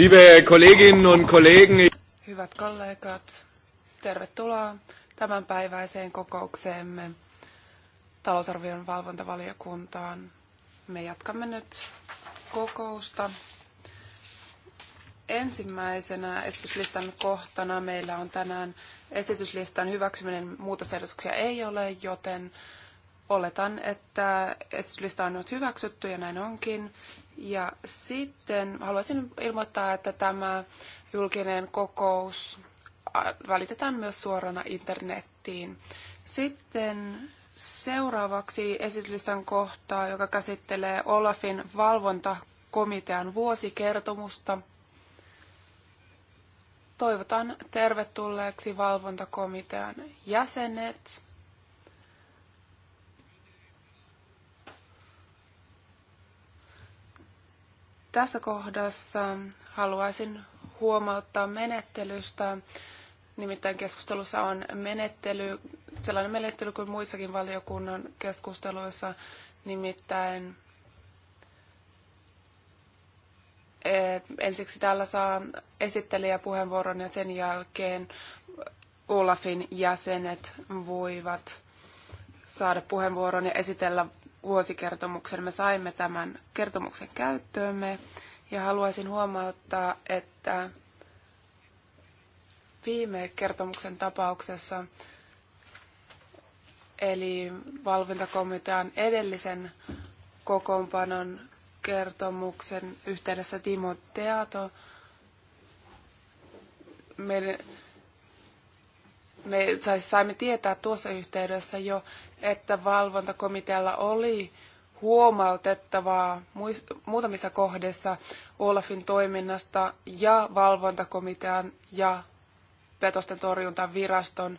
Liebe Kolleginnen und Kollegen. Hyvät kollegat, tervetuloa tämänpäiväiseen kokoukseemme talousarvion valvontavaliokuntaan. Me jatkamme nyt kokousta. Ensimmäisenä esityslistan kohtana meillä on tänään esityslistan hyväksyminen. Muutosehdotuksia ei ole, joten oletan, että esityslista on nyt hyväksytty ja näin onkin. Ja sitten haluaisin ilmoittaa, että tämä julkinen kokous välitetään myös suorana internettiin. Sitten seuraavaksi esitellään kohtaa, joka käsittelee Olafin valvontakomitean vuosikertomusta. Toivotan tervetulleeksi valvontakomitean jäsenet. Tässä kohdassa haluaisin huomauttaa menettelystä. Nimittäin keskustelussa on menettely, sellainen menettely kuin muissakin valiokunnan keskusteluissa, nimittäin eh, ensiksi täällä saa esittelijä puheenvuoron ja sen jälkeen Olafin jäsenet voivat saada puheenvuoron ja esitellä vuosikertomuksen. Me saimme tämän kertomuksen käyttöömme ja haluaisin huomauttaa, että viime kertomuksen tapauksessa, eli valvontakomitean edellisen kokoonpanon kertomuksen yhteydessä Timo Teato, me, me saimme tietää tuossa yhteydessä jo, että valvontakomitealla oli huomautettavaa muutamissa kohdissa Olafin toiminnasta ja valvontakomitean ja petosten torjuntaviraston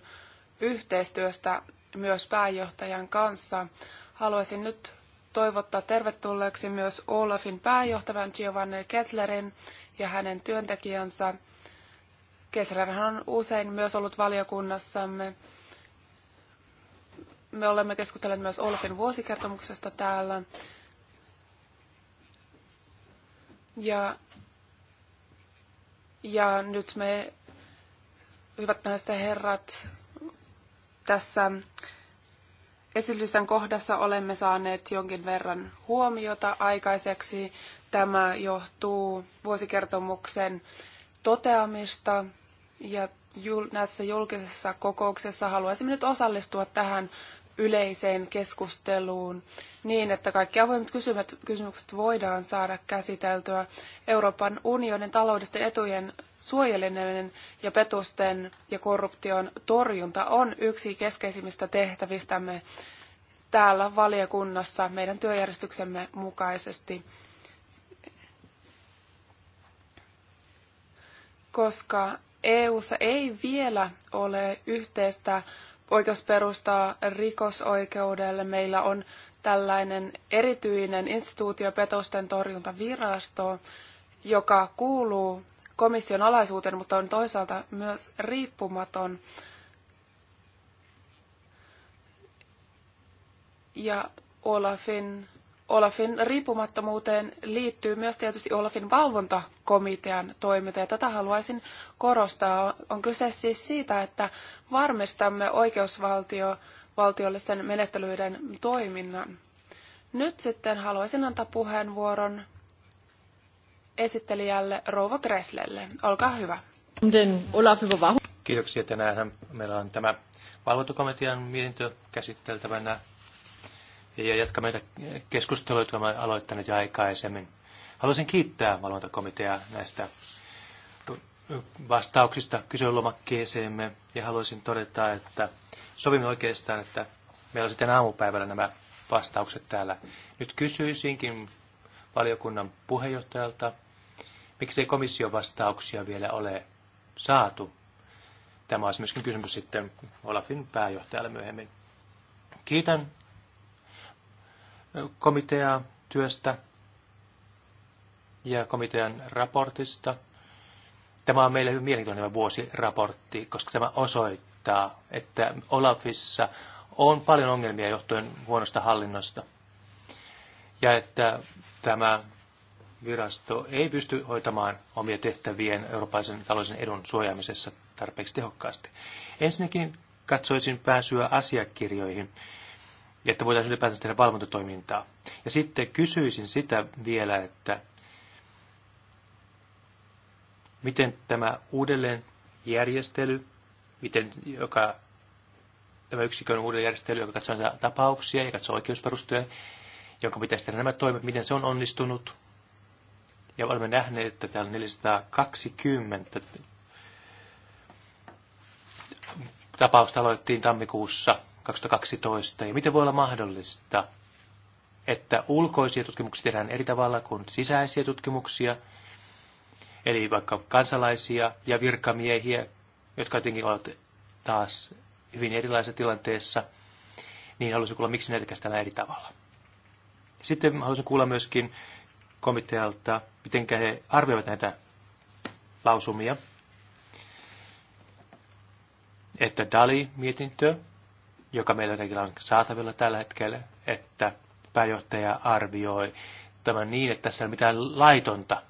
yhteistyöstä myös pääjohtajan kanssa. Haluaisin nyt toivottaa tervetulleeksi myös Olafin pääjohtajan Giovanni Kesslerin ja hänen työntekijänsä. Kessler on usein myös ollut valiokunnassamme me olemme keskustelleet myös Olfin vuosikertomuksesta täällä. Ja, ja nyt me, hyvät naiset ja herrat, tässä esitysten kohdassa olemme saaneet jonkin verran huomiota aikaiseksi. Tämä johtuu vuosikertomuksen toteamista ja jul- näissä julkisessa kokouksessa haluaisimme nyt osallistua tähän yleiseen keskusteluun niin, että kaikki avoimet kysymykset voidaan saada käsiteltyä. Euroopan unionin taloudellisten etujen suojeleminen ja petusten ja korruption torjunta on yksi keskeisimmistä tehtävistämme täällä valiokunnassa meidän työjärjestyksemme mukaisesti. Koska EU:ssa ei vielä ole yhteistä oikeusperustaa rikosoikeudelle. Meillä on tällainen erityinen instituutio petosten torjuntavirasto, joka kuuluu komission alaisuuteen, mutta on toisaalta myös riippumaton. Ja Olafin Olafin riippumattomuuteen liittyy myös tietysti Olafin valvontakomitean toiminta, ja tätä haluaisin korostaa. On kyse siis siitä, että varmistamme oikeusvaltio valtiollisten menettelyiden toiminnan. Nyt sitten haluaisin antaa puheenvuoron esittelijälle Rouva Kreslelle. Olkaa hyvä. Kiitoksia. Tänään meillä on tämä valvontakomitean mietintö käsiteltävänä ja jatkamme näitä keskusteluja, jotka olemme aloittaneet jo aikaisemmin. Haluaisin kiittää valvontakomiteaa näistä vastauksista kyselylomakkeeseemme ja haluaisin todeta, että sovimme oikeastaan, että meillä on sitten aamupäivällä nämä vastaukset täällä. Nyt kysyisinkin valiokunnan puheenjohtajalta, miksei komission vastauksia vielä ole saatu. Tämä olisi myöskin kysymys sitten Olafin pääjohtajalle myöhemmin. Kiitän komiteaa työstä ja komitean raportista. Tämä on meille hyvin mielenkiintoinen vuosiraportti, koska tämä osoittaa, että Olafissa on paljon ongelmia johtuen huonosta hallinnosta. Ja että tämä virasto ei pysty hoitamaan omia tehtävien eurooppalaisen taloudellisen edun suojaamisessa tarpeeksi tehokkaasti. Ensinnäkin katsoisin pääsyä asiakirjoihin ja että voitaisiin ylipäätään tehdä valvontatoimintaa. Ja sitten kysyisin sitä vielä, että miten tämä uudelleen järjestely, miten, joka, tämä yksikön uudelleen järjestely, joka katsoo näitä tapauksia ja katsoo oikeusperustoja, jonka pitäisi tehdä nämä toimet, miten se on onnistunut. Ja olemme nähneet, että täällä on 420 tapausta aloitettiin tammikuussa – 2012. Ja miten voi olla mahdollista, että ulkoisia tutkimuksia tehdään eri tavalla kuin sisäisiä tutkimuksia, eli vaikka kansalaisia ja virkamiehiä, jotka jotenkin ovat taas hyvin erilaisessa tilanteessa, niin haluaisin kuulla, miksi näitä käsitellään eri tavalla. Sitten haluaisin kuulla myöskin komitealta, miten he arvioivat näitä lausumia. Että Dali-mietintö joka meillä kaikilla on saatavilla tällä hetkellä, että pääjohtaja arvioi tämän niin, että tässä ei ole mitään laitonta.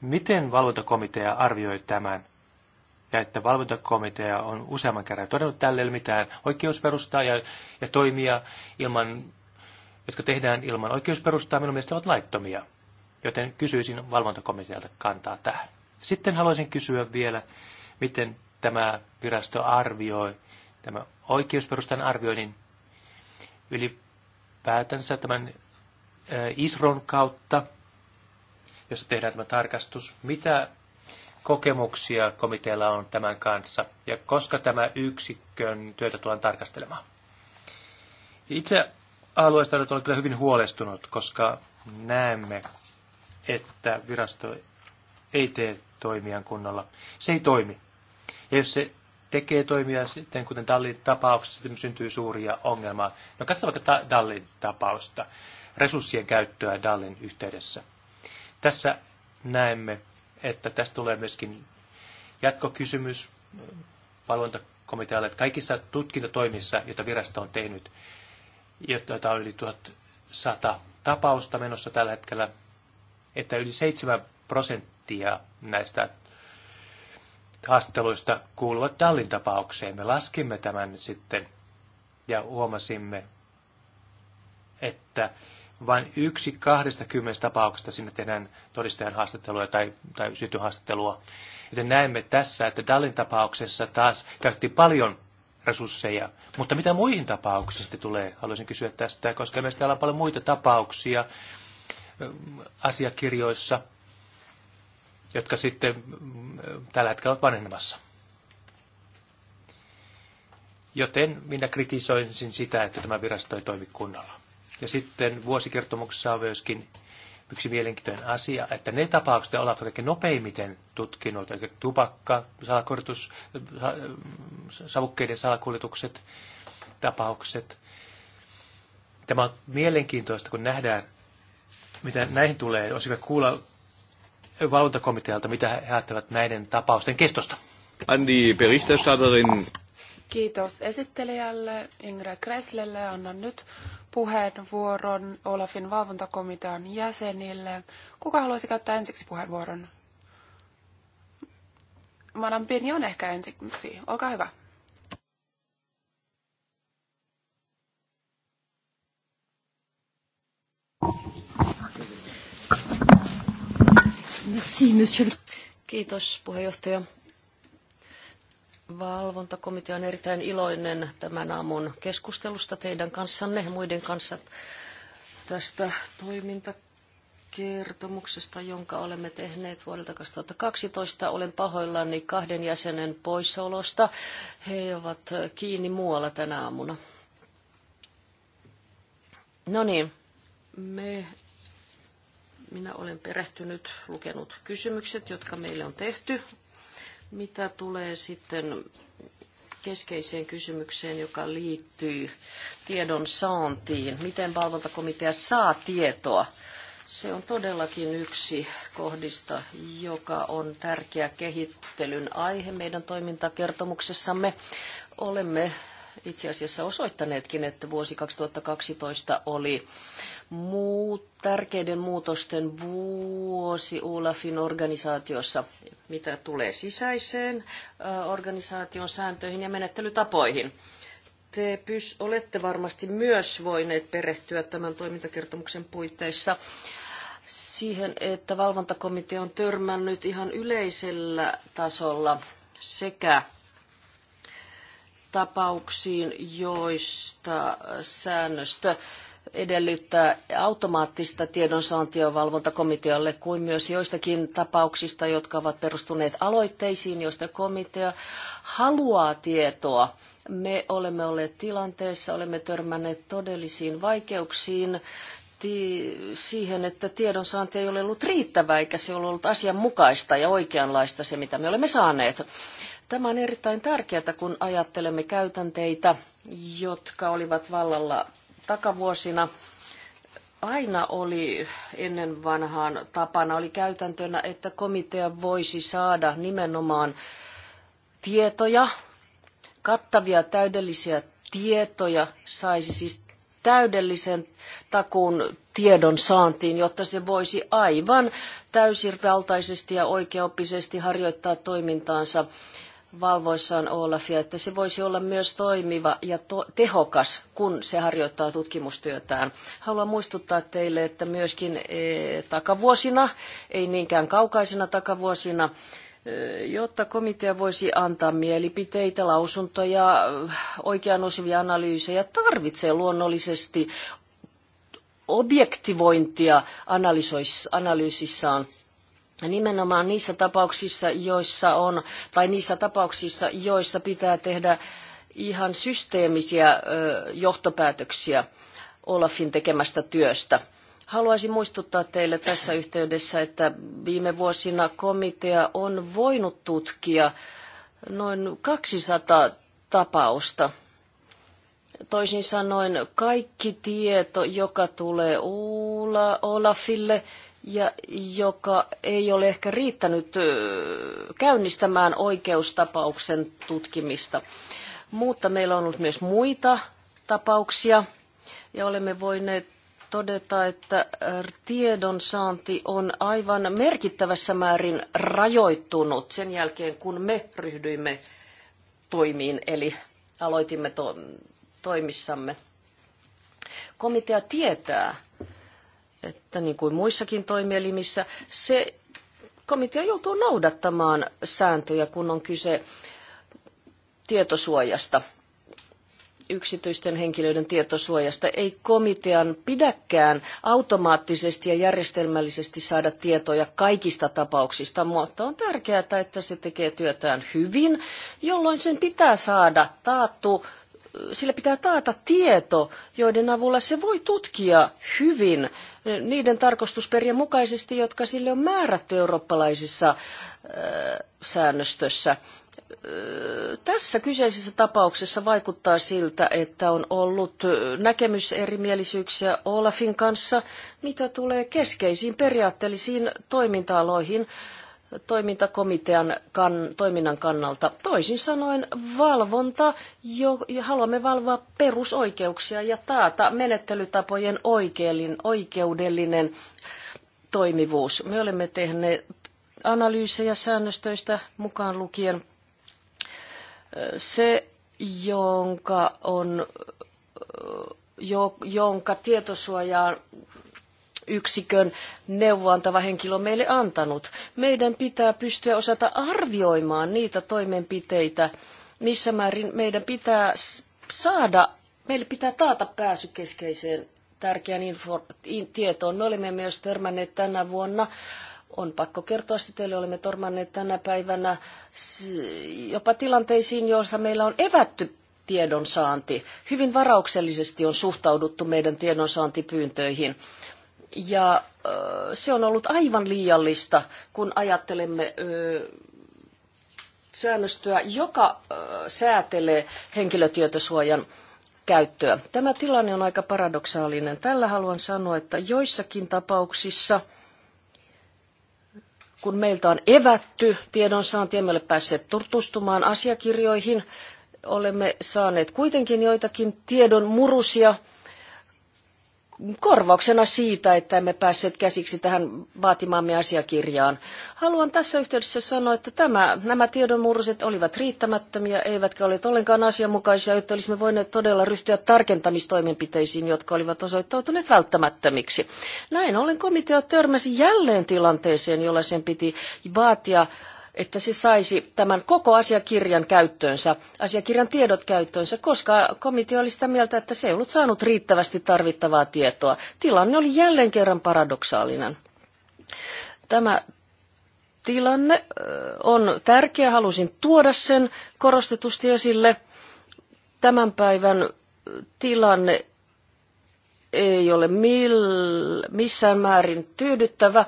Miten valvontakomitea arvioi tämän? Ja että valvontakomitea on useamman kerran todennut, että tälle ei ole mitään oikeusperustaa ja, ja toimia, ilman, jotka tehdään ilman oikeusperustaa, minun mielestä ovat laittomia. Joten kysyisin valvontakomitealta kantaa tähän. Sitten haluaisin kysyä vielä, miten tämä virasto arvioi tämä oikeusperustan arvioinnin ylipäätänsä tämän ISRON kautta, jossa tehdään tämä tarkastus, mitä kokemuksia komitealla on tämän kanssa ja koska tämä yksikön työtä tullaan tarkastelemaan. Itse alueesta olen kyllä hyvin huolestunut, koska näemme, että virasto ei tee toimia kunnolla. Se ei toimi. Ja jos se tekee toimia sitten, kuten Dallin tapauksessa, sitten syntyy suuria ongelmia. No katsotaan vaikka Dallin tapausta, resurssien käyttöä Dallin yhteydessä. Tässä näemme, että tästä tulee myöskin jatkokysymys valvontakomitealle, että kaikissa tutkintatoimissa, joita virasto on tehnyt, joita on yli 1100 tapausta menossa tällä hetkellä, että yli 7 prosenttia näistä haastatteluista kuuluvat Dallin tapaukseen. Me laskimme tämän sitten ja huomasimme, että vain yksi kahdesta kymmenestä tapauksesta sinne tehdään todistajan haastattelua tai, tai sytyhaastattelua. Joten näemme tässä, että Dallin tapauksessa taas käytti paljon resursseja. Mutta mitä muihin tapauksiin sitten tulee? Haluaisin kysyä tästä, koska meistä täällä on paljon muita tapauksia asiakirjoissa, jotka sitten mm, tällä hetkellä ovat vanhemmassa. Joten minä kritisoisin sitä, että tämä virasto ei toimi kunnolla. Ja sitten vuosikertomuksessa on myöskin yksi mielenkiintoinen asia, että ne tapaukset ovat kaikkein nopeimmiten tutkinut, eli tupakka, salakuljetus, savukkeiden salakuljetukset, tapaukset. Tämä on mielenkiintoista, kun nähdään, mitä näihin tulee. Olisimme kuulla valvontakomitealta, mitä he ajattelevat näiden tapausten kestosta. Andi Berichterstatterin. Kiitos esittelijälle Ingra Kresslelle. Annan nyt puheenvuoron Olafin valvontakomitean jäsenille. Kuka haluaisi käyttää ensiksi puheenvuoron? Madame Pini on ehkä ensiksi. Olkaa hyvä. Merci, monsieur. Kiitos, puheenjohtaja. Valvontakomitea on erittäin iloinen tämän aamun keskustelusta teidän kanssanne ja muiden kanssa tästä toimintakertomuksesta, jonka olemme tehneet vuodelta 2012. Olen pahoillani kahden jäsenen poissaolosta. He ovat kiinni muualla tänä aamuna. No niin, me minä olen perehtynyt, lukenut kysymykset, jotka meille on tehty. Mitä tulee sitten keskeiseen kysymykseen, joka liittyy tiedon saantiin. Miten valvontakomitea saa tietoa? Se on todellakin yksi kohdista, joka on tärkeä kehittelyn aihe meidän toimintakertomuksessamme. Olemme itse asiassa osoittaneetkin, että vuosi 2012 oli muut, tärkeiden muutosten vuosi Olafin organisaatiossa, mitä tulee sisäiseen organisaation sääntöihin ja menettelytapoihin. Te pys, olette varmasti myös voineet perehtyä tämän toimintakertomuksen puitteissa siihen, että valvontakomitea on törmännyt ihan yleisellä tasolla sekä tapauksiin, joista säännöstö edellyttää automaattista tiedonsaantia valvontakomitealle kuin myös joistakin tapauksista, jotka ovat perustuneet aloitteisiin, joista komitea haluaa tietoa. Me olemme olleet tilanteessa, olemme törmänneet todellisiin vaikeuksiin siihen, että tiedonsaanti ei ole ollut riittävää eikä se ole ollut asianmukaista ja oikeanlaista se, mitä me olemme saaneet. Tämä on erittäin tärkeää, kun ajattelemme käytänteitä, jotka olivat vallalla takavuosina aina oli ennen vanhaan tapana, oli käytäntönä, että komitea voisi saada nimenomaan tietoja, kattavia täydellisiä tietoja, saisi siis täydellisen takuun tiedon saantiin, jotta se voisi aivan täysivaltaisesti ja oikeaoppisesti harjoittaa toimintaansa valvoissaan Olafia, että se voisi olla myös toimiva ja tehokas, kun se harjoittaa tutkimustyötään. Haluan muistuttaa teille, että myöskin e, takavuosina, ei niinkään kaukaisina takavuosina, e, jotta komitea voisi antaa mielipiteitä, lausuntoja, oikean osuvia analyysejä, tarvitsee luonnollisesti objektivointia analyysissaan nimenomaan niissä tapauksissa, joissa on, tai niissä tapauksissa, joissa pitää tehdä ihan systeemisiä johtopäätöksiä Olafin tekemästä työstä. Haluaisin muistuttaa teille tässä yhteydessä, että viime vuosina komitea on voinut tutkia noin 200 tapausta. Toisin sanoen kaikki tieto, joka tulee Olafille, ja joka ei ole ehkä riittänyt käynnistämään oikeustapauksen tutkimista. Mutta meillä on ollut myös muita tapauksia ja olemme voineet todeta, että tiedonsaanti on aivan merkittävässä määrin rajoittunut sen jälkeen, kun me ryhdyimme toimiin, eli aloitimme to- toimissamme. Komitea tietää, että niin kuin muissakin toimielimissä, se komitea joutuu noudattamaan sääntöjä, kun on kyse tietosuojasta, yksityisten henkilöiden tietosuojasta. Ei komitean pidäkään automaattisesti ja järjestelmällisesti saada tietoja kaikista tapauksista, mutta on tärkeää, että se tekee työtään hyvin, jolloin sen pitää saada taattu sille pitää taata tieto, joiden avulla se voi tutkia hyvin niiden tarkastusperien mukaisesti, jotka sille on määrätty eurooppalaisissa säännöstössä. Tässä kyseisessä tapauksessa vaikuttaa siltä, että on ollut näkemyserimielisyyksiä Olafin kanssa, mitä tulee keskeisiin periaatteellisiin toiminta-aloihin, toimintakomitean kan, toiminnan kannalta. Toisin sanoen valvonta, jo, ja haluamme valvoa perusoikeuksia ja taata menettelytapojen oikeellin, oikeudellinen toimivuus. Me olemme tehneet analyysejä säännöstöistä mukaan lukien se, jonka on jo, jonka tietosuojaan yksikön neuvoantava henkilö on meille antanut. Meidän pitää pystyä osata arvioimaan niitä toimenpiteitä, missä määrin meidän pitää saada, meille pitää taata pääsy keskeiseen tärkeään info, in, tietoon. Me olemme myös törmänneet tänä vuonna, on pakko kertoa sitä teille, olemme törmänneet tänä päivänä jopa tilanteisiin, joissa meillä on evätty tiedonsaanti. Hyvin varauksellisesti on suhtauduttu meidän tiedonsaantipyyntöihin. Ja se on ollut aivan liiallista, kun ajattelemme säännöstöä, joka säätelee henkilötietosuojan käyttöä. Tämä tilanne on aika paradoksaalinen. Tällä haluan sanoa, että joissakin tapauksissa, kun meiltä on evätty tiedonsaanti, emme ole päässeet tutustumaan asiakirjoihin, olemme saaneet kuitenkin joitakin tiedon murusia, korvauksena siitä, että emme päässeet käsiksi tähän vaatimaamme asiakirjaan. Haluan tässä yhteydessä sanoa, että tämä, nämä tiedonmurroset olivat riittämättömiä, eivätkä ole ollenkaan asianmukaisia, jotta olisimme voineet todella ryhtyä tarkentamistoimenpiteisiin, jotka olivat osoittautuneet välttämättömiksi. Näin ollen komitea törmäsi jälleen tilanteeseen, jolla sen piti vaatia että se saisi tämän koko asiakirjan käyttöönsä, asiakirjan tiedot käyttöönsä, koska komitea oli sitä mieltä, että se ei ollut saanut riittävästi tarvittavaa tietoa. Tilanne oli jälleen kerran paradoksaalinen. Tämä tilanne on tärkeä, halusin tuoda sen korostetusti esille. Tämän päivän tilanne ei ole mill, missään määrin tyydyttävä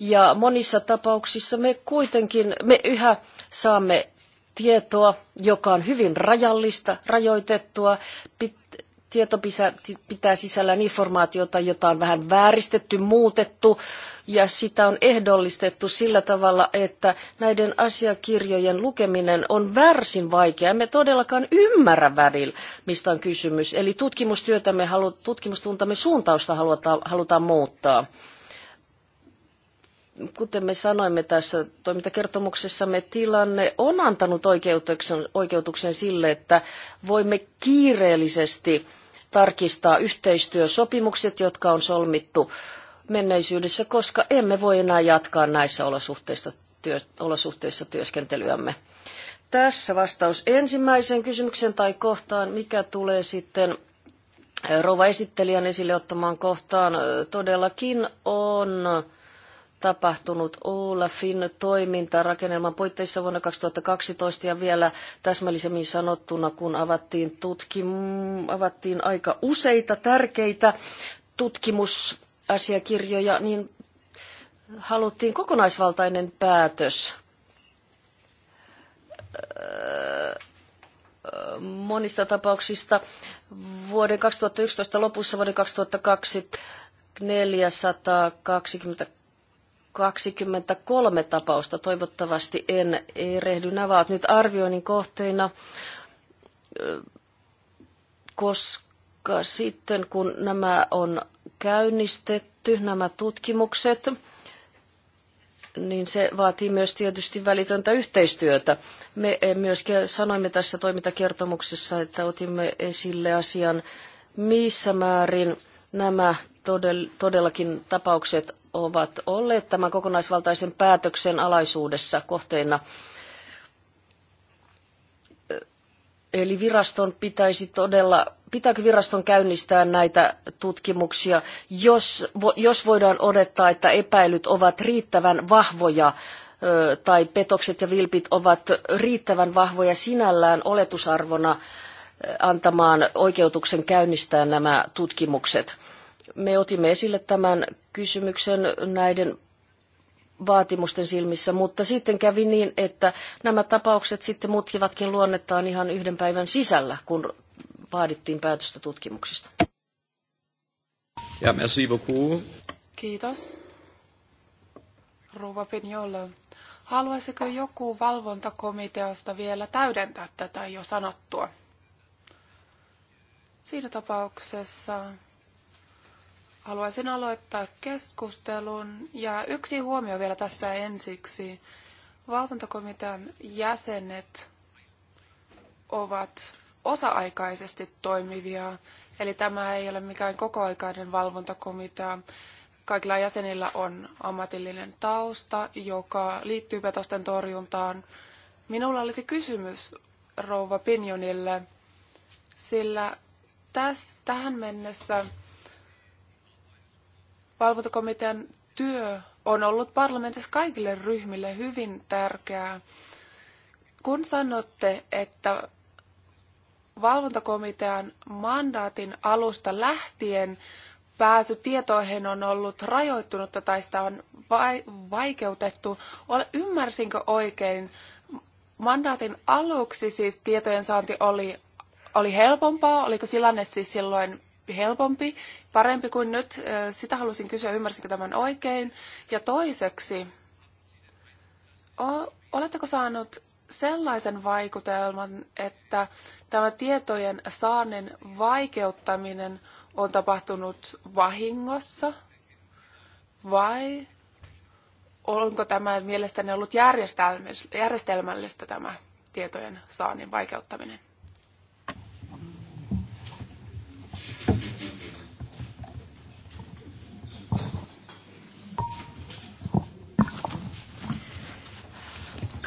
ja monissa tapauksissa me kuitenkin, me yhä saamme tietoa, joka on hyvin rajallista, rajoitettua, tieto pitää sisällään informaatiota, jota on vähän vääristetty, muutettu, ja sitä on ehdollistettu sillä tavalla, että näiden asiakirjojen lukeminen on varsin vaikeaa. Me todellakaan ymmärrä välillä, mistä on kysymys. Eli tutkimustyötämme, tutkimustuntamme suuntausta halutaan, halutaan muuttaa kuten me sanoimme tässä toimintakertomuksessamme, tilanne on antanut oikeutuksen, oikeutuksen sille, että voimme kiireellisesti tarkistaa yhteistyösopimukset, jotka on solmittu menneisyydessä, koska emme voi enää jatkaa näissä olosuhteissa, työ, olosuhteissa työskentelyämme. Tässä vastaus ensimmäiseen kysymykseen tai kohtaan, mikä tulee sitten eh, rouva esittelijän esille ottamaan kohtaan. Eh, todellakin on tapahtunut Olafin rakennelman puitteissa vuonna 2012 ja vielä täsmällisemmin sanottuna, kun avattiin, tutkim- avattiin aika useita tärkeitä tutkimus asiakirjoja, niin haluttiin kokonaisvaltainen päätös monista tapauksista vuoden 2011 lopussa vuoden 2002 23 tapausta. Toivottavasti en erehdy. Nämä ovat nyt arvioinnin kohteina, koska sitten kun nämä on käynnistetty nämä tutkimukset, niin se vaatii myös tietysti välitöntä yhteistyötä. Me eh, myöskin sanoimme tässä toimintakertomuksessa, että otimme esille asian, missä määrin nämä todellakin tapaukset ovat olleet tämän kokonaisvaltaisen päätöksen alaisuudessa kohteena. Eh, eli viraston pitäisi todella pitääkö viraston käynnistää näitä tutkimuksia, jos, jos voidaan odottaa, että epäilyt ovat riittävän vahvoja tai petokset ja vilpit ovat riittävän vahvoja sinällään oletusarvona antamaan oikeutuksen käynnistää nämä tutkimukset. Me otimme esille tämän kysymyksen näiden vaatimusten silmissä, mutta sitten kävi niin, että nämä tapaukset sitten mutkivatkin luonnettaan ihan yhden päivän sisällä, kun vaadittiin päätöstä tutkimuksista. Ja merci beaucoup. Kiitos. Rouva Pignolo, Haluaisiko joku valvontakomiteasta vielä täydentää tätä jo sanottua? Siinä tapauksessa haluaisin aloittaa keskustelun. Ja yksi huomio vielä tässä ensiksi. Valvontakomitean jäsenet ovat osa-aikaisesti toimivia. Eli tämä ei ole mikään kokoaikainen valvontakomitea. Kaikilla jäsenillä on ammatillinen tausta, joka liittyy petosten torjuntaan. Minulla olisi kysymys rouva Pinjonille, sillä täs, tähän mennessä valvontakomitean työ on ollut parlamentissa kaikille ryhmille hyvin tärkeää. Kun sanotte, että valvontakomitean mandaatin alusta lähtien pääsy tietoihin on ollut rajoittunutta tai sitä on vaikeutettu. Ymmärsinkö oikein? Mandaatin aluksi siis tietojen saanti oli, oli helpompaa. Oliko tilanne siis silloin helpompi, parempi kuin nyt? Sitä halusin kysyä, ymmärsinkö tämän oikein? Ja toiseksi, oletteko saanut sellaisen vaikutelman, että tämä tietojen saannin vaikeuttaminen on tapahtunut vahingossa vai onko tämä mielestäni ollut järjestelmällistä tämä tietojen saannin vaikeuttaminen?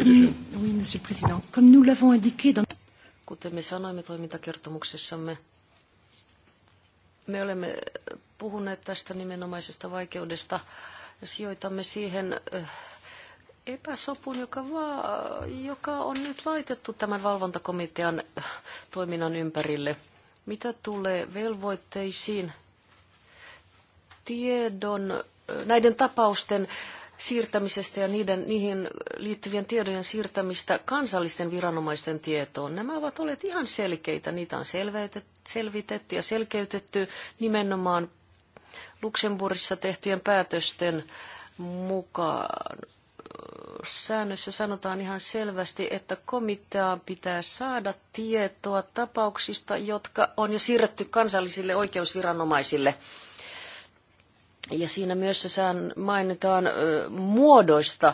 Mm, oui, monsieur le président. Comme nous l'avons indiqué dans... Kuten me sanoimme toimintakertomuksessamme, me olemme puhuneet tästä nimenomaisesta vaikeudesta ja sijoitamme siihen äh, epäsopun, joka, joka on nyt laitettu tämän valvontakomitean äh, toiminnan ympärille. Mitä tulee velvoitteisiin tiedon, äh, näiden tapausten siirtämisestä ja niiden, niihin liittyvien tiedojen siirtämistä kansallisten viranomaisten tietoon. Nämä ovat olleet ihan selkeitä, niitä on selvitetty ja selkeytetty nimenomaan Luxemburgissa tehtyjen päätösten mukaan säännössä sanotaan ihan selvästi, että komiteaan pitää saada tietoa tapauksista, jotka on jo siirretty kansallisille oikeusviranomaisille. Ja siinä myös sään mainitaan ö, muodoista,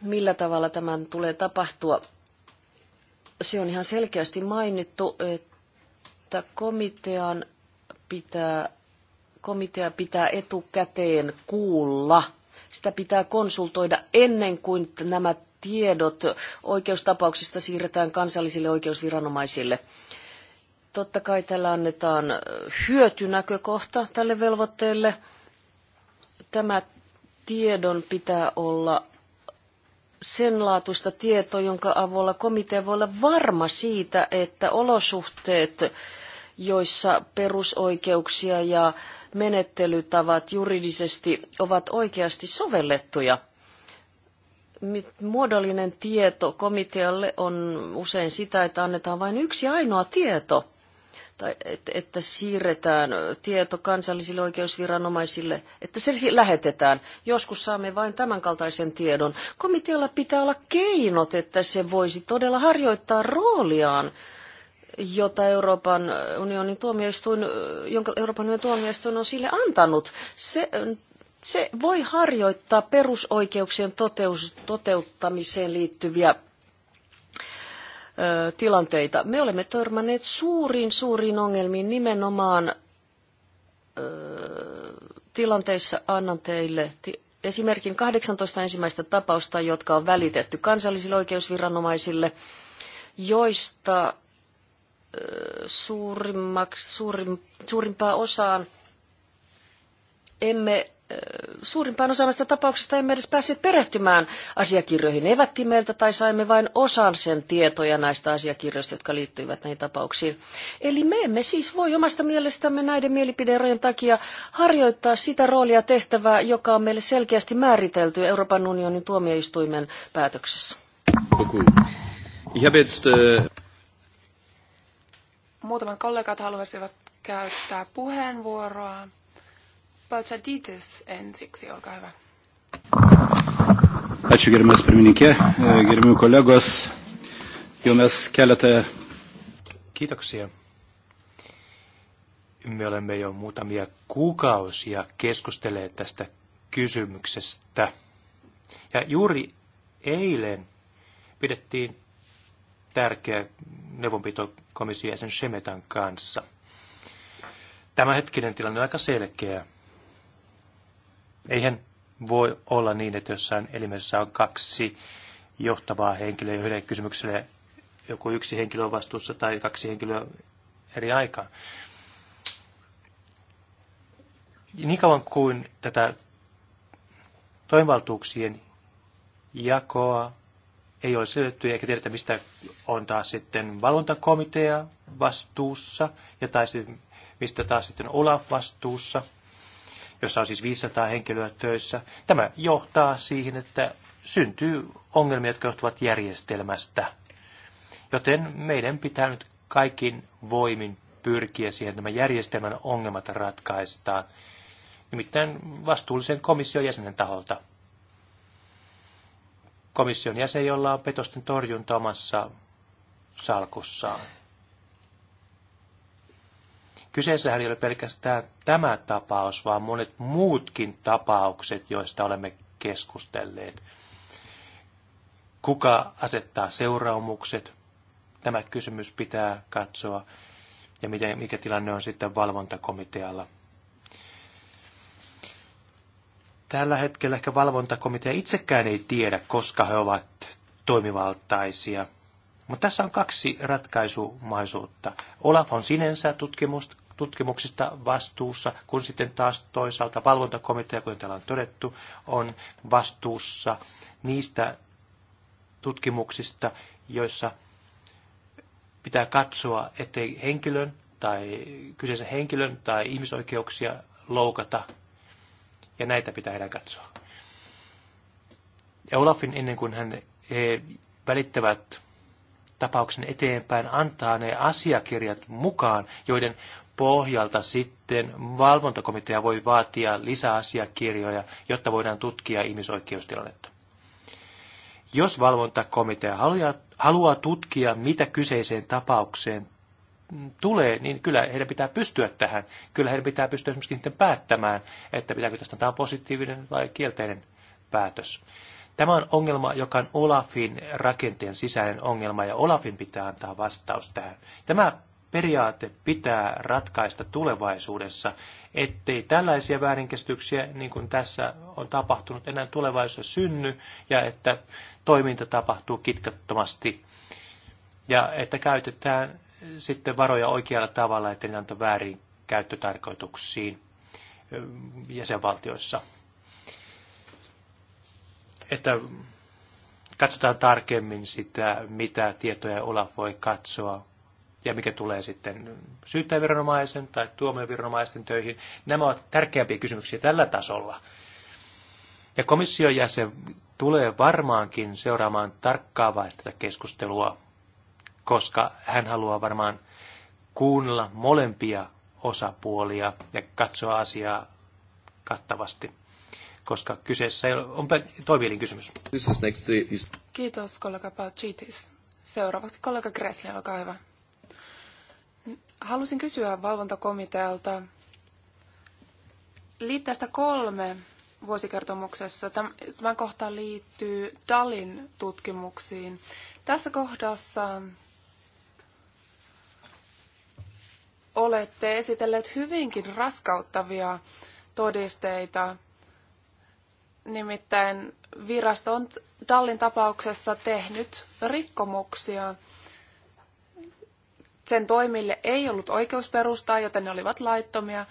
millä tavalla tämän tulee tapahtua. Se on ihan selkeästi mainittu, että komitean pitää, komitea pitää etukäteen kuulla. Sitä pitää konsultoida ennen kuin nämä tiedot oikeustapauksista siirretään kansallisille oikeusviranomaisille – Totta kai tällä annetaan hyötynäkökohta tälle velvoitteelle. Tämä tiedon pitää olla sen laatuista tietoa, jonka avulla komitea voi olla varma siitä, että olosuhteet, joissa perusoikeuksia ja menettelytavat juridisesti ovat oikeasti sovellettuja. Muodollinen tieto komitealle on usein sitä, että annetaan vain yksi ainoa tieto – että, että siirretään tieto kansallisille oikeusviranomaisille, että se lähetetään. Joskus saamme vain tämän kaltaisen tiedon. Komitealla pitää olla keinot, että se voisi todella harjoittaa rooliaan jota Euroopan unionin tuomioistuin, jonka Euroopan unionin tuomioistuin on sille antanut. Se, se voi harjoittaa perusoikeuksien toteus, toteuttamiseen liittyviä tilanteita. Me olemme törmänneet suuriin, suuriin ongelmiin nimenomaan tilanteissa annan teille esimerkin 18 ensimmäistä tapausta, jotka on välitetty kansallisille oikeusviranomaisille, joista suurin, suurimpaa osaan emme suurimpaan osaan näistä tapauksista emme edes päässeet perehtymään asiakirjoihin. Ne evättiin meiltä tai saimme vain osan sen tietoja näistä asiakirjoista, jotka liittyivät näihin tapauksiin. Eli me emme siis voi omasta mielestämme näiden mielipideerojen takia harjoittaa sitä roolia tehtävää, joka on meille selkeästi määritelty Euroopan unionin tuomioistuimen päätöksessä. Muutamat kollegat haluaisivat käyttää puheenvuoroa. Palsaditis ensiksi, olkaa hyvä. Ačiū gerimas pirmininkė, e, gerimių kolegos. Jau mes keletą... Kiitoksia. Me olemme jo muutamia kuukausia keskustelleet tästä kysymyksestä. Ja juuri eilen pidettiin tärkeä neuvonpito komission jäsen Shemetan kanssa. Tämänhetkinen tilanne on aika selkeä. Eihän voi olla niin, että jossain elimessä on kaksi johtavaa henkilöä ja kysymykselle joku yksi henkilö on vastuussa tai kaksi henkilöä eri aikaan. Niin kauan kuin tätä toimivaltuuksien jakoa ei ole selvitetty eikä tiedetä, mistä on taas sitten valvontakomitea vastuussa ja tai mistä taas sitten Olaf vastuussa – jossa on siis 500 henkilöä töissä. Tämä johtaa siihen, että syntyy ongelmia, jotka johtuvat järjestelmästä. Joten meidän pitää nyt kaikin voimin pyrkiä siihen, että nämä järjestelmän ongelmat ratkaistaan, nimittäin vastuullisen komission jäsenen taholta. Komission jäsen, jolla on petosten torjunta omassa salkussaan. Kyseessähän ei ole pelkästään tämä tapaus, vaan monet muutkin tapaukset, joista olemme keskustelleet. Kuka asettaa seuraamukset? Tämä kysymys pitää katsoa. Ja miten, mikä tilanne on sitten valvontakomitealla? Tällä hetkellä ehkä valvontakomitea itsekään ei tiedä, koska he ovat toimivaltaisia. Mutta tässä on kaksi ratkaisumaisuutta. Olaf on sinensä tutkimusta tutkimuksista vastuussa, kun sitten taas toisaalta valvontakomitea, kuten täällä on todettu, on vastuussa niistä tutkimuksista, joissa pitää katsoa, ettei henkilön tai kyseisen henkilön tai ihmisoikeuksia loukata, ja näitä pitää heidän katsoa. Ja Olafin ennen kuin hän he välittävät tapauksen eteenpäin, antaa ne asiakirjat mukaan, joiden pohjalta sitten valvontakomitea voi vaatia lisäasiakirjoja, jotta voidaan tutkia ihmisoikeustilannetta. Jos valvontakomitea haluaa, haluaa tutkia, mitä kyseiseen tapaukseen tulee, niin kyllä heidän pitää pystyä tähän. Kyllä heidän pitää pystyä esimerkiksi niiden päättämään, että pitääkö tästä antaa positiivinen vai kielteinen päätös. Tämä on ongelma, joka on Olafin rakenteen sisäinen ongelma, ja Olafin pitää antaa vastaus tähän. Tämä periaate pitää ratkaista tulevaisuudessa, ettei tällaisia väärinkäsityksiä, niin kuin tässä on tapahtunut, enää tulevaisuudessa synny, ja että toiminta tapahtuu kitkattomasti, ja että käytetään sitten varoja oikealla tavalla, ettei anta väärin käyttötarkoituksiin jäsenvaltioissa. Että katsotaan tarkemmin sitä, mitä tietoja Olaf voi katsoa ja mikä tulee sitten syyttäjäviranomaisen tai tuomioviranomaisten töihin. Nämä ovat tärkeämpiä kysymyksiä tällä tasolla. Ja komission jäsen tulee varmaankin seuraamaan tarkkaavaista tätä keskustelua, koska hän haluaa varmaan kuunnella molempia osapuolia ja katsoa asiaa kattavasti, koska kyseessä on toimielin kysymys. Kiitos kollega Palcitis. Seuraavaksi kollega Gressler, olkaa hyvä. Halusin kysyä valvontakomitealta liitteestä kolme vuosikertomuksessa. Tämän kohtaan liittyy Dalin tutkimuksiin. Tässä kohdassa olette esitelleet hyvinkin raskauttavia todisteita. Nimittäin virasto on Dallin tapauksessa tehnyt rikkomuksia sen toimille ei ollut oikeusperustaa, joten ne olivat laittomia.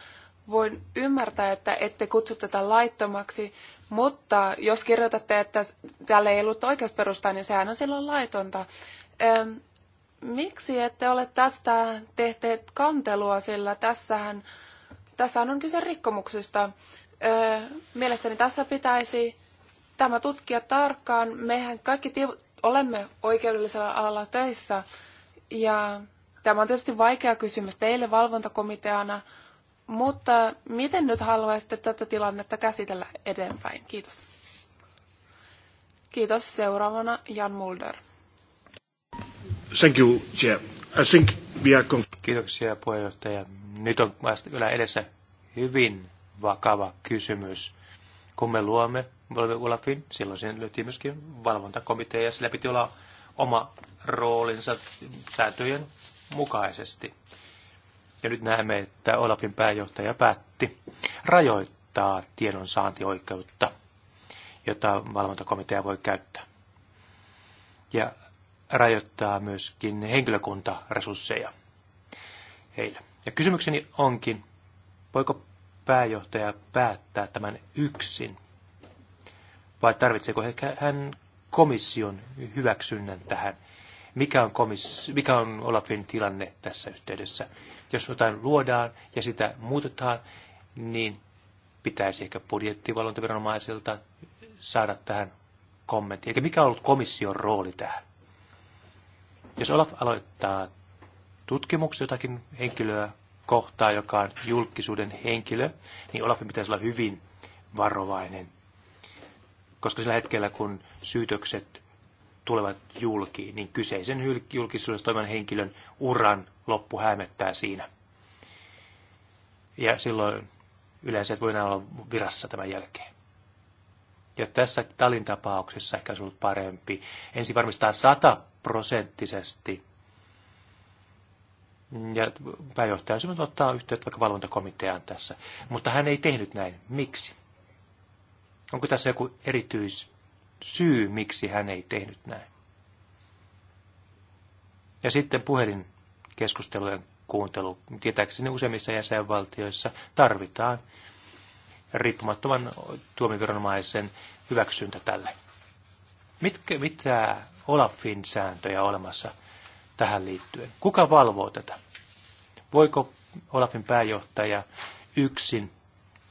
Voin ymmärtää, että ette kutsu tätä laittomaksi, mutta jos kirjoitatte, että tälle ei ollut oikeusperustaa, niin sehän on silloin laitonta. Ähm, miksi ette ole tästä tehneet kantelua, sillä tässähän, tässähän on kyse rikkomuksista. Öö, mielestäni tässä pitäisi tämä tutkia tarkkaan. Mehän kaikki olemme oikeudellisella alalla töissä ja Tämä on tietysti vaikea kysymys teille valvontakomiteana, mutta miten nyt haluaisitte tätä tilannetta käsitellä eteenpäin? Kiitos. Kiitos. Seuraavana Jan Mulder. Thank you, Chair. I think we are Kiitoksia puheenjohtaja. Nyt on kyllä edessä hyvin vakava kysymys. Kun me luomme Olafin, silloin siinä löytyy myöskin valvontakomitea ja sillä piti olla oma roolinsa sääntöjen mukaisesti. Ja nyt näemme, että Olafin pääjohtaja päätti rajoittaa tiedonsaantioikeutta, jota valvontakomitea voi käyttää. Ja rajoittaa myöskin henkilökuntaresursseja heille. Ja kysymykseni onkin, voiko pääjohtaja päättää tämän yksin? Vai tarvitseeko hän komission hyväksynnän tähän? mikä on, komis, mikä on Olafin tilanne tässä yhteydessä. Jos jotain luodaan ja sitä muutetaan, niin pitäisi ehkä budjettivalvontaviranomaisilta saada tähän kommentti. Eikä mikä on ollut komission rooli tähän? Jos Olaf aloittaa tutkimuksen jotakin henkilöä kohtaa, joka on julkisuuden henkilö, niin Olafin pitäisi olla hyvin varovainen. Koska sillä hetkellä, kun syytökset tulevat julki, niin kyseisen julkisuudessa toimivan henkilön uran loppu hämöttää siinä. Ja silloin yleensä et voi enää olla virassa tämän jälkeen. Ja tässä Talin tapauksessa ehkä olisi ollut parempi ensin varmistaa sataprosenttisesti. Ja pääjohtaja olisi ottaa yhteyttä vaikka valvontakomiteaan tässä. Mutta hän ei tehnyt näin. Miksi? Onko tässä joku erityis syy, miksi hän ei tehnyt näin. Ja sitten puhelinkeskustelujen kuuntelu. Tietääkseni useimmissa jäsenvaltioissa tarvitaan riippumattoman tuomiviranomaisen hyväksyntä tälle. Mitkä, mitä Olafin sääntöjä olemassa tähän liittyen? Kuka valvoo tätä? Voiko Olafin pääjohtaja yksin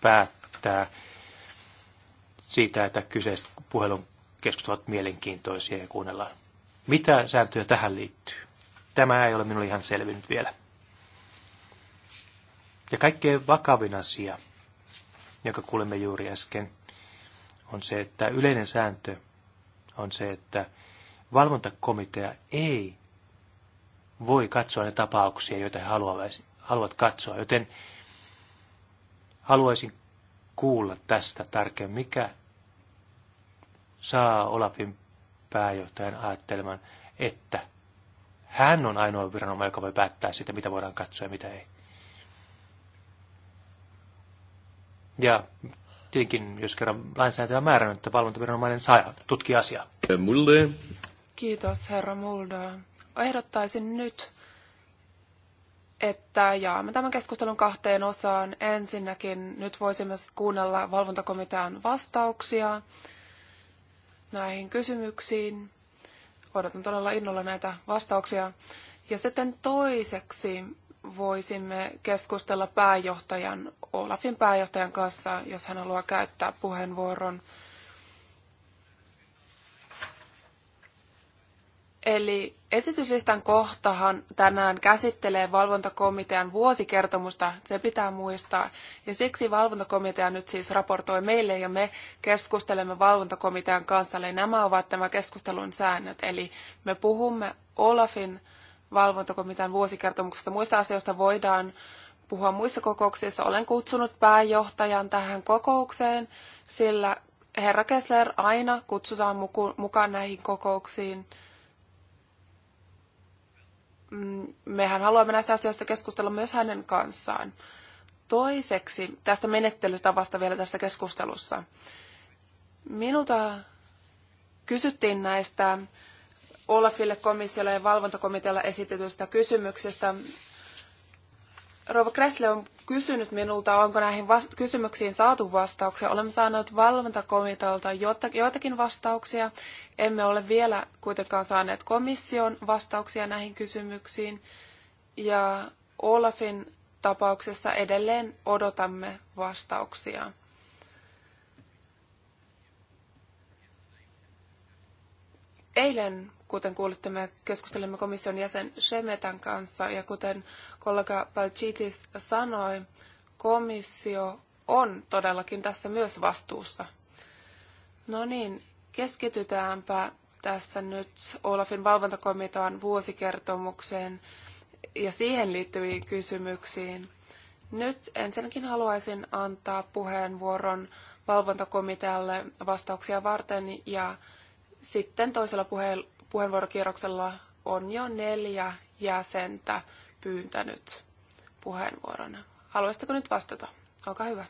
päättää siitä, että kyseistä puhelun keskustelut mielenkiintoisia ja kuunnellaan. Mitä sääntöjä tähän liittyy? Tämä ei ole minulle ihan selvinnyt vielä. Ja kaikkein vakavin asia, joka kuulemme juuri äsken, on se, että yleinen sääntö on se, että valvontakomitea ei voi katsoa ne tapauksia, joita he haluavat katsoa. Joten haluaisin kuulla tästä tarkemmin, mikä saa Olafin pääjohtajan ajattelemaan, että hän on ainoa viranomainen, joka voi päättää sitä, mitä voidaan katsoa ja mitä ei. Ja tietenkin, jos kerran lainsäätäjä on määrännyt, että valvontaviranomainen saa tutkia asiaa. Mulde. Kiitos, herra Mulda. Ehdottaisin nyt, että jaamme tämän keskustelun kahteen osaan. Ensinnäkin nyt voisimme kuunnella valvontakomitean vastauksia näihin kysymyksiin. Odotan todella innolla näitä vastauksia. Ja sitten toiseksi voisimme keskustella pääjohtajan, Olafin pääjohtajan kanssa, jos hän haluaa käyttää puheenvuoron. Eli esityslistan kohtahan tänään käsittelee valvontakomitean vuosikertomusta, se pitää muistaa. Ja siksi valvontakomitea nyt siis raportoi meille ja me keskustelemme valvontakomitean kanssa. Eli nämä ovat tämä keskustelun säännöt. Eli me puhumme Olafin valvontakomitean vuosikertomuksesta. Muista asioista voidaan puhua muissa kokouksissa. Olen kutsunut pääjohtajan tähän kokoukseen, sillä herra Kessler aina kutsutaan mukaan näihin kokouksiin – Mm, mehän haluamme näistä asioista keskustella myös hänen kanssaan. Toiseksi tästä menettelytavasta vielä tässä keskustelussa. Minulta kysyttiin näistä Olafille komissiolle ja valvontakomitealle esitetyistä kysymyksistä Rova Kressle on kysynyt minulta, onko näihin kysymyksiin saatu vastauksia. Olemme saaneet valvontakomitealta joitakin vastauksia. Emme ole vielä kuitenkaan saaneet komission vastauksia näihin kysymyksiin. Ja Olafin tapauksessa edelleen odotamme vastauksia. Eilen Kuten kuulitte, me keskustelimme komission jäsen Shemetan kanssa ja kuten kollega Balchitis sanoi, komissio on todellakin tässä myös vastuussa. No niin, keskitytäänpä tässä nyt Olafin valvontakomitean vuosikertomukseen ja siihen liittyviin kysymyksiin. Nyt ensinnäkin haluaisin antaa puheenvuoron valvontakomitealle vastauksia varten ja sitten toisella puheenvuorolla puheenvuorokierroksella on jo neljä jäsentä pyyntänyt puheenvuoron. Haluaisitteko nyt vastata? Olkaa hyvä.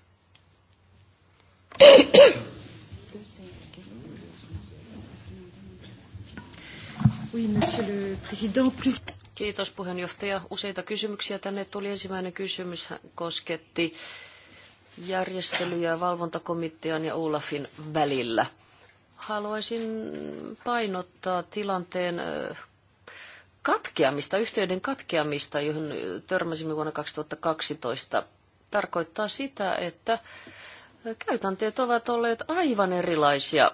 Kiitos puheenjohtaja. Useita kysymyksiä tänne tuli. Ensimmäinen kysymys kosketti järjestelyjä valvontakomitean ja Olafin välillä. Haluaisin painottaa tilanteen katkeamista, yhteyden katkeamista, johon törmäsimme vuonna 2012. Tarkoittaa sitä, että käytänteet ovat olleet aivan erilaisia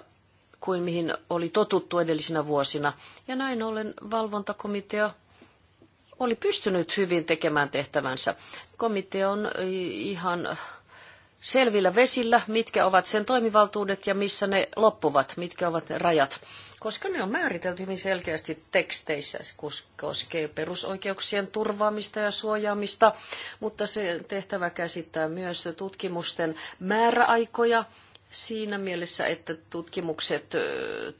kuin mihin oli totuttu edellisinä vuosina. Ja näin ollen valvontakomitea oli pystynyt hyvin tekemään tehtävänsä. Komitea on ihan selvillä vesillä, mitkä ovat sen toimivaltuudet ja missä ne loppuvat, mitkä ovat ne rajat. Koska ne on määritelty hyvin selkeästi teksteissä, koskee perusoikeuksien turvaamista ja suojaamista, mutta se tehtävä käsittää myös tutkimusten määräaikoja, siinä mielessä, että tutkimukset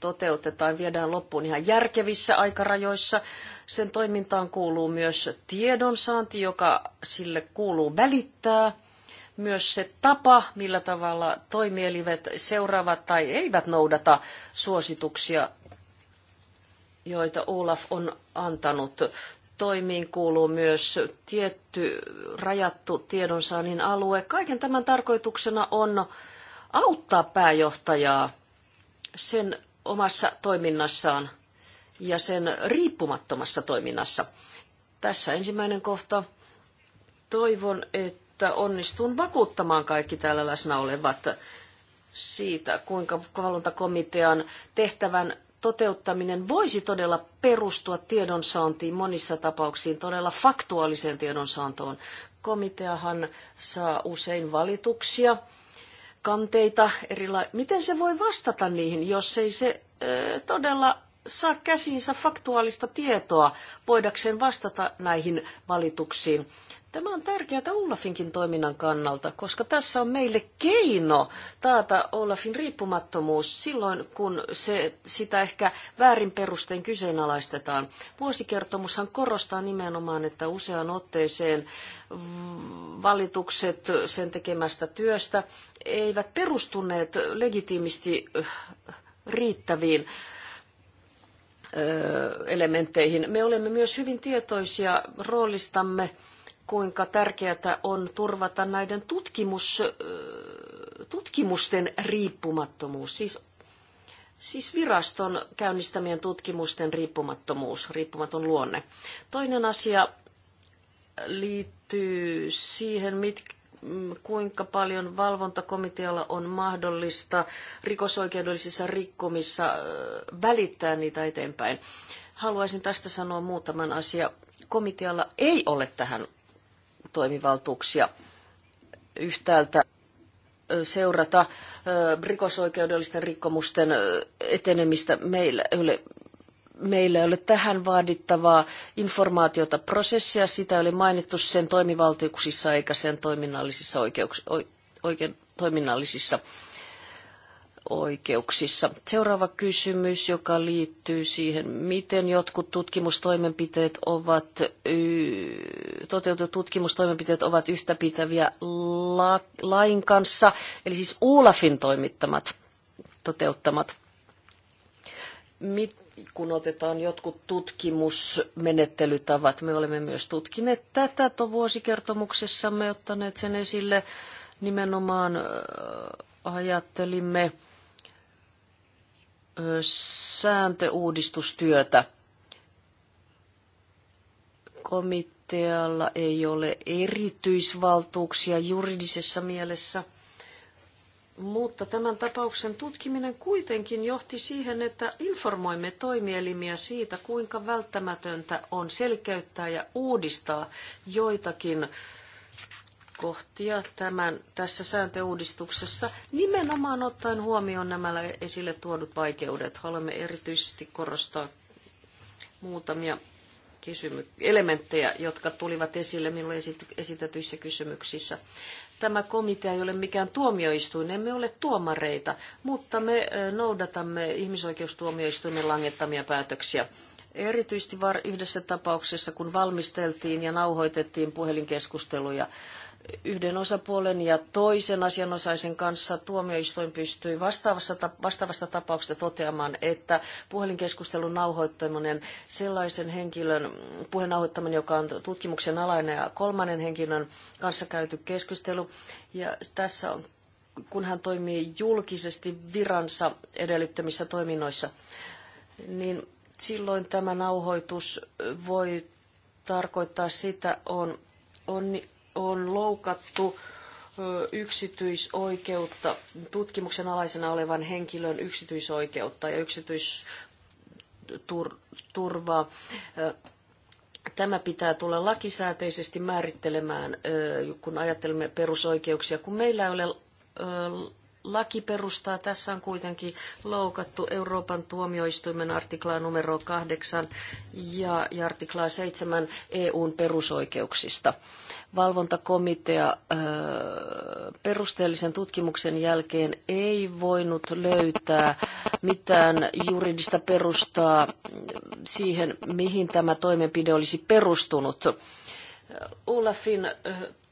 toteutetaan, viedään loppuun ihan järkevissä aikarajoissa. Sen toimintaan kuuluu myös tiedonsaanti, joka sille kuuluu välittää myös se tapa, millä tavalla toimielivet seuraavat tai eivät noudata suosituksia, joita Olaf on antanut. Toimiin kuuluu myös tietty rajattu tiedonsaannin alue. Kaiken tämän tarkoituksena on auttaa pääjohtajaa sen omassa toiminnassaan ja sen riippumattomassa toiminnassa. Tässä ensimmäinen kohta. Toivon, että että onnistun vakuuttamaan kaikki täällä läsnä olevat siitä, kuinka valvontakomitean tehtävän toteuttaminen voisi todella perustua tiedonsaantiin monissa tapauksiin, todella faktuaaliseen tiedonsaantoon. Komiteahan saa usein valituksia, kanteita, erila- miten se voi vastata niihin, jos ei se ö, todella saa käsiinsä faktuaalista tietoa voidakseen vastata näihin valituksiin. Tämä on tärkeää Olafinkin toiminnan kannalta, koska tässä on meille keino taata Olafin riippumattomuus silloin, kun se, sitä ehkä väärin perustein kyseenalaistetaan. Vuosikertomushan korostaa nimenomaan, että useaan otteeseen valitukset sen tekemästä työstä eivät perustuneet legitiimisti riittäviin elementteihin. Me olemme myös hyvin tietoisia roolistamme, kuinka tärkeää on turvata näiden tutkimus, tutkimusten riippumattomuus, siis, siis viraston käynnistämien tutkimusten riippumattomuus, riippumaton luonne. Toinen asia liittyy siihen, mitkä Mm, kuinka paljon valvontakomitealla on mahdollista rikosoikeudellisissa rikkomissa välittää niitä eteenpäin. Haluaisin tästä sanoa muutaman asian. Komitealla ei ole tähän toimivaltuuksia yhtäältä seurata rikosoikeudellisten rikkomusten etenemistä. Meillä ei ole meillä ei ole tähän vaadittavaa informaatiota prosessia, sitä ei ole mainittu sen toimivaltuuksissa eikä sen toiminnallisissa, oikein, toiminnallisissa oikeuksissa. Seuraava kysymys, joka liittyy siihen, miten jotkut tutkimustoimenpiteet ovat, toteutetut tutkimustoimenpiteet ovat yhtäpitäviä lain kanssa, eli siis ULAFin toimittamat, toteuttamat. Mit, kun otetaan jotkut tutkimusmenettelytavat. Me olemme myös tutkineet tätä vuosikertomuksessamme, ottaneet sen esille. Nimenomaan ajattelimme sääntöuudistustyötä. Komitealla ei ole erityisvaltuuksia juridisessa mielessä – mutta tämän tapauksen tutkiminen kuitenkin johti siihen, että informoimme toimielimiä siitä, kuinka välttämätöntä on selkeyttää ja uudistaa joitakin kohtia tämän, tässä sääntöuudistuksessa, nimenomaan ottaen huomioon nämä esille tuodut vaikeudet. Haluamme erityisesti korostaa muutamia kysymyksiä elementtejä, jotka tulivat esille minulle esitetyissä kysymyksissä. Tämä komitea ei ole mikään tuomioistuin, emme ole tuomareita, mutta me noudatamme ihmisoikeustuomioistuimen langettamia päätöksiä. Erityisesti yhdessä tapauksessa, kun valmisteltiin ja nauhoitettiin puhelinkeskusteluja, yhden osapuolen ja toisen asianosaisen kanssa tuomioistuin pystyi vastaavasta, vastaavasta tapauksesta toteamaan, että puhelinkeskustelun nauhoittaminen sellaisen henkilön, puheen nauhoittaminen, joka on tutkimuksen alainen ja kolmannen henkilön kanssa käyty keskustelu, ja tässä on, kun hän toimii julkisesti viransa edellyttämissä toiminnoissa, niin silloin tämä nauhoitus voi tarkoittaa sitä, on, on on loukattu yksityisoikeutta, tutkimuksen alaisena olevan henkilön yksityisoikeutta ja yksityisturvaa. Tämä pitää tulla lakisääteisesti määrittelemään, kun ajattelemme perusoikeuksia. Kun meillä ei ole lakiperustaa, tässä on kuitenkin loukattu Euroopan tuomioistuimen artiklaa numero 8 ja, artiklaa 7 EUn perusoikeuksista valvontakomitea perusteellisen tutkimuksen jälkeen ei voinut löytää mitään juridista perustaa siihen, mihin tämä toimenpide olisi perustunut. Olafin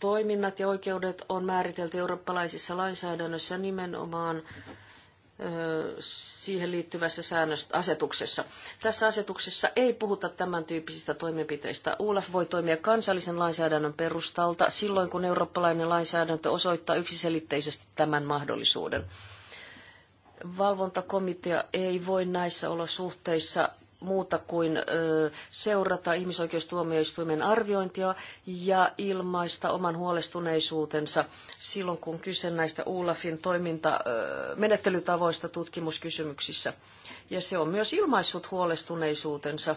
toiminnat ja oikeudet on määritelty eurooppalaisissa lainsäädännössä nimenomaan siihen liittyvässä säännöstä, asetuksessa. Tässä asetuksessa ei puhuta tämän tyyppisistä toimenpiteistä. ULF voi toimia kansallisen lainsäädännön perustalta silloin, kun eurooppalainen lainsäädäntö osoittaa yksiselitteisesti tämän mahdollisuuden. Valvontakomitea ei voi näissä olosuhteissa muuta kuin seurata ihmisoikeustuomioistuimen arviointia ja ilmaista oman huolestuneisuutensa silloin, kun kyse näistä ULAFin toimintamenettelytavoista tutkimuskysymyksissä. Ja se on myös ilmaissut huolestuneisuutensa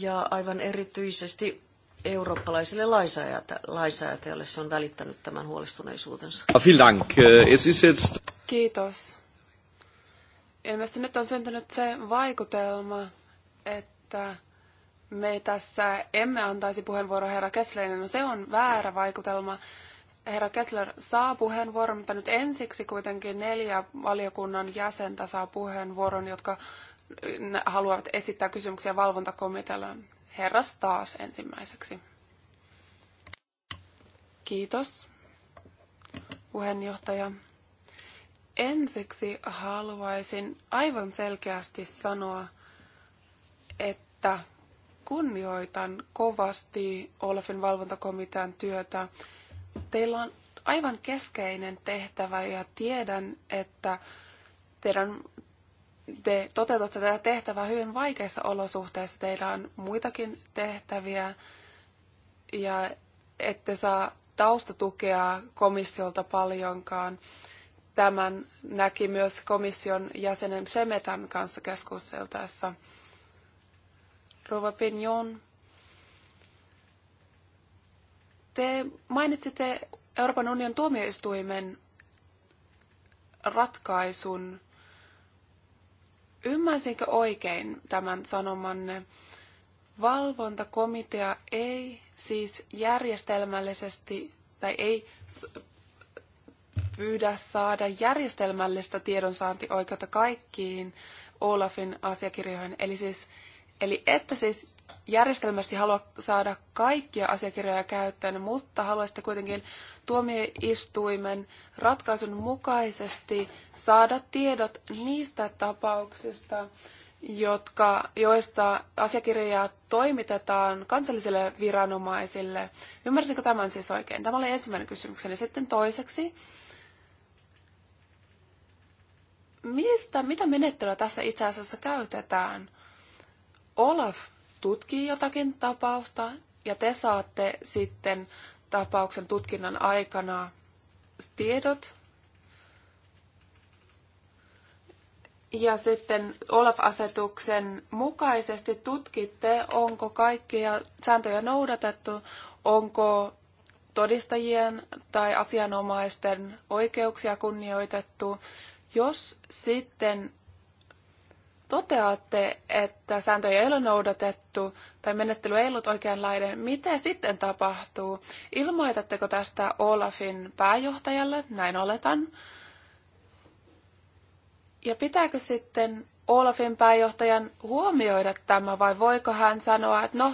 ja aivan erityisesti eurooppalaiselle lainsäätäjälle se on välittänyt tämän huolestuneisuutensa. Äh, Kiitos ilmeisesti nyt on syntynyt se vaikutelma, että me tässä emme antaisi puheenvuoroa herra Kesslerille. No se on väärä vaikutelma. Herra Kessler saa puheenvuoron, mutta nyt ensiksi kuitenkin neljä valiokunnan jäsentä saa puheenvuoron, jotka haluavat esittää kysymyksiä valvontakomitealle. Herras taas ensimmäiseksi. Kiitos, puheenjohtaja. Ensiksi haluaisin aivan selkeästi sanoa, että kunnioitan kovasti Olafin valvontakomitean työtä. Teillä on aivan keskeinen tehtävä ja tiedän, että teidän, te toteutatte tätä tehtävää hyvin vaikeissa olosuhteissa. Teillä on muitakin tehtäviä ja ette saa taustatukea komissiolta paljonkaan. Tämän näki myös komission jäsenen Shemetan kanssa keskusteltaessa. Rouva Pignon, te mainitsitte Euroopan unionin tuomioistuimen ratkaisun. Ymmärsinkö oikein tämän sanomanne? Valvontakomitea ei siis järjestelmällisesti tai ei pyydä saada järjestelmällistä tiedonsaantioikeutta kaikkiin Olafin asiakirjoihin. Eli, siis, eli että siis järjestelmästi halua saada kaikkia asiakirjoja käyttöön, mutta haluaisitte kuitenkin tuomioistuimen ratkaisun mukaisesti saada tiedot niistä tapauksista, jotka, joista asiakirjoja toimitetaan kansallisille viranomaisille. Ymmärsinkö tämän siis oikein? Tämä oli ensimmäinen kysymykseni. Sitten toiseksi, mistä, mitä menettelyä tässä itse asiassa käytetään? Olaf tutkii jotakin tapausta ja te saatte sitten tapauksen tutkinnan aikana tiedot. Ja sitten Olaf-asetuksen mukaisesti tutkitte, onko kaikkia sääntöjä noudatettu, onko todistajien tai asianomaisten oikeuksia kunnioitettu, jos sitten toteatte, että sääntöjä ei ole noudatettu tai menettely ei ollut oikeanlainen, mitä sitten tapahtuu? Ilmoitatteko tästä Olafin pääjohtajalle, näin oletan? Ja pitääkö sitten Olafin pääjohtajan huomioida tämä vai voiko hän sanoa, että no,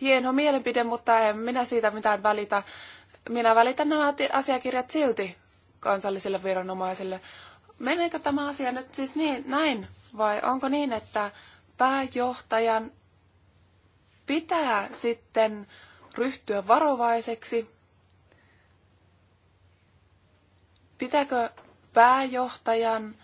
hieno mielipide, mutta en minä siitä mitään välitä. Minä välitän nämä asiakirjat silti kansallisille viranomaisille. Meneekö tämä asia nyt siis niin, näin vai onko niin, että pääjohtajan pitää sitten ryhtyä varovaiseksi? Pitääkö pääjohtajan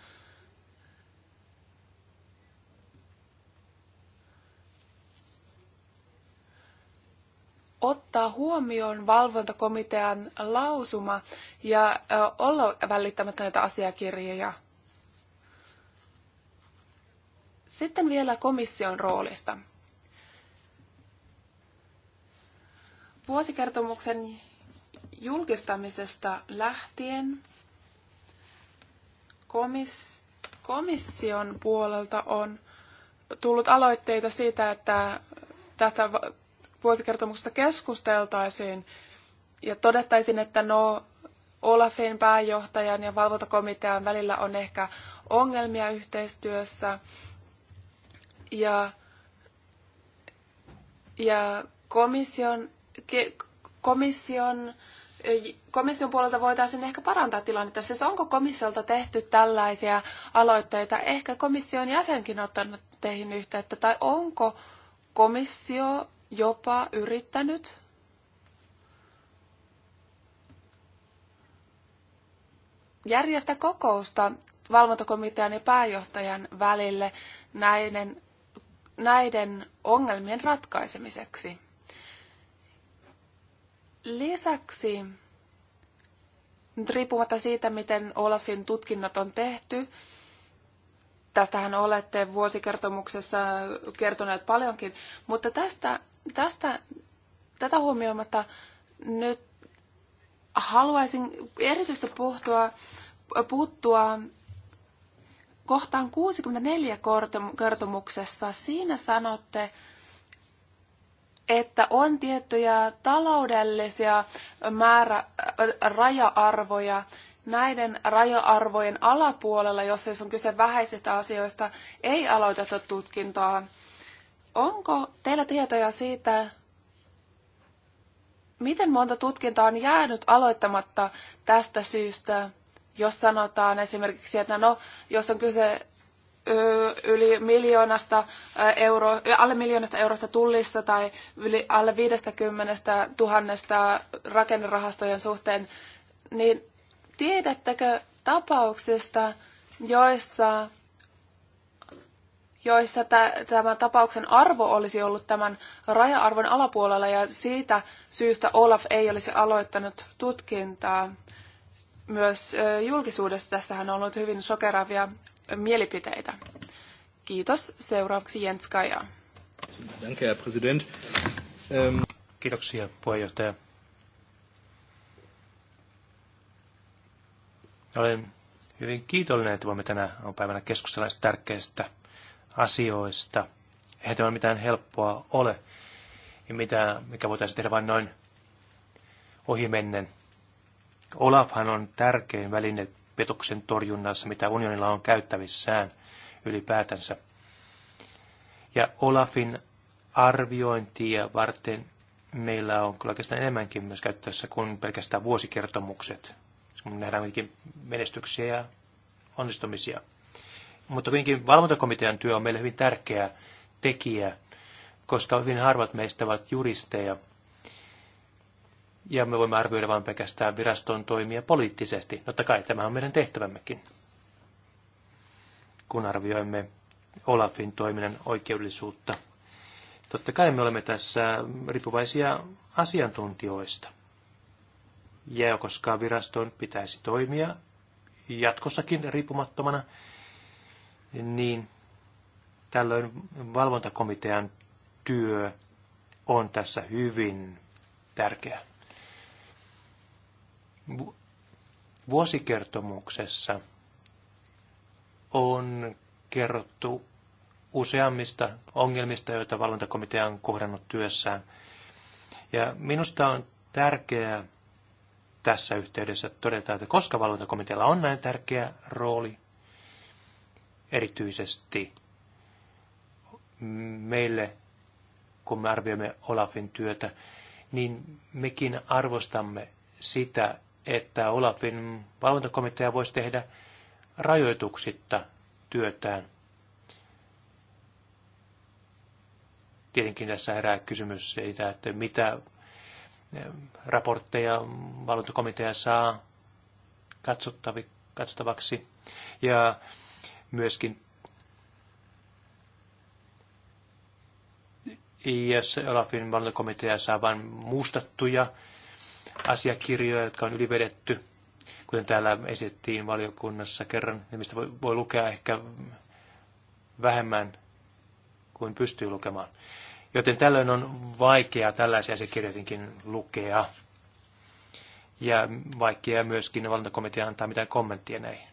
ottaa huomioon valvontakomitean lausuma ja olla välittämättä näitä asiakirjoja. Sitten vielä komission roolista. Vuosikertomuksen julkistamisesta lähtien komis- komission puolelta on tullut aloitteita siitä, että tästä vuosikertomuksesta keskusteltaisiin ja todettaisiin, että no Olafin pääjohtajan ja valvontakomitean välillä on ehkä ongelmia yhteistyössä ja, ja komission, komission komission puolelta voitaisiin ehkä parantaa tilannetta. Siis onko komissiolta tehty tällaisia aloitteita? Ehkä komission jäsenkin ottanut teihin yhteyttä, tai onko komissio jopa yrittänyt järjestää kokousta valvontakomitean ja pääjohtajan välille näiden, näiden ongelmien ratkaisemiseksi. Lisäksi nyt riippumatta siitä, miten Olafin tutkinnat on tehty, tästähän olette vuosikertomuksessa kertoneet paljonkin, mutta tästä tästä, tätä huomioimatta nyt haluaisin erityisesti puhtua, puuttua kohtaan 64 kertomuksessa. Siinä sanotte, että on tiettyjä taloudellisia määrä, raja-arvoja, näiden raja-arvojen alapuolella, jos siis on kyse vähäisistä asioista, ei aloiteta tutkintaa. Onko teillä tietoja siitä, miten monta tutkintaa on jäänyt aloittamatta tästä syystä, jos sanotaan esimerkiksi, että no, jos on kyse yli miljoonasta euro, alle miljoonasta eurosta tullissa tai yli alle 50 tuhannesta rakennerahastojen suhteen, niin tiedättekö tapauksista, joissa joissa tämän tapauksen arvo olisi ollut tämän raja-arvon alapuolella ja siitä syystä Olaf ei olisi aloittanut tutkintaa. Myös julkisuudessa tässähän on ollut hyvin sokeravia mielipiteitä. Kiitos. Seuraavaksi Jens Kaja. Danke, Herr ähm, Kiitoksia, puheenjohtaja. Olen hyvin kiitollinen, että voimme tänä päivänä keskustella näistä tärkeistä asioista. Eihän tämä mitään helppoa ole, ja mitä, mikä voitaisiin tehdä vain noin ohimennen. Olafhan on tärkein väline petoksen torjunnassa, mitä unionilla on käyttävissään ylipäätänsä. Ja Olafin arviointia varten meillä on kyllä oikeastaan enemmänkin myös käytössä kuin pelkästään vuosikertomukset. Kun nähdään kuitenkin menestyksiä ja onnistumisia. Mutta kuitenkin valvontakomitean työ on meille hyvin tärkeä tekijä, koska hyvin harvat meistä ovat juristeja. Ja me voimme arvioida vain pelkästään viraston toimia poliittisesti. Totta kai tämä on meidän tehtävämmekin, kun arvioimme Olafin toiminnan oikeudellisuutta. Totta kai me olemme tässä riippuvaisia asiantuntijoista. Ja koska viraston pitäisi toimia jatkossakin riippumattomana, niin tällöin valvontakomitean työ on tässä hyvin tärkeä. Vuosikertomuksessa on kerrottu useammista ongelmista, joita valvontakomitea on kohdannut työssään. Ja minusta on tärkeää tässä yhteydessä todeta, että koska valvontakomitealla on näin tärkeä rooli, erityisesti meille, kun me arvioimme Olafin työtä, niin mekin arvostamme sitä, että Olafin valvontakomitea voisi tehdä rajoituksitta työtään. Tietenkin tässä herää kysymys siitä, että mitä raportteja valvontakomitea saa katsottavaksi ja myöskin IS Olafin valintakomitea saa vain mustattuja asiakirjoja, jotka on ylivedetty, kuten täällä esittiin valiokunnassa kerran, mistä voi, voi lukea ehkä vähemmän kuin pystyy lukemaan. Joten tällöin on vaikea tällaisia asiakirjoitinkin lukea. Ja vaikea myöskin valintakomitea antaa mitään kommenttia näihin.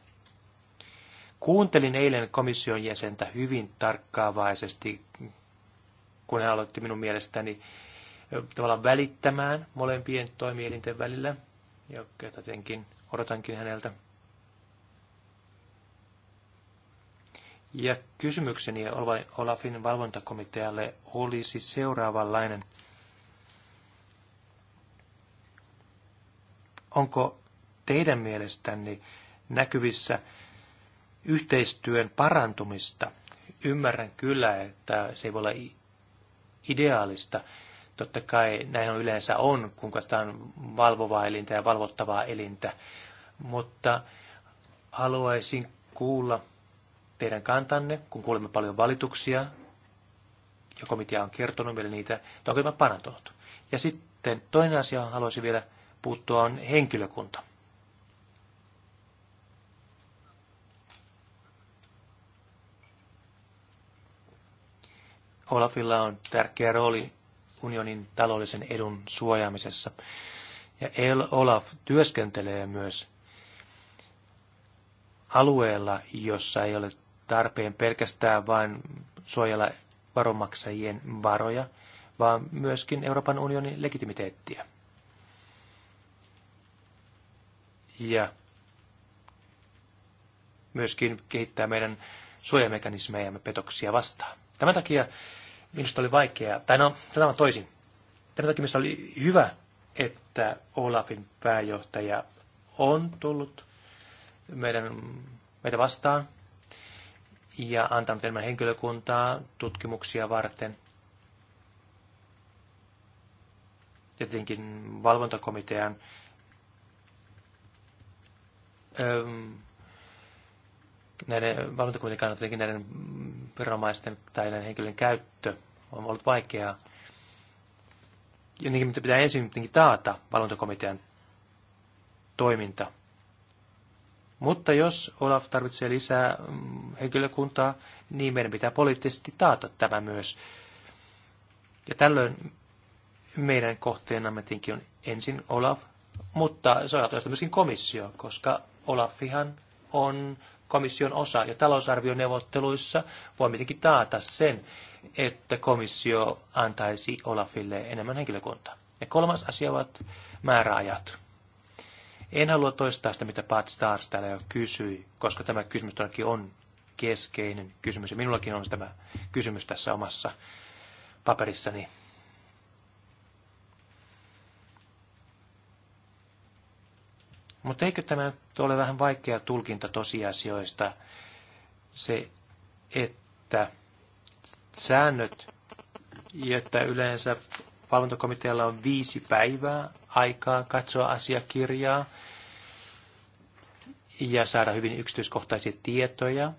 Kuuntelin eilen komission jäsentä hyvin tarkkaavaisesti, kun hän aloitti minun mielestäni tavallaan välittämään molempien toimielinten välillä, joka tietenkin odotankin häneltä. Ja kysymykseni Olafin valvontakomitealle olisi seuraavanlainen. Onko teidän mielestänne näkyvissä yhteistyön parantumista. Ymmärrän kyllä, että se ei voi olla ideaalista. Totta kai näin on yleensä on, kun katsotaan valvovaa elintä ja valvottavaa elintä. Mutta haluaisin kuulla teidän kantanne, kun kuulemme paljon valituksia, ja komitea on kertonut meille niitä, että onko tämä parantunut. Ja sitten toinen asia, haluaisin vielä puuttua, on henkilökunta. Olafilla on tärkeä rooli unionin taloudellisen edun suojaamisessa. Ja El Olaf työskentelee myös alueella, jossa ei ole tarpeen pelkästään vain suojella varomaksajien varoja, vaan myöskin Euroopan unionin legitimiteettiä. Ja myöskin kehittää meidän suojamekanismejamme petoksia vastaan. Tämän takia Minusta oli vaikeaa, tai no, tätä on toisin. Tämän takia minusta oli hyvä, että Olafin pääjohtaja on tullut meidän, meitä vastaan ja antanut enemmän henkilökuntaa tutkimuksia varten. Ja tietenkin valvontakomitean näiden valvontakomitean kannalta näiden viranomaisten tai näiden henkilöiden käyttö on ollut vaikeaa. Jotenkin pitää ensin taata valvontakomitean toiminta. Mutta jos Olaf tarvitsee lisää mm, henkilökuntaa, niin meidän pitää poliittisesti taata tämä myös. Ja tällöin meidän kohteenamme tietenkin on ensin Olaf, mutta se on myöskin komissio, koska Olafihan on komission osa. Ja talousarvioneuvotteluissa voimme tietenkin taata sen, että komissio antaisi Olafille enemmän henkilökuntaa. Ja kolmas asia ovat määräajat. En halua toistaa sitä, mitä Pat Stars täällä jo kysyi, koska tämä kysymys todellakin on keskeinen kysymys. Ja minullakin on tämä kysymys tässä omassa paperissani Mutta eikö tämä ole vähän vaikea tulkinta tosiasioista, se, että säännöt, että yleensä valvontakomitealla on viisi päivää aikaa katsoa asiakirjaa ja saada hyvin yksityiskohtaisia tietoja,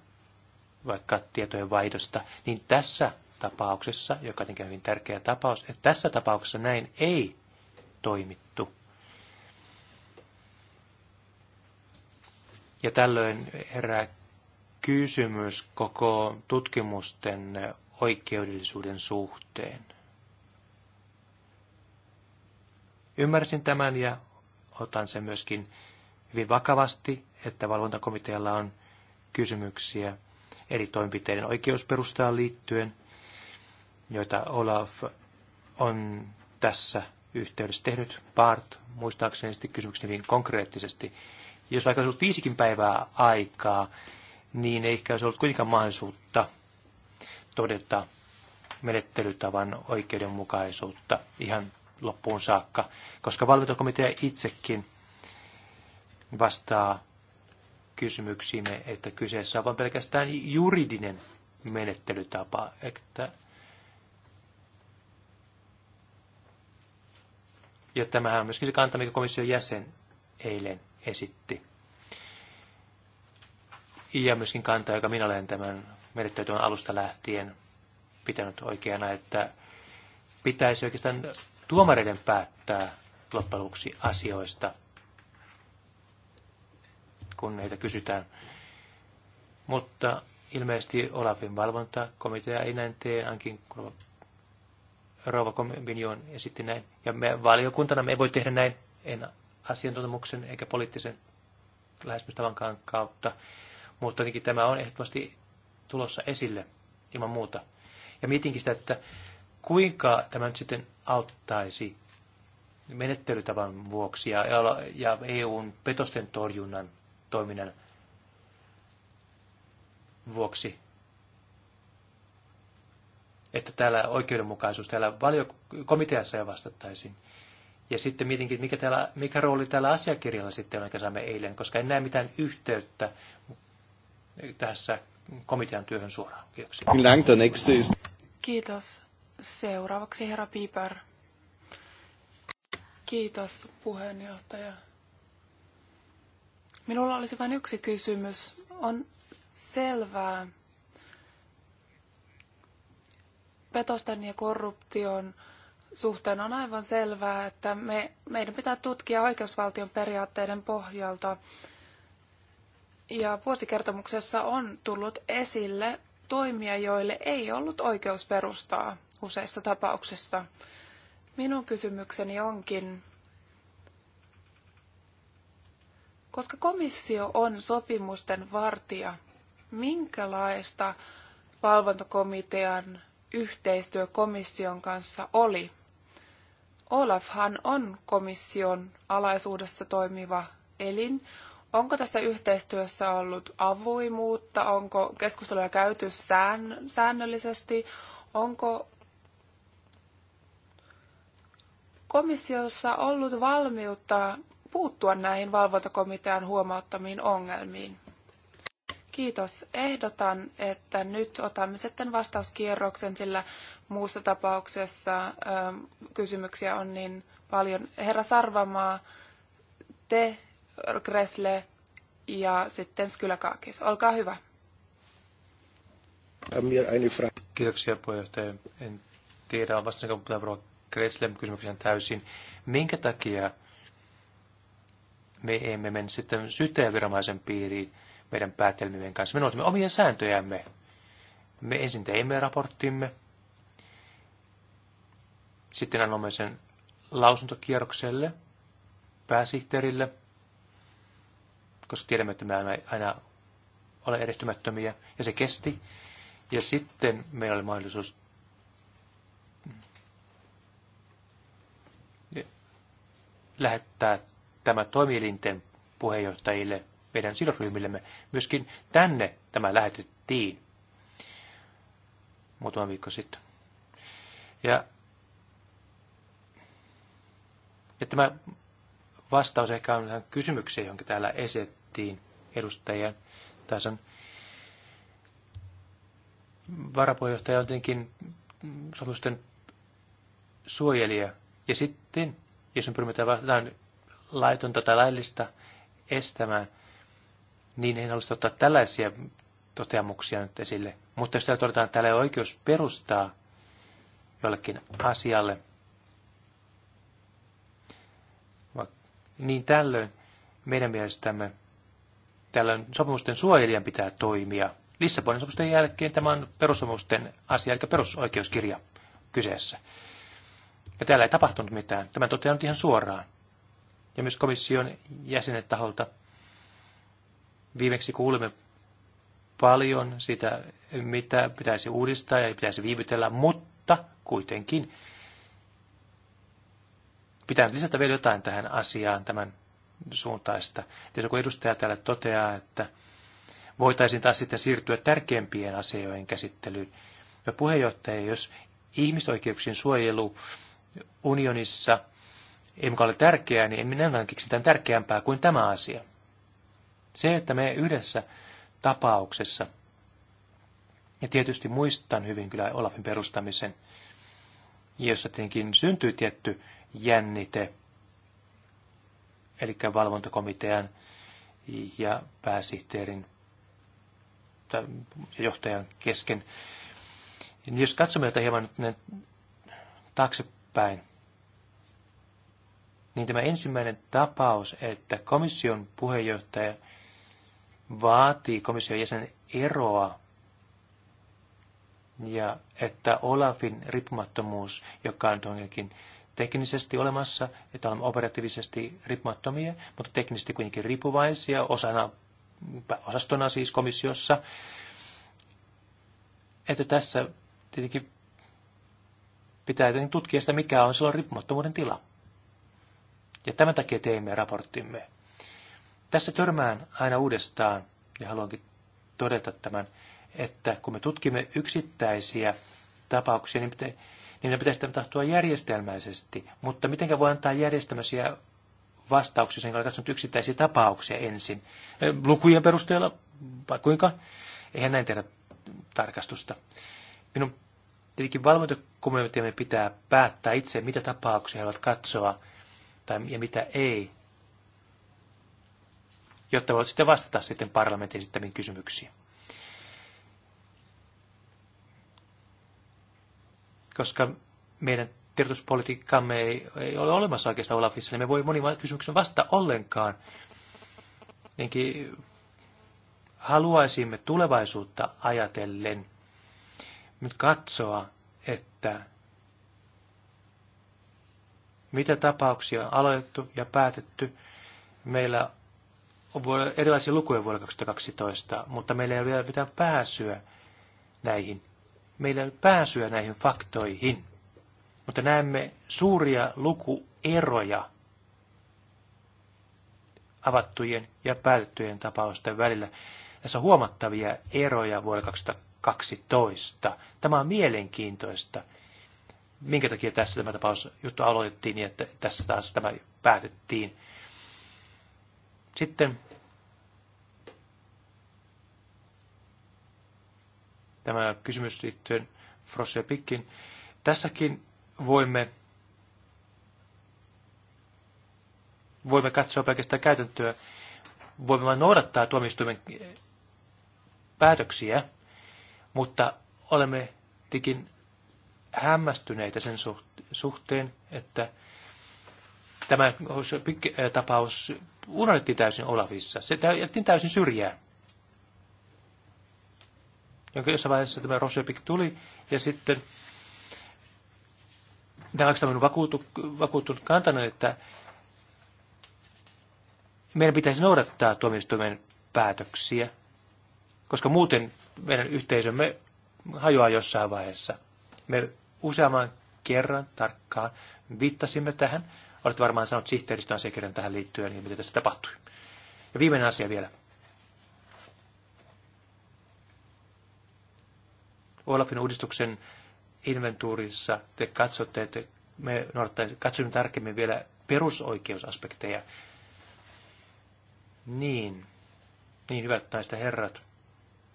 vaikka tietojen vaihdosta, niin tässä tapauksessa, joka on hyvin tärkeä tapaus, että tässä tapauksessa näin ei toimittu. Ja tällöin herää kysymys koko tutkimusten oikeudellisuuden suhteen. Ymmärsin tämän ja otan sen myöskin hyvin vakavasti, että valvontakomitealla on kysymyksiä eri toimenpiteiden oikeusperustaan liittyen, joita Olaf on tässä yhteydessä tehnyt. part. muistaakseni sitten kysymyksen hyvin konkreettisesti. Jos vaikka olisi ollut viisikin päivää aikaa, niin ehkä olisi ollut kuitenkaan mahdollisuutta todeta menettelytavan oikeudenmukaisuutta ihan loppuun saakka, koska valvontakomitea itsekin vastaa kysymyksiin, että kyseessä on vain pelkästään juridinen menettelytapa, että ja tämähän on myöskin se kanta, mikä komission jäsen eilen esitti. Ja myöskin kanta, joka minä olen tämän merittäytymän alusta lähtien pitänyt oikeana, että pitäisi oikeastaan tuomareiden päättää loppujen lopuksi asioista, kun heitä kysytään. Mutta ilmeisesti Olafin valvontakomitea ei näin tee, ainakin Rouva Kombinion esitti näin. Ja me valiokuntana me ei voi tehdä näin, en asiantuntemuksen eikä poliittisen lähestymistavankaan kautta. Mutta tietenkin tämä on ehdottomasti tulossa esille ilman muuta. Ja mietinkin sitä, että kuinka tämä nyt sitten auttaisi menettelytavan vuoksi ja, ja EUn petosten torjunnan toiminnan vuoksi. Että täällä oikeudenmukaisuus täällä valiokomiteassa jo vastattaisiin. Ja sitten mietinkin, mikä, täällä, mikä rooli täällä asiakirjalla sitten on, mikä saamme eilen, koska en näe mitään yhteyttä tässä komitean työhön suoraan. Kiitoksia. Kiitos. Seuraavaksi herra Piper. Kiitos puheenjohtaja. Minulla olisi vain yksi kysymys. On selvää petosten ja korruption suhteen on aivan selvää, että me, meidän pitää tutkia oikeusvaltion periaatteiden pohjalta. Ja vuosikertomuksessa on tullut esille toimia, joille ei ollut oikeusperustaa useissa tapauksissa. Minun kysymykseni onkin, koska komissio on sopimusten vartija, minkälaista valvontakomitean yhteistyö komission kanssa oli? Olafhan on komission alaisuudessa toimiva elin. Onko tässä yhteistyössä ollut avoimuutta? Onko keskusteluja käyty sään, säännöllisesti? Onko komissiossa ollut valmiutta puuttua näihin valvontakomitean huomauttamiin ongelmiin? Kiitos. Ehdotan, että nyt otamme sitten vastauskierroksen, sillä muussa tapauksessa ö, ähm, kysymyksiä on niin paljon. Herra Sarvamaa, te, Kresle ja sitten Skyläkaakis. Olkaa hyvä. Äh, Kiitoksia puheenjohtaja. En tiedä, vastaanko Stavro Kreslen kysymykseen täysin. Minkä takia me emme mene sitten syyttäjäviranomaisen piiriin? meidän päätelmien kanssa. Me noudatamme omia sääntöjämme. Me ensin teimme raporttimme, sitten annamme sen lausuntokierrokselle, pääsihteerille, koska tiedämme, että me aina, aina ole erehtymättömiä, ja se kesti. Ja sitten meillä oli mahdollisuus lähettää tämä toimielinten puheenjohtajille meidän sidosryhmillemme. Myöskin tänne tämä lähetettiin muutama viikko sitten. Ja, ja tämä vastaus ehkä on tähän kysymykseen, jonka täällä esettiin edustajien tason. Varapuheenjohtaja on tietenkin sopimusten suojelija. Ja sitten, jos me pyrimme jotain laitonta tai laillista estämään, niin en halusta ottaa tällaisia toteamuksia nyt esille. Mutta jos täällä todetaan, että täällä ei ole oikeus perustaa jollekin asialle, niin tällöin meidän mielestämme tällöin sopimusten suojelijan pitää toimia. Lissabonin sopimusten jälkeen tämä on perussopimusten asia, eli perusoikeuskirja kyseessä. Ja täällä ei tapahtunut mitään. Tämä totean nyt ihan suoraan. Ja myös komission jäsenet taholta Viimeksi kuulimme paljon sitä, mitä pitäisi uudistaa ja pitäisi viivytellä, mutta kuitenkin pitää nyt lisätä vielä jotain tähän asiaan tämän suuntaista. Tietysti kun edustaja täällä toteaa, että voitaisiin taas sitten siirtyä tärkeimpien asioiden käsittelyyn. Ja puheenjohtaja, jos ihmisoikeuksien suojelu unionissa ei mukaan ole tärkeää, niin en minä keksi tärkeämpää kuin tämä asia. Se, että me yhdessä tapauksessa, ja tietysti muistan hyvin kyllä Olafin perustamisen, jossa tietenkin syntyi tietty jännite, eli valvontakomitean ja pääsihteerin ja johtajan kesken. Niin jos katsomme jotain hieman nyt taaksepäin, niin tämä ensimmäinen tapaus, että komission puheenjohtaja – vaatii komission jäsen eroa ja että Olafin riippumattomuus, joka on onkin teknisesti olemassa, että olemme operatiivisesti riippumattomia, mutta teknisesti kuitenkin riippuvaisia osana, osastona siis komissiossa, että tässä tietenkin pitää tutkia sitä, mikä on silloin riippumattomuuden tila. Ja tämän takia teimme raporttimme. Tässä törmään aina uudestaan, ja haluankin todeta tämän, että kun me tutkimme yksittäisiä tapauksia, niin, pitä, niin pitäisi tapahtua järjestelmäisesti. Mutta miten voi antaa järjestelmäisiä vastauksia, sen katsonut yksittäisiä tapauksia ensin. Lukujen perusteella, vai kuinka? Eihän näin tehdä tarkastusta. Minun tietenkin valvontakomiteamme pitää päättää itse, mitä tapauksia he haluavat katsoa tai, ja mitä ei jotta voit sitten vastata sitten parlamentin esittämiin kysymyksiin. Koska meidän tiedotuspolitiikkaamme ei, ei ole olemassa oikeastaan Olafissa, niin me voi moni kysymyksen vastata ollenkaan. niinkin haluaisimme tulevaisuutta ajatellen nyt katsoa, että mitä tapauksia on aloitettu ja päätetty. Meillä erilaisia lukuja vuonna 2012, mutta meillä ei ole vielä mitään pääsyä näihin. Meillä ei ole pääsyä näihin faktoihin, mutta näemme suuria lukueroja avattujen ja päätettyjen tapausten välillä. Tässä on huomattavia eroja vuonna 2012. Tämä on mielenkiintoista. Minkä takia tässä tämä tapaus juttu aloitettiin niin, että tässä taas tämä päätettiin. Sitten tämä kysymys liittyen Frosse ja Pikkin. Tässäkin voimme, voimme katsoa pelkästään käytäntöä. Voimme vain noudattaa tuomioistuimen eh, päätöksiä, mutta olemme tikin hämmästyneitä sen suhteen, että tämä eh, tapaus unohdettiin täysin Olavissa, Se jättiin täysin syrjään. Jonka jossain vaiheessa tämä Rosjopik tuli ja sitten tämä on vakuutu, vakuuttunut kantanut, että meidän pitäisi noudattaa tuomioistuimen päätöksiä, koska muuten meidän yhteisömme hajoaa jossain vaiheessa. Me useamman kerran tarkkaan viittasimme tähän, Olet varmaan sanonut sihteeristön asiakirjan tähän liittyen ja mitä tässä tapahtui. Ja viimeinen asia vielä. Olafin uudistuksen inventuurissa te katsotte, että me katsomme tarkemmin vielä perusoikeusaspekteja. Niin, niin hyvät näistä herrat.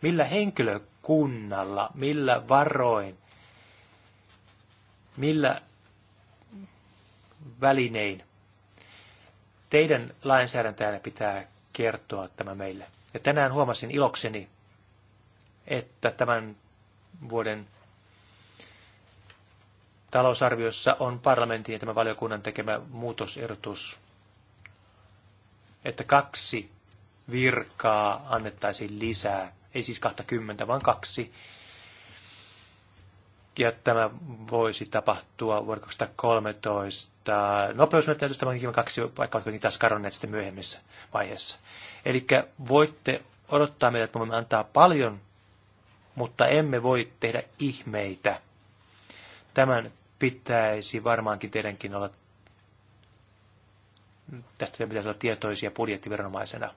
Millä henkilökunnalla, millä varoin, millä välinein. Teidän lainsäädäntäjänne pitää kertoa tämä meille. Ja tänään huomasin ilokseni, että tämän vuoden talousarviossa on parlamentin ja tämän valiokunnan tekemä muutosehdotus, että kaksi virkaa annettaisiin lisää, ei siis 20, vaan kaksi ja tämä voisi tapahtua vuonna 2013 nopeusmenettelystä, vaan kaksi vaikka oletko niitä skaronneet sitten myöhemmissä vaiheessa. Eli voitte odottaa meitä, että me voimme antaa paljon, mutta emme voi tehdä ihmeitä. Tämän pitäisi varmaankin teidänkin olla, tästä pitäisi olla tietoisia budjettiviranomaisena.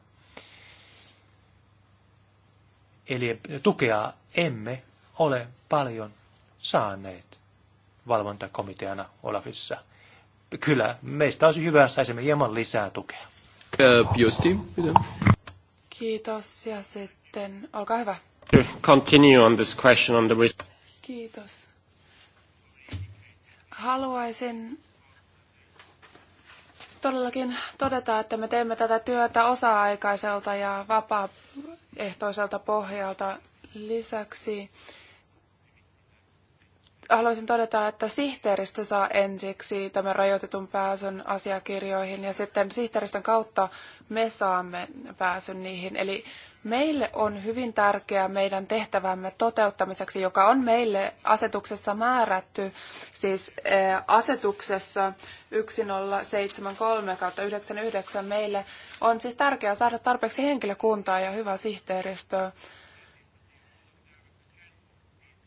Eli tukea emme ole paljon saaneet valvontakomiteana Olafissa. Kyllä, meistä olisi hyvä, saisimme hieman lisää tukea. Äh, Piosti, Kiitos, ja sitten olkaa hyvä. Continue on this question on the Kiitos. Haluaisin todellakin todeta, että me teemme tätä työtä osa-aikaiselta ja vapaaehtoiselta pohjalta. Lisäksi haluaisin todeta, että sihteeristö saa ensiksi tämän rajoitetun pääsyn asiakirjoihin ja sitten sihteeristön kautta me saamme pääsyn niihin. Eli meille on hyvin tärkeää meidän tehtävämme toteuttamiseksi, joka on meille asetuksessa määrätty, siis eh, asetuksessa 1073 99 meille on siis tärkeää saada tarpeeksi henkilökuntaa ja hyvä sihteeristö.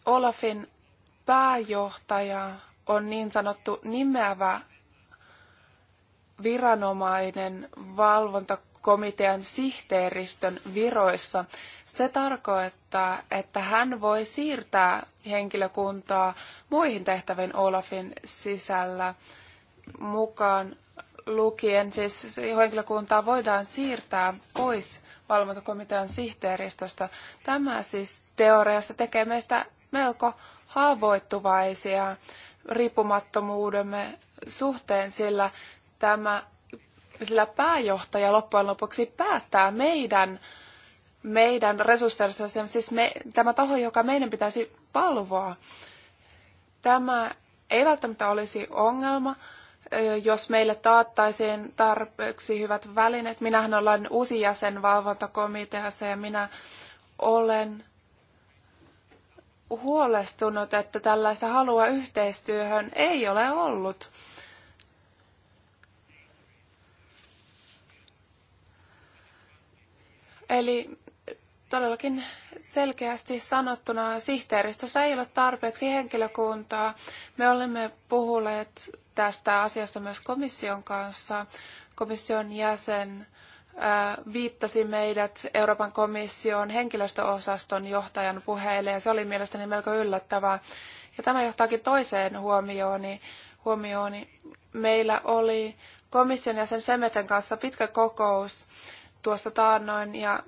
Olafin pääjohtaja on niin sanottu nimeävä viranomainen valvontakomitean sihteeristön viroissa. Se tarkoittaa, että hän voi siirtää henkilökuntaa muihin tehtäviin Olafin sisällä mukaan lukien. Siis henkilökuntaa voidaan siirtää pois valvontakomitean sihteeristöstä. Tämä siis teoriassa tekee meistä melko haavoittuvaisia riippumattomuudemme suhteen, sillä tämä sillä pääjohtaja loppujen lopuksi päättää meidän, meidän resursseista, siis me, tämä taho, joka meidän pitäisi palvoa. Tämä ei välttämättä olisi ongelma, jos meille taattaisiin tarpeeksi hyvät välineet. Minähän olen uusi jäsen valvontakomiteassa ja minä olen huolestunut, että tällaista halua yhteistyöhön ei ole ollut. Eli todellakin selkeästi sanottuna sihteeristössä ei ole tarpeeksi henkilökuntaa. Me olemme puhuneet tästä asiasta myös komission kanssa. Komission jäsen viittasi meidät Euroopan komission henkilöstöosaston johtajan puheille, ja se oli mielestäni melko yllättävää. Ja tämä johtaakin toiseen huomiooni. Meillä oli komission ja sen Semeten kanssa pitkä kokous tuosta taannoin, ja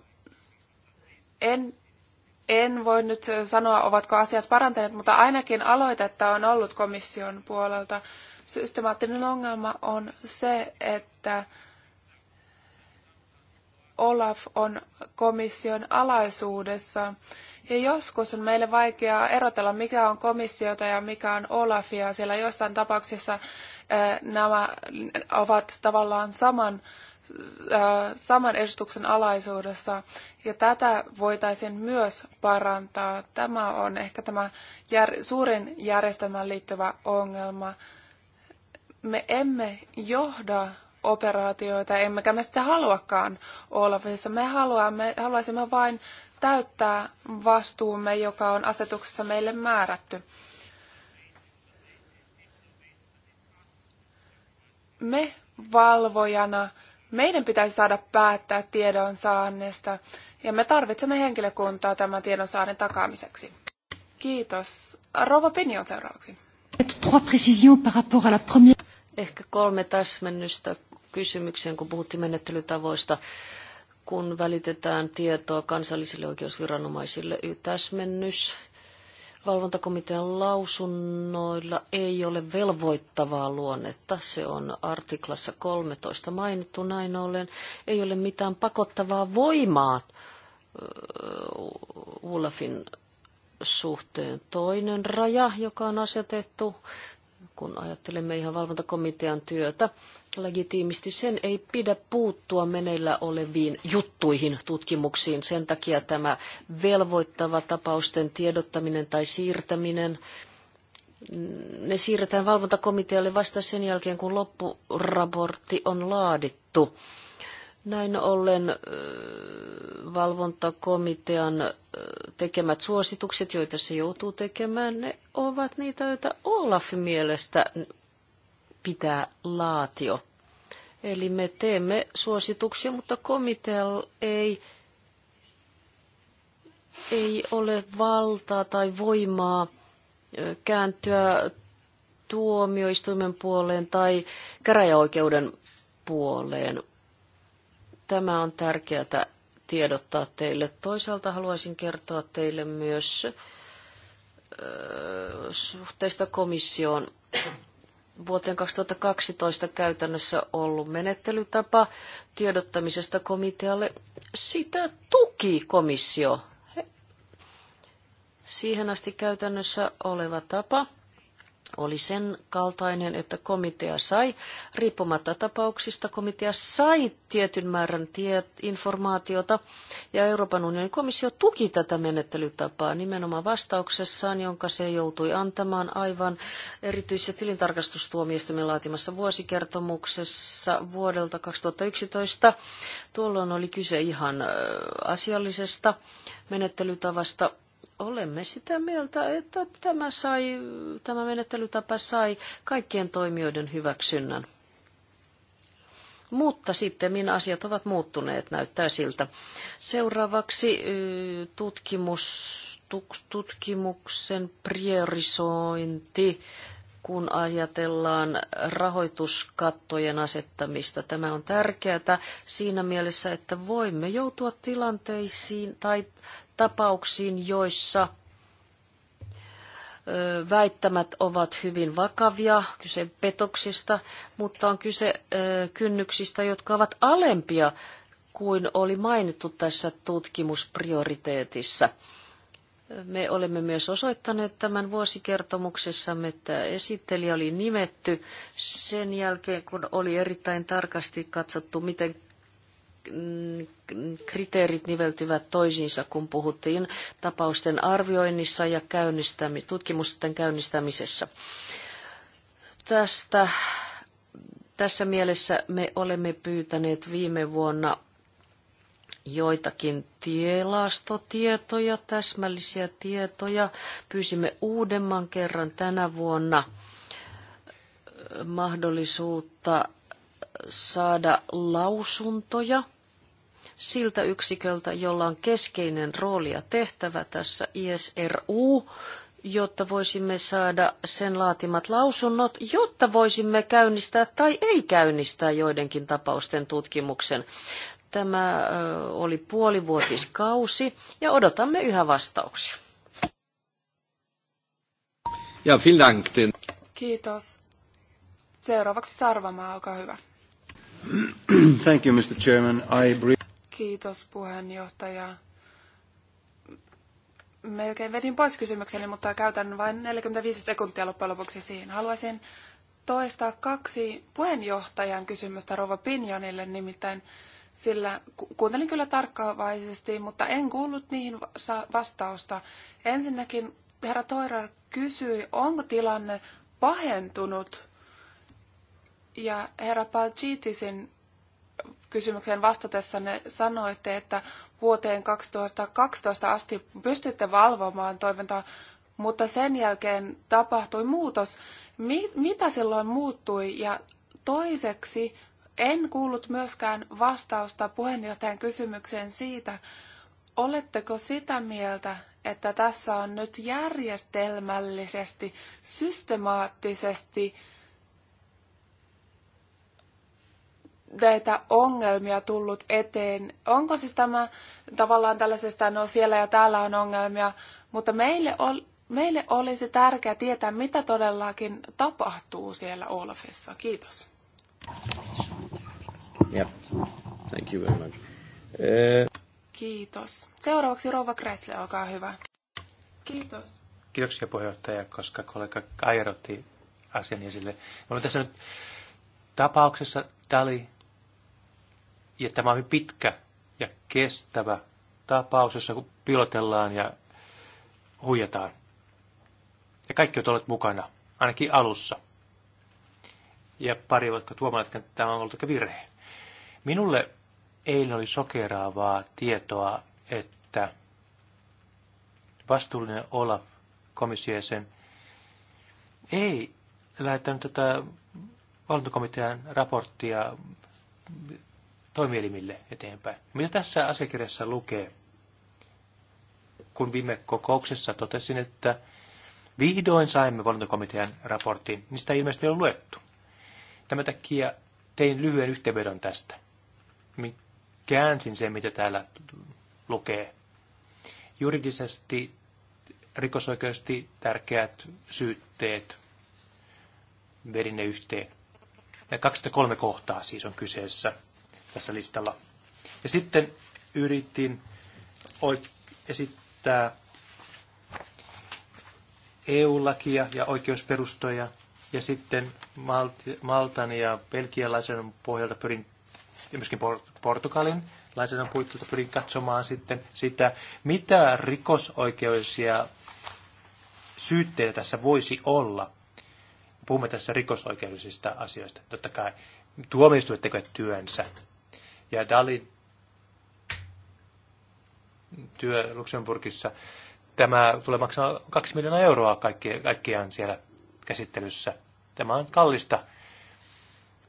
en, en voi nyt sanoa, ovatko asiat parantuneet, mutta ainakin aloitetta on ollut komission puolelta. Systemaattinen ongelma on se, että Olaf on komission alaisuudessa. Ja joskus on meille vaikeaa erotella, mikä on komissiota ja mikä on Olafia, sillä jossain tapauksessa äh, nämä ovat tavallaan saman, äh, saman edustuksen alaisuudessa. Ja tätä voitaisiin myös parantaa. Tämä on ehkä tämä jär, suurin järjestelmään liittyvä ongelma. Me emme johda operaatioita, emmekä me sitä haluakaan Olafissa. Me haluamme, haluaisimme vain täyttää vastuumme, joka on asetuksessa meille määrätty. Me valvojana, meidän pitäisi saada päättää tiedonsaannesta ja me tarvitsemme henkilökuntaa tämän saannin takaamiseksi. Kiitos. Rouva on seuraavaksi. Ehkä kolme täsmennystä kysymykseen, kun puhuttiin menettelytavoista, kun välitetään tietoa kansallisille oikeusviranomaisille. Täsmennys valvontakomitean lausunnoilla ei ole velvoittavaa luonnetta. Se on artiklassa 13 mainittu näin ollen. Ei ole mitään pakottavaa voimaa Ulafin suhteen. Toinen raja, joka on asetettu kun ajattelemme ihan valvontakomitean työtä legitiimisti, sen ei pidä puuttua meneillä oleviin juttuihin, tutkimuksiin. Sen takia tämä velvoittava tapausten tiedottaminen tai siirtäminen, ne siirretään valvontakomitealle vasta sen jälkeen, kun loppuraportti on laadittu. Näin ollen valvontakomitean tekemät suositukset, joita se joutuu tekemään, ne ovat niitä, joita Olaf mielestä pitää laatio. Eli me teemme suosituksia, mutta komitea ei, ei ole valtaa tai voimaa kääntyä tuomioistuimen puoleen tai käräjäoikeuden puoleen. Tämä on tärkeää tiedottaa teille. Toisaalta haluaisin kertoa teille myös suhteista komissioon. Vuoteen 2012 käytännössä ollut menettelytapa tiedottamisesta komitealle. Sitä tuki komissio. Siihen asti käytännössä oleva tapa – oli sen kaltainen, että komitea sai, riippumatta tapauksista, komitea sai tietyn määrän tiet, informaatiota, ja Euroopan unionin komissio tuki tätä menettelytapaa nimenomaan vastauksessaan, jonka se joutui antamaan aivan erityisessä tilintarkastustuomioistuimen laatimassa vuosikertomuksessa vuodelta 2011. Tuolloin oli kyse ihan asiallisesta menettelytavasta, olemme sitä mieltä, että tämä, sai, tämä menettelytapa sai kaikkien toimijoiden hyväksynnän. Mutta sitten minä asiat ovat muuttuneet, näyttää siltä. Seuraavaksi tutkimus, tutkimuksen priorisointi, kun ajatellaan rahoituskattojen asettamista. Tämä on tärkeää siinä mielessä, että voimme joutua tilanteisiin tai tapauksiin, joissa väittämät ovat hyvin vakavia, kyse petoksista, mutta on kyse kynnyksistä, jotka ovat alempia kuin oli mainittu tässä tutkimusprioriteetissa. Me olemme myös osoittaneet tämän vuosikertomuksessamme, että esittelijä oli nimetty sen jälkeen, kun oli erittäin tarkasti katsottu, miten kriteerit niveltyvät toisiinsa, kun puhuttiin tapausten arvioinnissa ja käynnistämi, tutkimusten käynnistämisessä. Tästä, tässä mielessä me olemme pyytäneet viime vuonna joitakin tielastotietoja, täsmällisiä tietoja. Pyysimme uudemman kerran tänä vuonna mahdollisuutta saada lausuntoja siltä yksiköltä, jolla on keskeinen rooli ja tehtävä tässä ISRU, jotta voisimme saada sen laatimat lausunnot, jotta voisimme käynnistää tai ei käynnistää joidenkin tapausten tutkimuksen. Tämä oli puolivuotiskausi ja odotamme yhä vastauksia. Ja, vielen Dank. Kiitos. Seuraavaksi Sarvamaa, olkaa hyvä. Thank you, Mr. Chairman. I Kiitos puheenjohtaja. Melkein vedin pois kysymykseni, mutta käytän vain 45 sekuntia loppujen lopuksi siihen. Haluaisin toistaa kaksi puheenjohtajan kysymystä Rova Pinjonille, nimittäin sillä kuuntelin kyllä tarkkaavaisesti, mutta en kuullut niihin vastausta. Ensinnäkin herra Toirar kysyi, onko tilanne pahentunut, ja herra Palchitisin kysymykseen vastatessanne sanoitte, että vuoteen 2012 asti pystytte valvomaan toimintaa, mutta sen jälkeen tapahtui muutos. mitä silloin muuttui? Ja toiseksi en kuullut myöskään vastausta puheenjohtajan kysymykseen siitä, oletteko sitä mieltä, että tässä on nyt järjestelmällisesti, systemaattisesti näitä ongelmia tullut eteen? Onko siis tämä tavallaan tällaisesta, no siellä ja täällä on ongelmia, mutta meille, ol, meille olisi tärkeää tietää, mitä todellakin tapahtuu siellä Olafissa. Kiitos. Yeah. Thank you very much. Eh. Kiitos. Seuraavaksi Rova Kressle, olkaa hyvä. Kiitos. Kiitoksia puheenjohtaja, koska kollega Kairotti asian esille. Me tässä nyt tapauksessa Dali ja tämä on pitkä ja kestävä tapaus, jossa pilotellaan ja huijataan. Ja kaikki ovat olleet mukana, ainakin alussa. Ja pari, vuotta, tuomaan, että tämä on ollut aika virhe. Minulle eilen oli sokeraavaa tietoa, että vastuullinen Olaf komissiesen ei lähettänyt tätä valtuukomitean raporttia toimielimille eteenpäin. Mitä tässä asiakirjassa lukee? Kun viime kokouksessa totesin, että vihdoin saimme valintakomitean raportin, niin sitä ei ilmeisesti ole luettu. Tämän takia tein lyhyen yhteenvedon tästä. Käänsin sen, mitä täällä lukee. Juridisesti, rikosoikeudellisesti tärkeät syytteet vedin ne yhteen. Ja 23 kohtaa siis on kyseessä tässä listalla. Ja sitten yritin esittää EU-lakia ja oikeusperustoja, ja sitten Maltan ja Belgian lainsäädännön pohjalta pyrin, ja myöskin Portugalin lainsäädännön puitteilta pyrin katsomaan sitten sitä, mitä rikosoikeudellisia syytteitä tässä voisi olla. Puhumme tässä rikosoikeudellisista asioista, totta kai. Tuomioistuimet tekevät työnsä ja Dalin työ Luxemburgissa. Tämä tulee maksamaan 2 miljoonaa euroa kaikkiaan siellä käsittelyssä. Tämä on kallista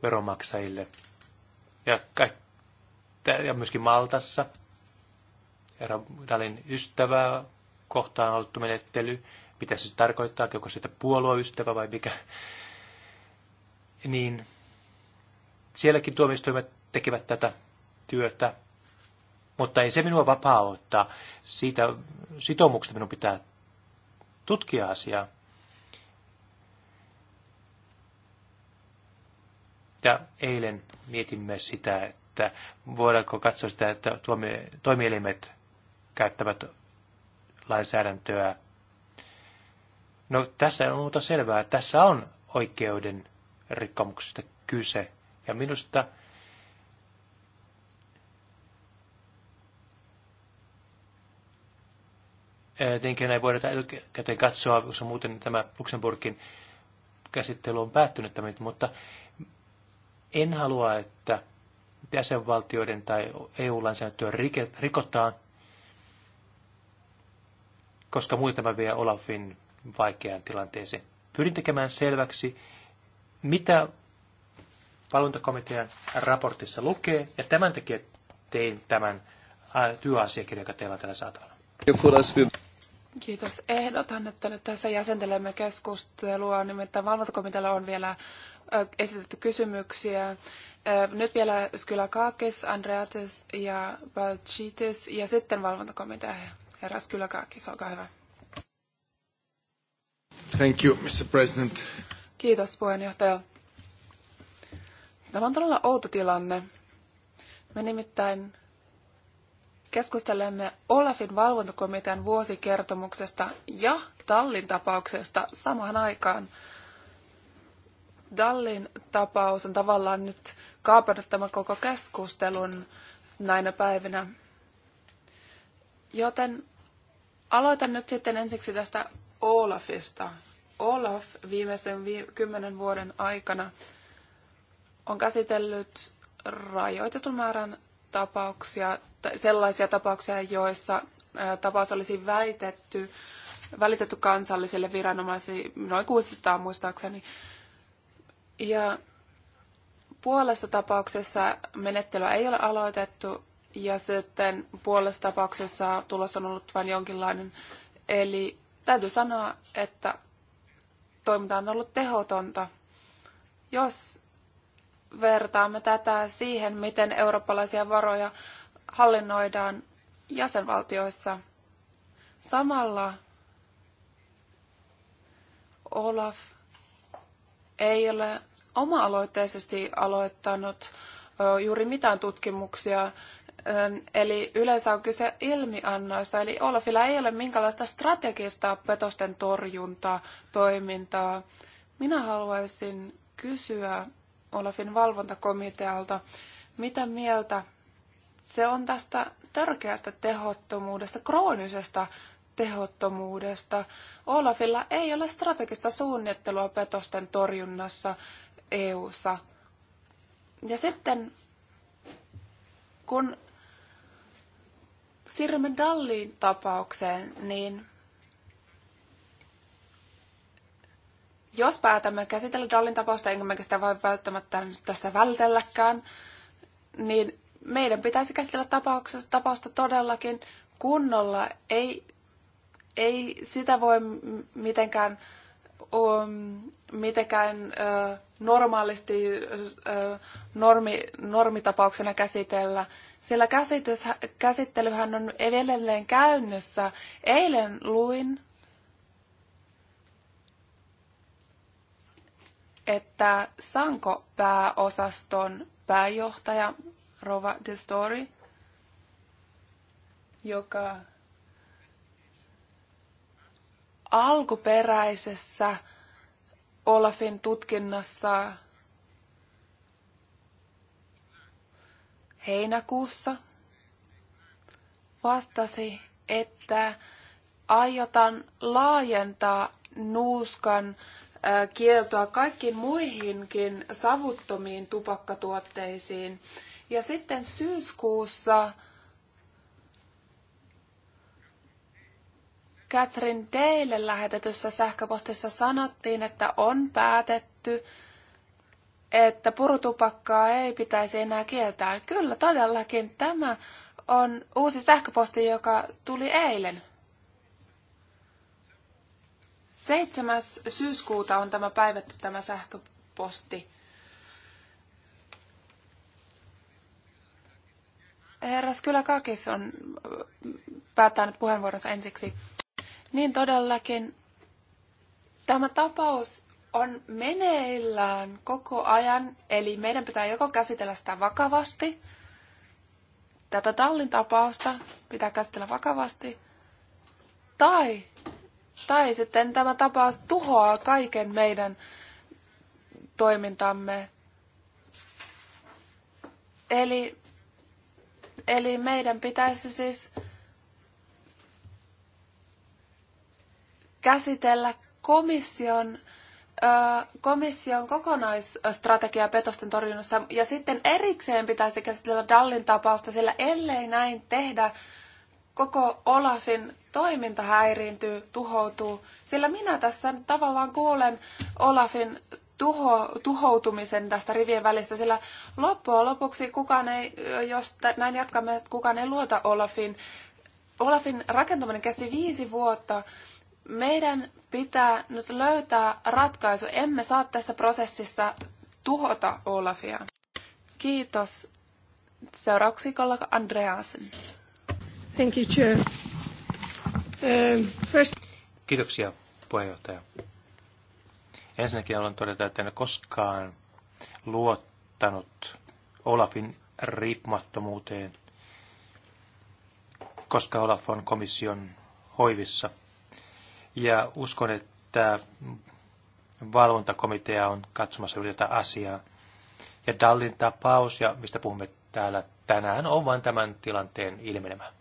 veronmaksajille. Ja, ja myöskin Maltassa. Herra Dalin ystävää kohtaan haluttu menettely. Mitä se tarkoittaa? Onko sitä puolueystävä vai mikä? Niin sielläkin tuomioistuimet tekevät tätä työtä. Mutta ei se minua ottaa Siitä sitoumuksesta minun pitää tutkia asiaa. Ja eilen mietimme sitä, että voidaanko katsoa sitä, että toimielimet käyttävät lainsäädäntöä. No tässä on muuta selvää. Tässä on oikeuden rikkomuksesta kyse. Ja minusta Tietenkin ei voida etukäteen katsoa, koska muuten tämä Luxemburgin käsittely on päättynyt tämän, mutta en halua, että jäsenvaltioiden tai EU-lainsäädäntöä rikotaan, koska muuten tämä vie Olafin vaikeaan tilanteeseen. Pyrin tekemään selväksi, mitä valvontakomitean raportissa lukee, ja tämän takia tein tämän työasiakirjan, joka teillä on täällä saatavilla. Kiitos. Ehdotan, että nyt tässä jäsentelemme keskustelua. Nimittäin valvontakomitealla on vielä esitetty kysymyksiä. Nyt vielä Skylakakis, Andreatis ja Balchitis ja sitten valvontakomitea. Herra Skylakakis, olkaa hyvä. Thank you, Mr. President. Kiitos puheenjohtaja. Tämä on todella outo tilanne. Me nimittäin keskustelemme Olafin valvontakomitean vuosikertomuksesta ja Tallin tapauksesta samaan aikaan. Tallin tapaus on tavallaan nyt kaapannut tämän koko keskustelun näinä päivinä. Joten aloitan nyt sitten ensiksi tästä Olafista. Olaf viimeisen vi- kymmenen vuoden aikana on käsitellyt rajoitetun määrän tapauksia, sellaisia tapauksia, joissa tapaus olisi välitetty, välitetty kansallisille viranomaisille, noin 600 muistaakseni. Ja puolesta tapauksessa menettelyä ei ole aloitettu ja sitten puolesta tapauksessa tulos on ollut vain jonkinlainen. Eli täytyy sanoa, että toiminta on ollut tehotonta. Jos vertaamme tätä siihen, miten eurooppalaisia varoja hallinnoidaan jäsenvaltioissa. Samalla Olaf ei ole oma-aloitteisesti aloittanut juuri mitään tutkimuksia, eli yleensä on kyse ilmiannoista, eli Olafilla ei ole minkälaista strategista petosten torjuntaa, toimintaa. Minä haluaisin kysyä Olafin valvontakomitealta. Mitä mieltä se on tästä törkeästä tehottomuudesta, kroonisesta tehottomuudesta? Olafilla ei ole strategista suunnittelua petosten torjunnassa EU:ssa. Ja sitten kun siirrymme Dalliin tapaukseen, niin Jos päätämme käsitellä Dallin tapausta, enkä sitä voi välttämättä nyt tässä vältelläkään, niin meidän pitäisi käsitellä tapausta todellakin kunnolla. Ei, ei sitä voi mitenkään, um, mitenkään uh, normaalisti uh, normi, normitapauksena käsitellä, sillä käsitys, käsittelyhän on edelleen käynnissä. Eilen luin että Sanko pääosaston pääjohtaja Rova de Story, joka alkuperäisessä Olafin tutkinnassa heinäkuussa vastasi, että aiotaan laajentaa nuuskan kieltoa kaikkiin muihinkin savuttomiin tupakkatuotteisiin. Ja sitten syyskuussa Catherine teille lähetetyssä sähköpostissa sanottiin, että on päätetty, että purutupakkaa ei pitäisi enää kieltää. Kyllä, todellakin tämä on uusi sähköposti, joka tuli eilen. 7. syyskuuta on tämä päivätty tämä sähköposti. Herras kyllä Kakis on äh, päättää nyt puheenvuoronsa ensiksi. Niin todellakin. Tämä tapaus on meneillään koko ajan, eli meidän pitää joko käsitellä sitä vakavasti, tätä tallin tapausta pitää käsitellä vakavasti, tai tai sitten tämä tapaus tuhoaa kaiken meidän toimintamme. Eli, eli meidän pitäisi siis käsitellä komission, komission kokonaisstrategiaa petosten torjunnassa. Ja sitten erikseen pitäisi käsitellä Dallin tapausta, sillä ellei näin tehdä, koko Olafin toiminta häiriintyy, tuhoutuu, sillä minä tässä tavallaan kuulen Olafin tuho, tuhoutumisen tästä rivien välistä, sillä loppua lopuksi kukaan ei, jos näin jatkamme, kukaan ei luota Olafin. Olafin rakentaminen kesti viisi vuotta. Meidän pitää nyt löytää ratkaisu. Emme saa tässä prosessissa tuhota Olafia. Kiitos. Seuraavaksi kollega Andreasen. Thank you, Chair. Um, first... Kiitoksia, puheenjohtaja. Ensinnäkin haluan todeta, että en koskaan luottanut Olafin riippumattomuuteen, koska Olaf on komission hoivissa. Ja uskon, että valvontakomitea on katsomassa yli tätä asiaa. Ja Dallin tapaus, ja mistä puhumme täällä tänään, on vain tämän tilanteen ilmenemä.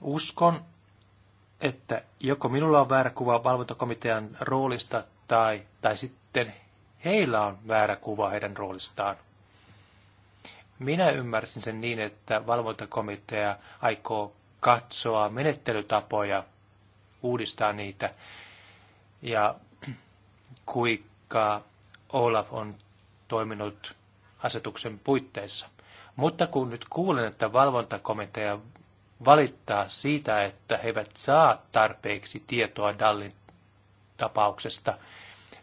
Uskon, että joko minulla on väärä kuva valvontakomitean roolista tai, tai sitten heillä on väärä kuva heidän roolistaan. Minä ymmärsin sen niin, että valvontakomitea aikoo katsoa menettelytapoja, uudistaa niitä ja kuinka Olaf on toiminut asetuksen puitteissa. Mutta kun nyt kuulen, että valvontakomitea valittaa siitä, että he eivät saa tarpeeksi tietoa Dallin tapauksesta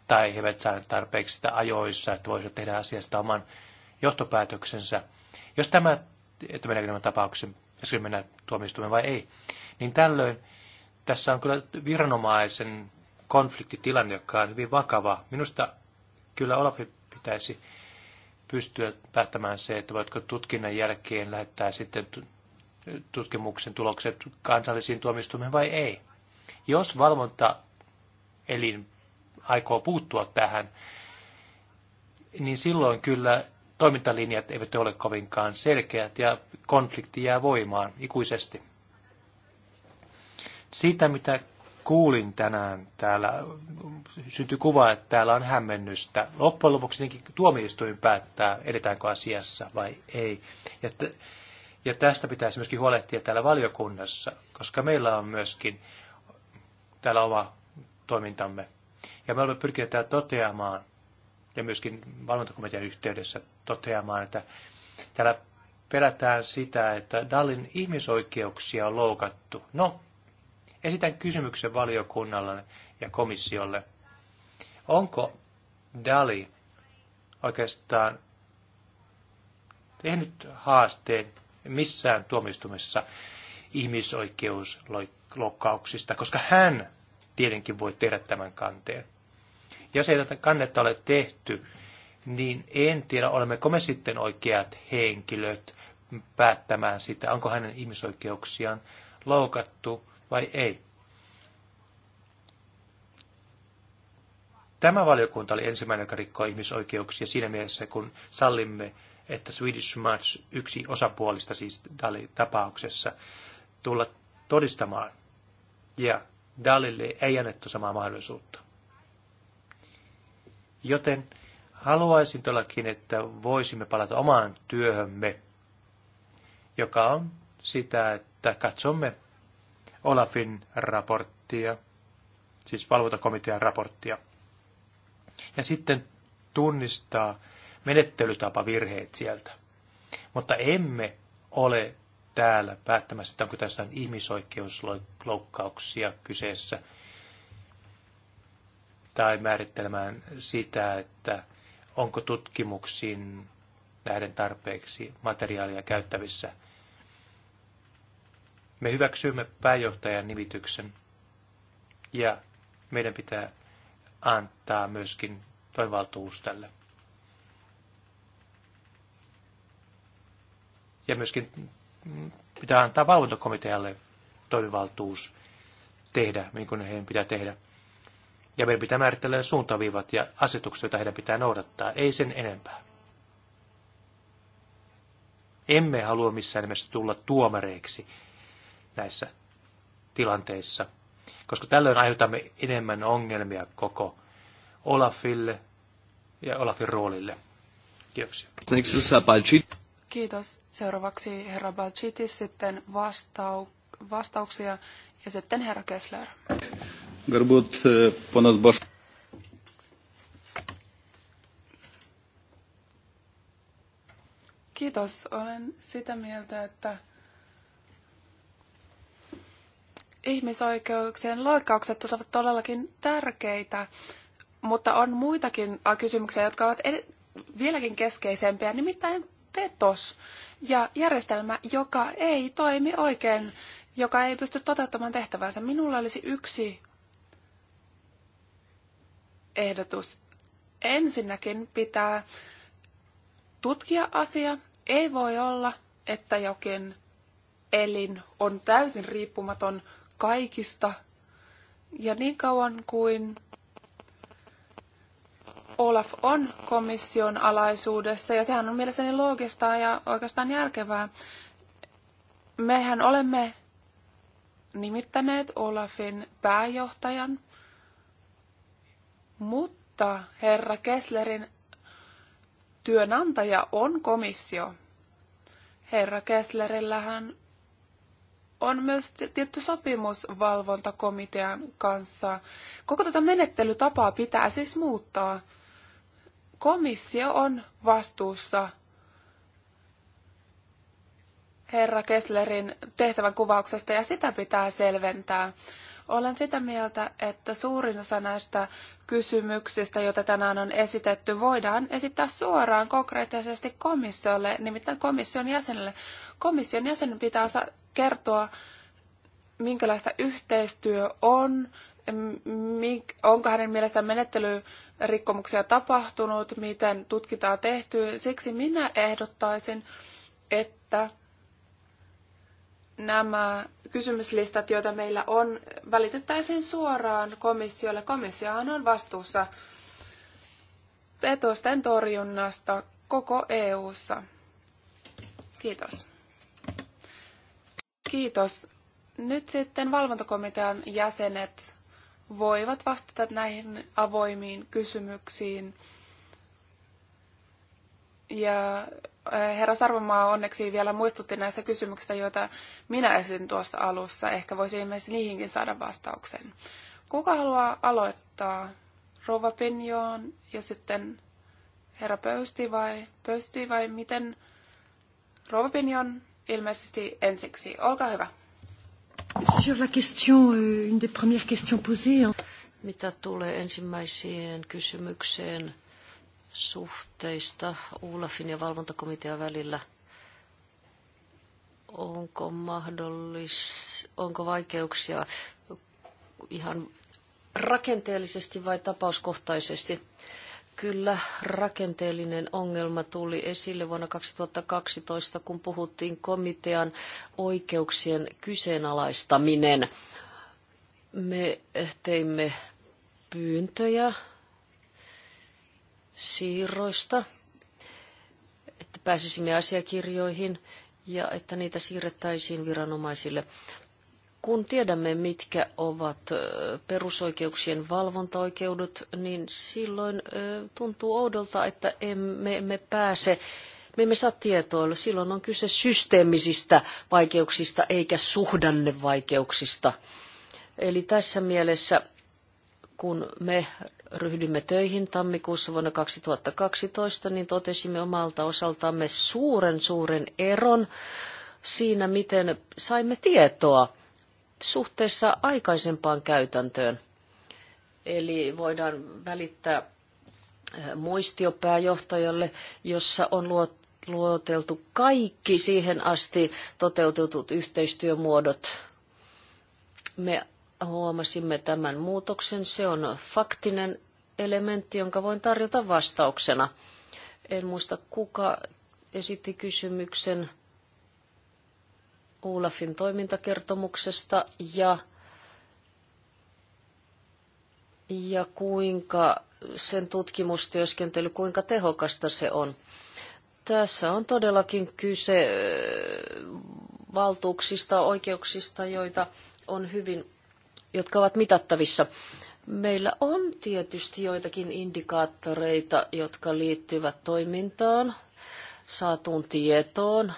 tai he eivät saa tarpeeksi sitä ajoissa, että voisivat tehdä asiasta oman johtopäätöksensä. Jos tämä, että meneekö tämän tapauksen, jos mennä tuomioistuimeen vai ei, niin tällöin tässä on kyllä viranomaisen konfliktitilanne, joka on hyvin vakava. Minusta kyllä Olafin pitäisi pystyä päättämään se, että voitko tutkinnan jälkeen lähettää sitten tutkimuksen tulokset kansallisiin tuomistumiin vai ei. Jos valvonta elin aikoo puuttua tähän, niin silloin kyllä toimintalinjat eivät ole kovinkaan selkeät ja konflikti jää voimaan ikuisesti. Siitä, mitä kuulin tänään täällä, syntyi kuva, että täällä on hämmennystä. Loppujen lopuksi tuomioistuin päättää, edetäänkö asiassa vai ei. Ja ja tästä pitäisi myöskin huolehtia täällä valiokunnassa, koska meillä on myöskin täällä oma toimintamme. Ja me olemme pyrkineet täällä toteamaan, ja myöskin valvontakomitean yhteydessä toteamaan, että täällä pelätään sitä, että Dallin ihmisoikeuksia on loukattu. No, esitän kysymyksen valiokunnalle ja komissiolle. Onko Dali oikeastaan tehnyt haasteen missään tuomistumissa ihmisoikeusloukkauksista, koska hän tietenkin voi tehdä tämän kanteen. Jos ei tätä kannetta ole tehty, niin en tiedä, olemmeko me sitten oikeat henkilöt päättämään sitä, onko hänen ihmisoikeuksiaan loukattu vai ei. Tämä valiokunta oli ensimmäinen, joka rikkoi ihmisoikeuksia siinä mielessä, kun sallimme että Swedish Match, yksi osapuolista siis Dali-tapauksessa, tulla todistamaan. Ja Dalille ei annettu samaa mahdollisuutta. Joten haluaisin todellakin, että voisimme palata omaan työhömme, joka on sitä, että katsomme Olafin raporttia, siis valvontakomitean raporttia, ja sitten tunnistaa menettelytapavirheet sieltä. Mutta emme ole täällä päättämässä, että onko tässä on ihmisoikeusloukkauksia kyseessä, tai määrittelemään sitä, että onko tutkimuksiin näiden tarpeeksi materiaalia käyttävissä. Me hyväksymme pääjohtajan nimityksen ja meidän pitää antaa myöskin toivaltuus tälle. Ja myöskin pitää antaa valvontakomitealle toimivaltuus tehdä, niin kuin heidän pitää tehdä. Ja meidän pitää määritellä suuntaviivat ja asetukset, joita heidän pitää noudattaa, ei sen enempää. Emme halua missään nimessä tulla tuomareiksi näissä tilanteissa, koska tällöin aiheutamme enemmän ongelmia koko Olafille ja Olafin roolille. Kiitoksia. Kiitos. Seuraavaksi herra Balchitis, sitten vastau, vastauksia ja sitten herra Kessler. Garbut, eh, ponas Bosch. Kiitos. Olen sitä mieltä, että ihmisoikeuksien loikkaukset ovat todellakin tärkeitä, mutta on muitakin äh, kysymyksiä, jotka ovat vieläkin keskeisempiä, nimittäin petos ja järjestelmä, joka ei toimi oikein, joka ei pysty toteuttamaan tehtävänsä. Minulla olisi yksi ehdotus. Ensinnäkin pitää tutkia asia. Ei voi olla, että jokin elin on täysin riippumaton kaikista. Ja niin kauan kuin Olaf on komission alaisuudessa ja sehän on mielestäni loogista ja oikeastaan järkevää. Mehän olemme nimittäneet Olafin pääjohtajan, mutta herra Kesslerin työnantaja on komissio. Herra Kesslerillähän on myös tietty sopimus valvontakomitean kanssa. Koko tätä menettelytapaa pitää siis muuttaa komissio on vastuussa herra Kesslerin tehtävän kuvauksesta ja sitä pitää selventää. Olen sitä mieltä, että suurin osa näistä kysymyksistä, joita tänään on esitetty, voidaan esittää suoraan konkreettisesti komissiolle, nimittäin komission jäsenelle. Komission jäsenen pitää kertoa, minkälaista yhteistyö on, onko hänen mielestään menettely rikkomuksia tapahtunut, miten tutkintaa tehty. Siksi minä ehdottaisin, että nämä kysymyslistat, joita meillä on, välitettäisiin suoraan komissiolle. Komissiohan on vastuussa petosten torjunnasta koko EU:ssa. Kiitos. Kiitos. Nyt sitten valvontakomitean jäsenet voivat vastata näihin avoimiin kysymyksiin. Ja eh, herra Sarvomaa onneksi vielä muistutti näistä kysymyksistä, joita minä esitin tuossa alussa. Ehkä voisi ilmeisesti niihinkin saada vastauksen. Kuka haluaa aloittaa? Rova Pinjoon ja sitten herra Pöysti vai, Pöysti vai miten? Rova Pinjoon ilmeisesti ensiksi. Olkaa hyvä. Sur la question, euh, une des premières questions posées. Mitä tulee ensimmäiseen kysymykseen suhteista ULAFin ja valvontakomitean välillä, onko mahdollis, onko vaikeuksia ihan rakenteellisesti vai tapauskohtaisesti? Kyllä rakenteellinen ongelma tuli esille vuonna 2012, kun puhuttiin komitean oikeuksien kyseenalaistaminen. Me teimme pyyntöjä siirroista, että pääsisimme asiakirjoihin ja että niitä siirrettäisiin viranomaisille kun tiedämme, mitkä ovat perusoikeuksien valvontaoikeudet, niin silloin tuntuu oudolta, että emme, emme pääse, me emme saa tietoa. Silloin on kyse systeemisistä vaikeuksista eikä suhdannevaikeuksista. Eli tässä mielessä, kun me ryhdymme töihin tammikuussa vuonna 2012, niin totesimme omalta osaltamme suuren suuren eron siinä, miten saimme tietoa suhteessa aikaisempaan käytäntöön. Eli voidaan välittää eh, muistiopääjohtajalle, jossa on luoteltu kaikki siihen asti toteutetut yhteistyömuodot. Me huomasimme tämän muutoksen. Se on faktinen elementti, jonka voin tarjota vastauksena. En muista, kuka esitti kysymyksen Olafin toimintakertomuksesta ja, ja kuinka sen tutkimustyöskentely, kuinka tehokasta se on. Tässä on todellakin kyse valtuuksista, oikeuksista, joita on hyvin, jotka ovat mitattavissa. Meillä on tietysti joitakin indikaattoreita, jotka liittyvät toimintaan, saatuun tietoon,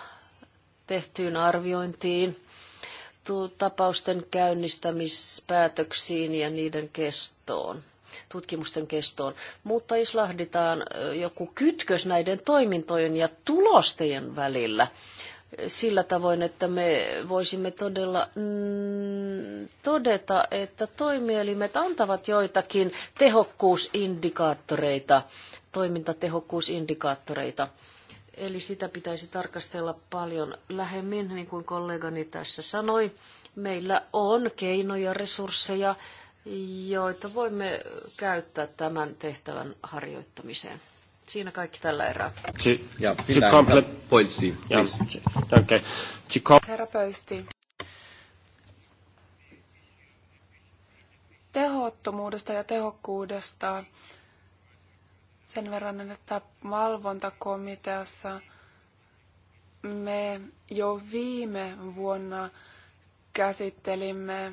tehtyyn arviointiin, tapausten käynnistämispäätöksiin ja niiden kestoon tutkimusten kestoon. Mutta jos lahditaan joku kytkös näiden toimintojen ja tulosten välillä, sillä tavoin, että me voisimme todella mm, todeta, että toimielimet antavat joitakin tehokkuusindikaattoreita, toimintatehokkuusindikaattoreita. Eli sitä pitäisi tarkastella paljon lähemmin, niin kuin kollegani tässä sanoi. Meillä on keinoja, resursseja, joita voimme käyttää tämän tehtävän harjoittamiseen. Siinä kaikki tällä erää. Herra Pöysti. Tehottomuudesta ja tehokkuudesta sen verran, että valvontakomiteassa me jo viime vuonna käsittelimme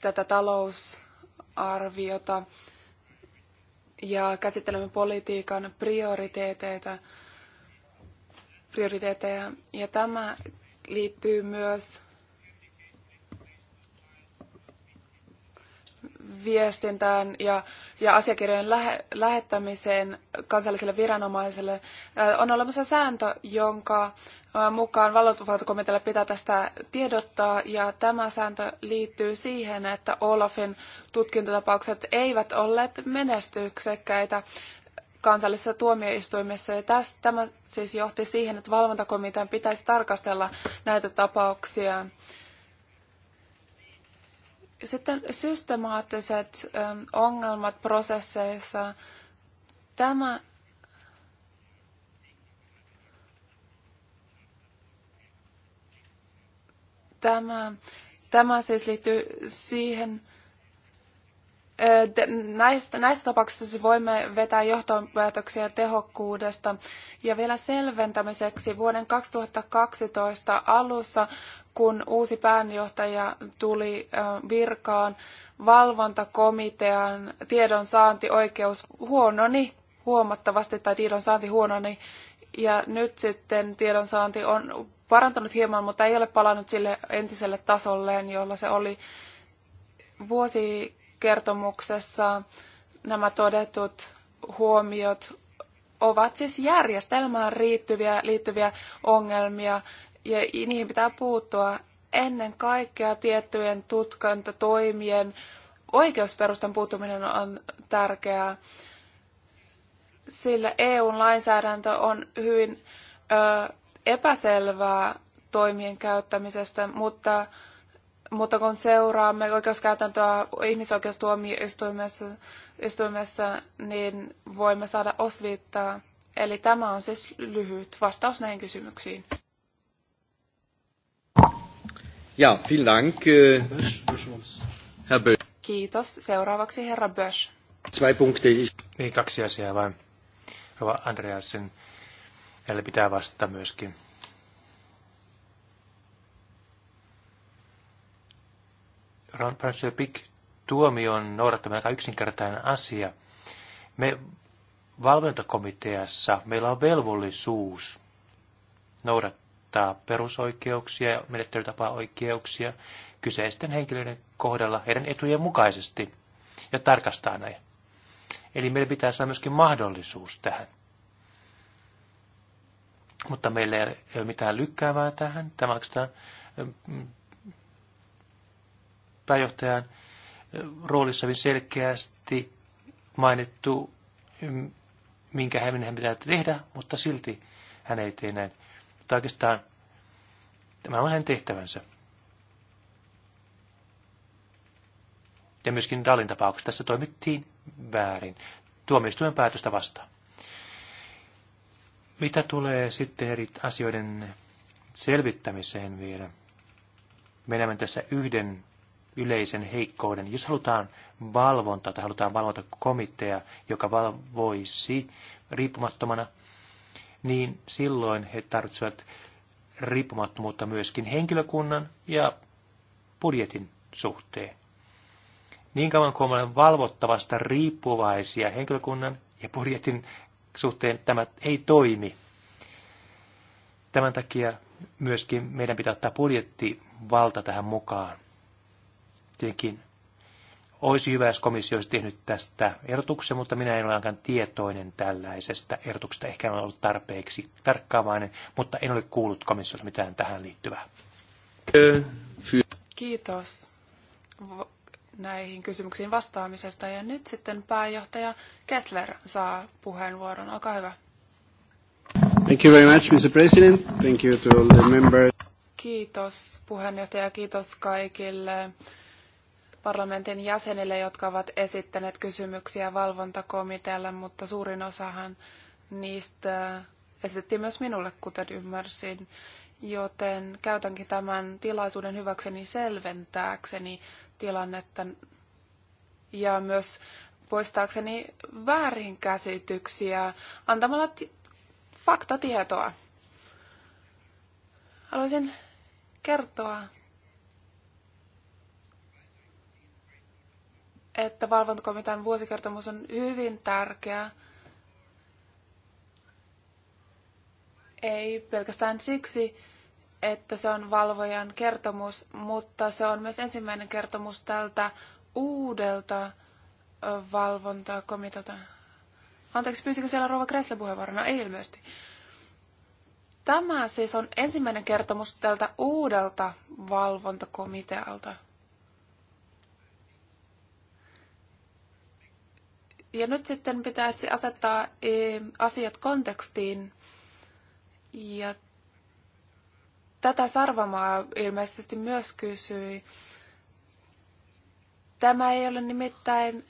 tätä talousarviota ja käsittelemme politiikan prioriteeteita, prioriteetteja. Ja tämä liittyy myös viestintään ja, ja asiakirjojen lähe, lähettämiseen kansalliselle viranomaiselle on olemassa sääntö, jonka mukaan valvontakomitealle pitää tästä tiedottaa, ja tämä sääntö liittyy siihen, että Olafin tutkintatapaukset eivät olleet menestyksekkäitä kansallisessa tuomioistuimessa. Ja tästä, tämä siis johti siihen, että valvontakomitean pitäisi tarkastella näitä tapauksia. Sitten systemaattiset ähm, ongelmat prosesseissa. Tämä Tämä, tämä siis liittyy siihen, äh, näistä, näistä tapauksista siis voimme vetää johtopäätöksiä tehokkuudesta. Ja vielä selventämiseksi vuoden 2012 alussa kun uusi pääjohtaja tuli virkaan, valvontakomitean tiedonsaantioikeus huononi huomattavasti, tai tiedonsaanti huononi, ja nyt sitten tiedonsaanti on parantanut hieman, mutta ei ole palannut sille entiselle tasolleen, jolla se oli vuosikertomuksessa nämä todetut huomiot ovat siis järjestelmään riittyviä liittyviä ongelmia, ja niihin pitää puuttua ennen kaikkea tiettyjen toimien oikeusperustan puuttuminen on tärkeää, sillä EUn lainsäädäntö on hyvin ö, epäselvää toimien käyttämisestä, mutta, mutta kun seuraamme oikeuskäytäntöä ihmisoikeustuomioistuimessa, niin voimme saada osviittaa. Eli tämä on siis lyhyt vastaus näihin kysymyksiin. Ja, vielen Dank, äh, Herr Kiitos. Seuraavaksi herra Bösch. Zwei Punkte. Niin, kaksi asiaa vain. Rova Andreasen, hänelle pitää vastata myöskin. Ranfrancio Pick on noudattaminen aika yksinkertainen asia. Me valvontakomiteassa meillä on velvollisuus noudattaa rajoittaa perusoikeuksia ja menettelytapaoikeuksia kyseisten henkilöiden kohdalla heidän etujen mukaisesti ja tarkastaa näin. Eli meillä pitää saada myöskin mahdollisuus tähän. Mutta meillä ei ole mitään lykkäävää tähän. Tämä oikeastaan mm, pääjohtajan mm, roolissa hyvin selkeästi mainittu, mm, minkä hänen pitää tehdä, mutta silti hän ei tee näin. Mutta oikeastaan tämä on hänen tehtävänsä. Ja myöskin Dalin tapauksessa tässä toimittiin väärin tuomioistuimen päätöstä vastaan. Mitä tulee sitten eri asioiden selvittämiseen vielä? Menemme tässä yhden yleisen heikkouden. Jos halutaan valvonta tai halutaan valvontakomitea, joka valvoisi riippumattomana, niin silloin he tarvitsevat riippumattomuutta myöskin henkilökunnan ja budjetin suhteen. Niin kauan kuin olen valvottavasta riippuvaisia henkilökunnan ja budjetin suhteen, tämä ei toimi. Tämän takia myöskin meidän pitää ottaa budjettivalta tähän mukaan. Tietenkin olisi hyvä, jos komissio olisi tehnyt tästä ehdotuksen, mutta minä en ole ainakaan tietoinen tällaisesta ehdotuksesta. Ehkä en ole ollut tarpeeksi tarkkaavainen, mutta en ole kuullut komissiossa mitään tähän liittyvää. Kiitos näihin kysymyksiin vastaamisesta. Ja nyt sitten pääjohtaja Kessler saa puheenvuoron. Olkaa hyvä. Thank you very much, Mr. President. Thank you to all the members. Kiitos puheenjohtaja, kiitos kaikille parlamentin jäsenille, jotka ovat esittäneet kysymyksiä valvontakomitealle, mutta suurin osahan niistä esitettiin myös minulle, kuten ymmärsin. Joten käytänkin tämän tilaisuuden hyväkseni selventääkseni tilannetta ja myös poistaakseni väärinkäsityksiä antamalla t- faktatietoa. Haluaisin kertoa että valvontakomitean vuosikertomus on hyvin tärkeä. Ei pelkästään siksi, että se on valvojan kertomus, mutta se on myös ensimmäinen kertomus tältä uudelta valvontakomitealta. Anteeksi, pyysikö siellä Rova Kressle puheenvuorona? No, ei ilmeisesti. Tämä siis on ensimmäinen kertomus tältä uudelta valvontakomitealta. Ja nyt sitten pitäisi asettaa e, asiat kontekstiin. Ja tätä Sarvamaa ilmeisesti myös kysyi. Tämä ei ole nimittäin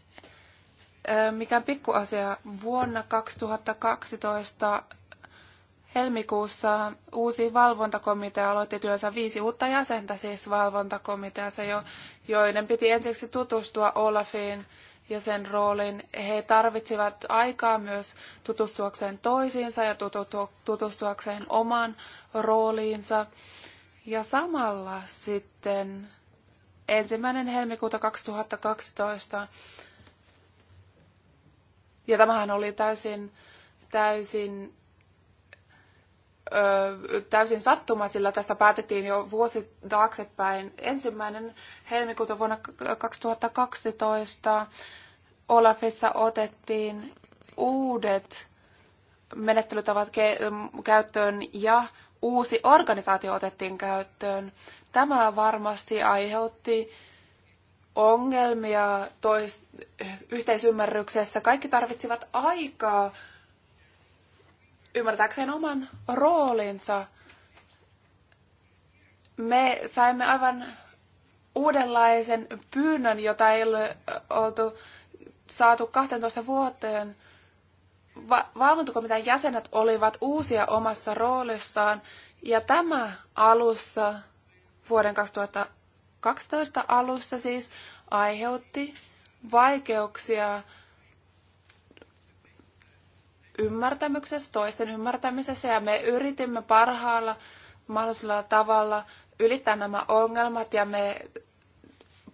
e, mikään pikkuasia. Vuonna 2012 helmikuussa uusi valvontakomitea aloitti työnsä viisi uutta jäsentä, siis valvontakomiteassa, jo, joiden piti ensiksi tutustua Olafiin – ja sen roolin. He tarvitsivat aikaa myös tutustuakseen toisiinsa ja tutustuakseen oman rooliinsa. Ja samalla sitten ensimmäinen helmikuuta 2012. Ja tämähän oli täysin, täysin täysin sattuma, sillä tästä päätettiin jo vuosi taaksepäin. Ensimmäinen helmikuuta vuonna 2012 Olafissa otettiin uudet menettelytavat käyttöön ja uusi organisaatio otettiin käyttöön. Tämä varmasti aiheutti ongelmia tois- yhteisymmärryksessä. Kaikki tarvitsivat aikaa ymmärtääkseen oman roolinsa. Me saimme aivan uudenlaisen pyynnön, jota ei ole oltu saatu 12 vuoteen. Va- mitä jäsenet olivat uusia omassa roolissaan, ja tämä alussa, vuoden 2012 alussa siis, aiheutti vaikeuksia ymmärtämyksessä, toisten ymmärtämisessä ja me yritimme parhaalla mahdollisella tavalla ylittää nämä ongelmat ja me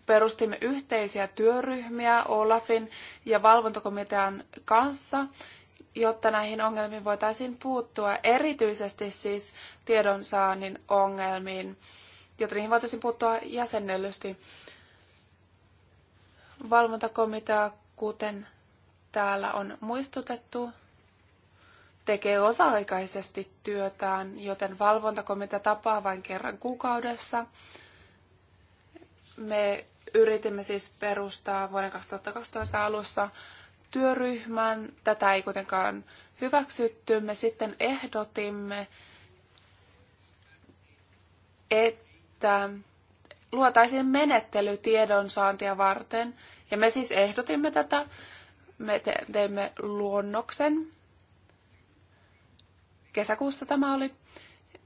perustimme yhteisiä työryhmiä Olafin ja valvontakomitean kanssa, jotta näihin ongelmiin voitaisiin puuttua, erityisesti siis tiedonsaannin ongelmiin, jotta niihin voitaisiin puuttua jäsennellysti. Valvontakomitea, kuten täällä on muistutettu, tekee osa-aikaisesti työtään, joten valvontakomitea tapaa vain kerran kuukaudessa. Me yritimme siis perustaa vuoden 2012 alussa työryhmän. Tätä ei kuitenkaan hyväksytty. Me sitten ehdotimme, että luotaisiin menettely tiedonsaantia varten. Ja me siis ehdotimme tätä. Me te- teimme luonnoksen Kesäkuussa tämä oli.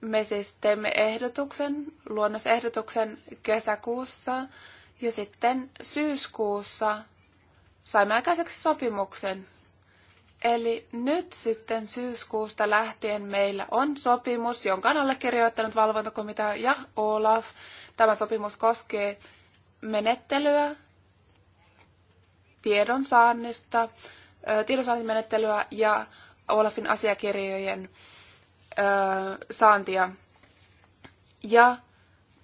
Me siis teimme ehdotuksen, luonnosehdotuksen kesäkuussa ja sitten syyskuussa saimme aikaiseksi sopimuksen. Eli nyt sitten syyskuusta lähtien meillä on sopimus, jonka on allekirjoittanut valvontakomitea ja Olaf. Tämä sopimus koskee menettelyä, tiedonsaannista, menettelyä ja Olafin asiakirjojen saantia. Ja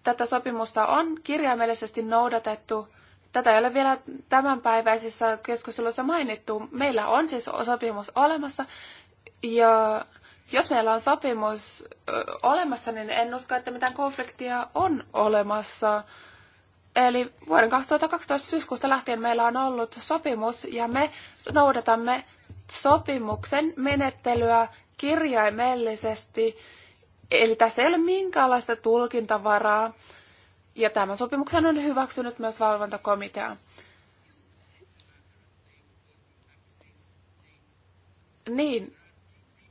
tätä sopimusta on kirjaimellisesti noudatettu. Tätä ei ole vielä tämänpäiväisessä keskustelussa mainittu. Meillä on siis sopimus olemassa. Ja jos meillä on sopimus olemassa, niin en usko, että mitään konfliktia on olemassa. Eli vuoden 2012 syyskuusta lähtien meillä on ollut sopimus ja me noudatamme sopimuksen menettelyä kirjaimellisesti. Eli tässä ei ole minkäänlaista tulkintavaraa. Ja tämän sopimuksen on hyväksynyt myös valvontakomitea. Niin,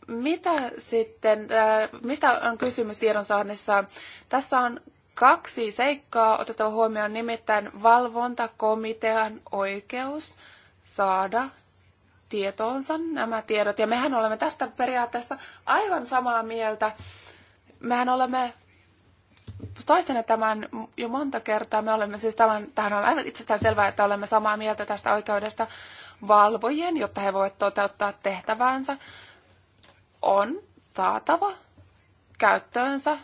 mitä sitten, äh, mistä on kysymys tiedonsaannissa? Tässä on kaksi seikkaa otettava huomioon, nimittäin valvontakomitean oikeus saada tietoonsa nämä tiedot. Ja mehän olemme tästä periaatteesta aivan samaa mieltä. Mehän olemme toistaneet tämän jo monta kertaa. Me olemme siis tämän, tähän on aivan itsestään selvää, että olemme samaa mieltä tästä oikeudesta valvojien, jotta he voivat toteuttaa tehtäväänsä. On saatava käyttöönsä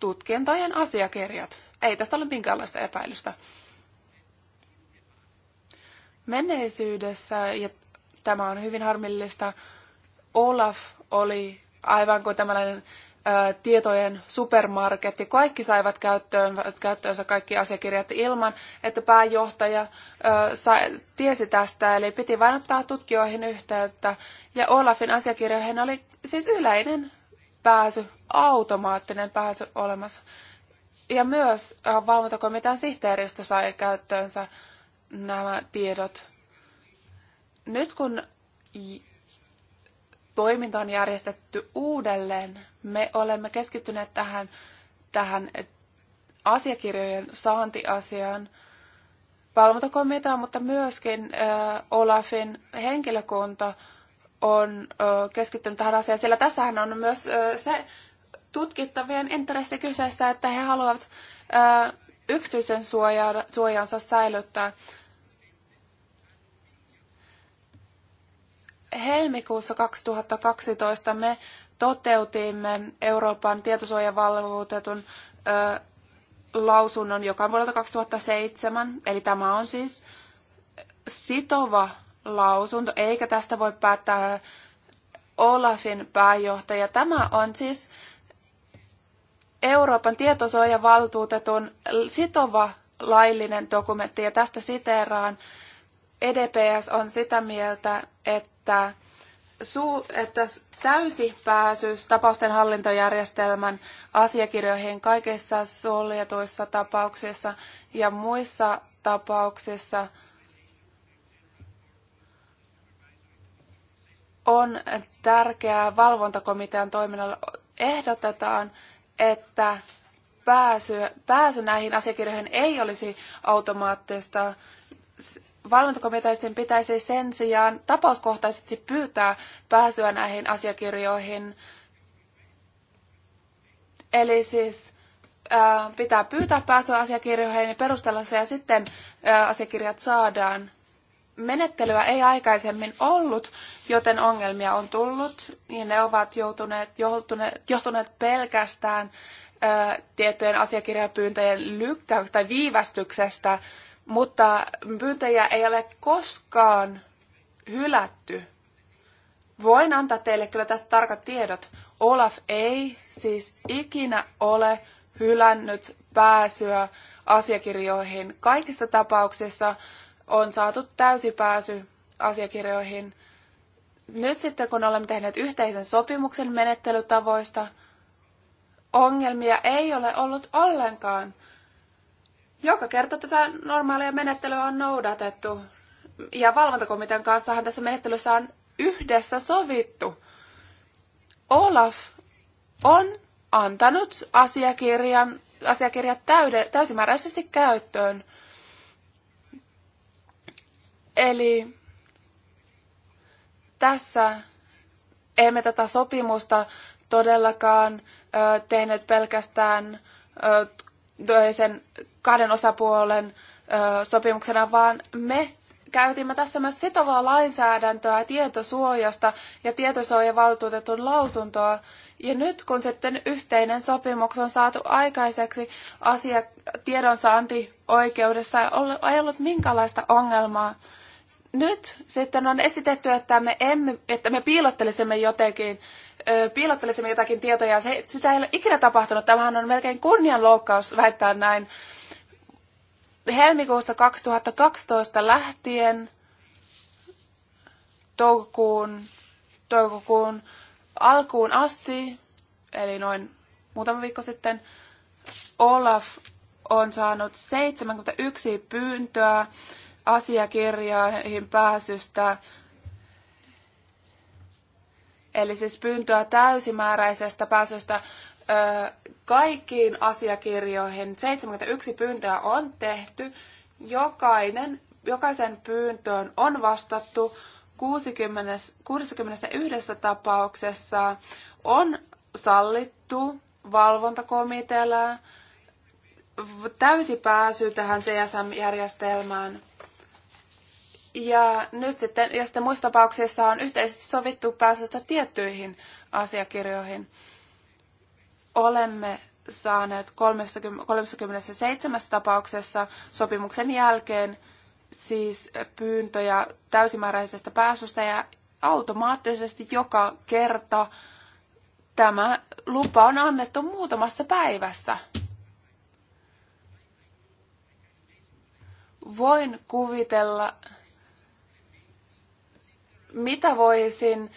tutkintojen asiakirjat. Ei tästä ole minkäänlaista epäilystä. Menneisyydessä ja Tämä on hyvin harmillista. Olaf oli aivan kuin tämmöinen tietojen supermarketti. Kaikki saivat käyttöön, käyttöönsä kaikki asiakirjat ilman, että pääjohtaja ö, sai, tiesi tästä, eli piti vain ottaa tutkijoihin yhteyttä. Ja Olafin asiakirjoihin oli siis yleinen pääsy, automaattinen pääsy olemassa. Ja myös valvontakomitean sihteeristö sai käyttöönsä nämä tiedot. Nyt kun toiminta on järjestetty uudelleen, me olemme keskittyneet tähän, tähän asiakirjojen saantiasiaan valvontakomitea, mutta myöskin Olafin henkilökunta on keskittynyt tähän asiaan, sillä tässähän on myös se tutkittavien intressi kyseessä, että he haluavat yksityisen suojansa säilyttää. helmikuussa 2012 me toteutimme Euroopan tietosuojavaltuutetun ö, lausunnon, joka on vuodelta 2007. Eli tämä on siis sitova lausunto, eikä tästä voi päättää Olafin pääjohtaja. Tämä on siis Euroopan tietosuojavaltuutetun sitova laillinen dokumentti, ja tästä siteeraan. EDPS on sitä mieltä, että että, su, että täysi pääsys tapausten hallintojärjestelmän asiakirjoihin kaikissa suljetuissa tapauksissa ja muissa tapauksissa on tärkeää valvontakomitean toiminnalla Ehdotetaan, että pääsy, pääsy näihin asiakirjoihin ei olisi automaattista valvontakomitean pitäisi sen sijaan tapauskohtaisesti pyytää pääsyä näihin asiakirjoihin. Eli siis ää, pitää pyytää pääsyä asiakirjoihin ja perustella se ja sitten ää, asiakirjat saadaan. Menettelyä ei aikaisemmin ollut, joten ongelmia on tullut ja niin ne ovat joutuneet, johtuneet, johtuneet pelkästään ää, tiettyjen asiakirjapyyntöjen lykkäyksestä tai viivästyksestä mutta pyyntöjä ei ole koskaan hylätty. Voin antaa teille kyllä tästä tarkat tiedot. Olaf ei siis ikinä ole hylännyt pääsyä asiakirjoihin. Kaikissa tapauksissa on saatu täysi pääsy asiakirjoihin. Nyt sitten kun olemme tehneet yhteisen sopimuksen menettelytavoista, ongelmia ei ole ollut ollenkaan. Joka kerta tätä normaalia menettelyä on noudatettu. Ja valvontakomitean kanssahan tässä menettelyssä on yhdessä sovittu. Olaf on antanut asiakirjan, asiakirjat täyde, täysimääräisesti käyttöön. Eli tässä emme tätä sopimusta todellakaan ö, tehneet pelkästään ö, toisen kahden osapuolen sopimuksena, vaan me käytimme tässä myös sitovaa lainsäädäntöä tietosuojasta ja tietosuojavaltuutetun lausuntoa. Ja nyt kun sitten yhteinen sopimus on saatu aikaiseksi asia tiedonsaantioikeudessa, ei ollut minkälaista ongelmaa. Nyt sitten on esitetty, että me, emme, että me piilottelisimme jotenkin piilottelisimme jotakin tietoja. Se, sitä ei ole ikinä tapahtunut. Tämähän on melkein kunnianloukkaus väittää näin. Helmikuusta 2012 lähtien toukokuun, toukokuun alkuun asti, eli noin muutama viikko sitten, Olaf on saanut 71 pyyntöä asiakirjoihin pääsystä Eli siis pyyntöä täysimääräisestä pääsystä ö, kaikkiin asiakirjoihin. 71 pyyntöä on tehty. Jokainen, jokaisen pyyntöön on vastattu. 60, 61 tapauksessa on sallittu valvontakomitealla täysi pääsy tähän CSM-järjestelmään. Ja nyt sitten, ja sitten muissa tapauksissa on yhteisesti sovittu pääsystä tiettyihin asiakirjoihin. Olemme saaneet 30, 37 tapauksessa sopimuksen jälkeen siis pyyntöjä täysimääräisestä pääsystä ja automaattisesti joka kerta tämä lupa on annettu muutamassa päivässä. Voin kuvitella, mitä voisin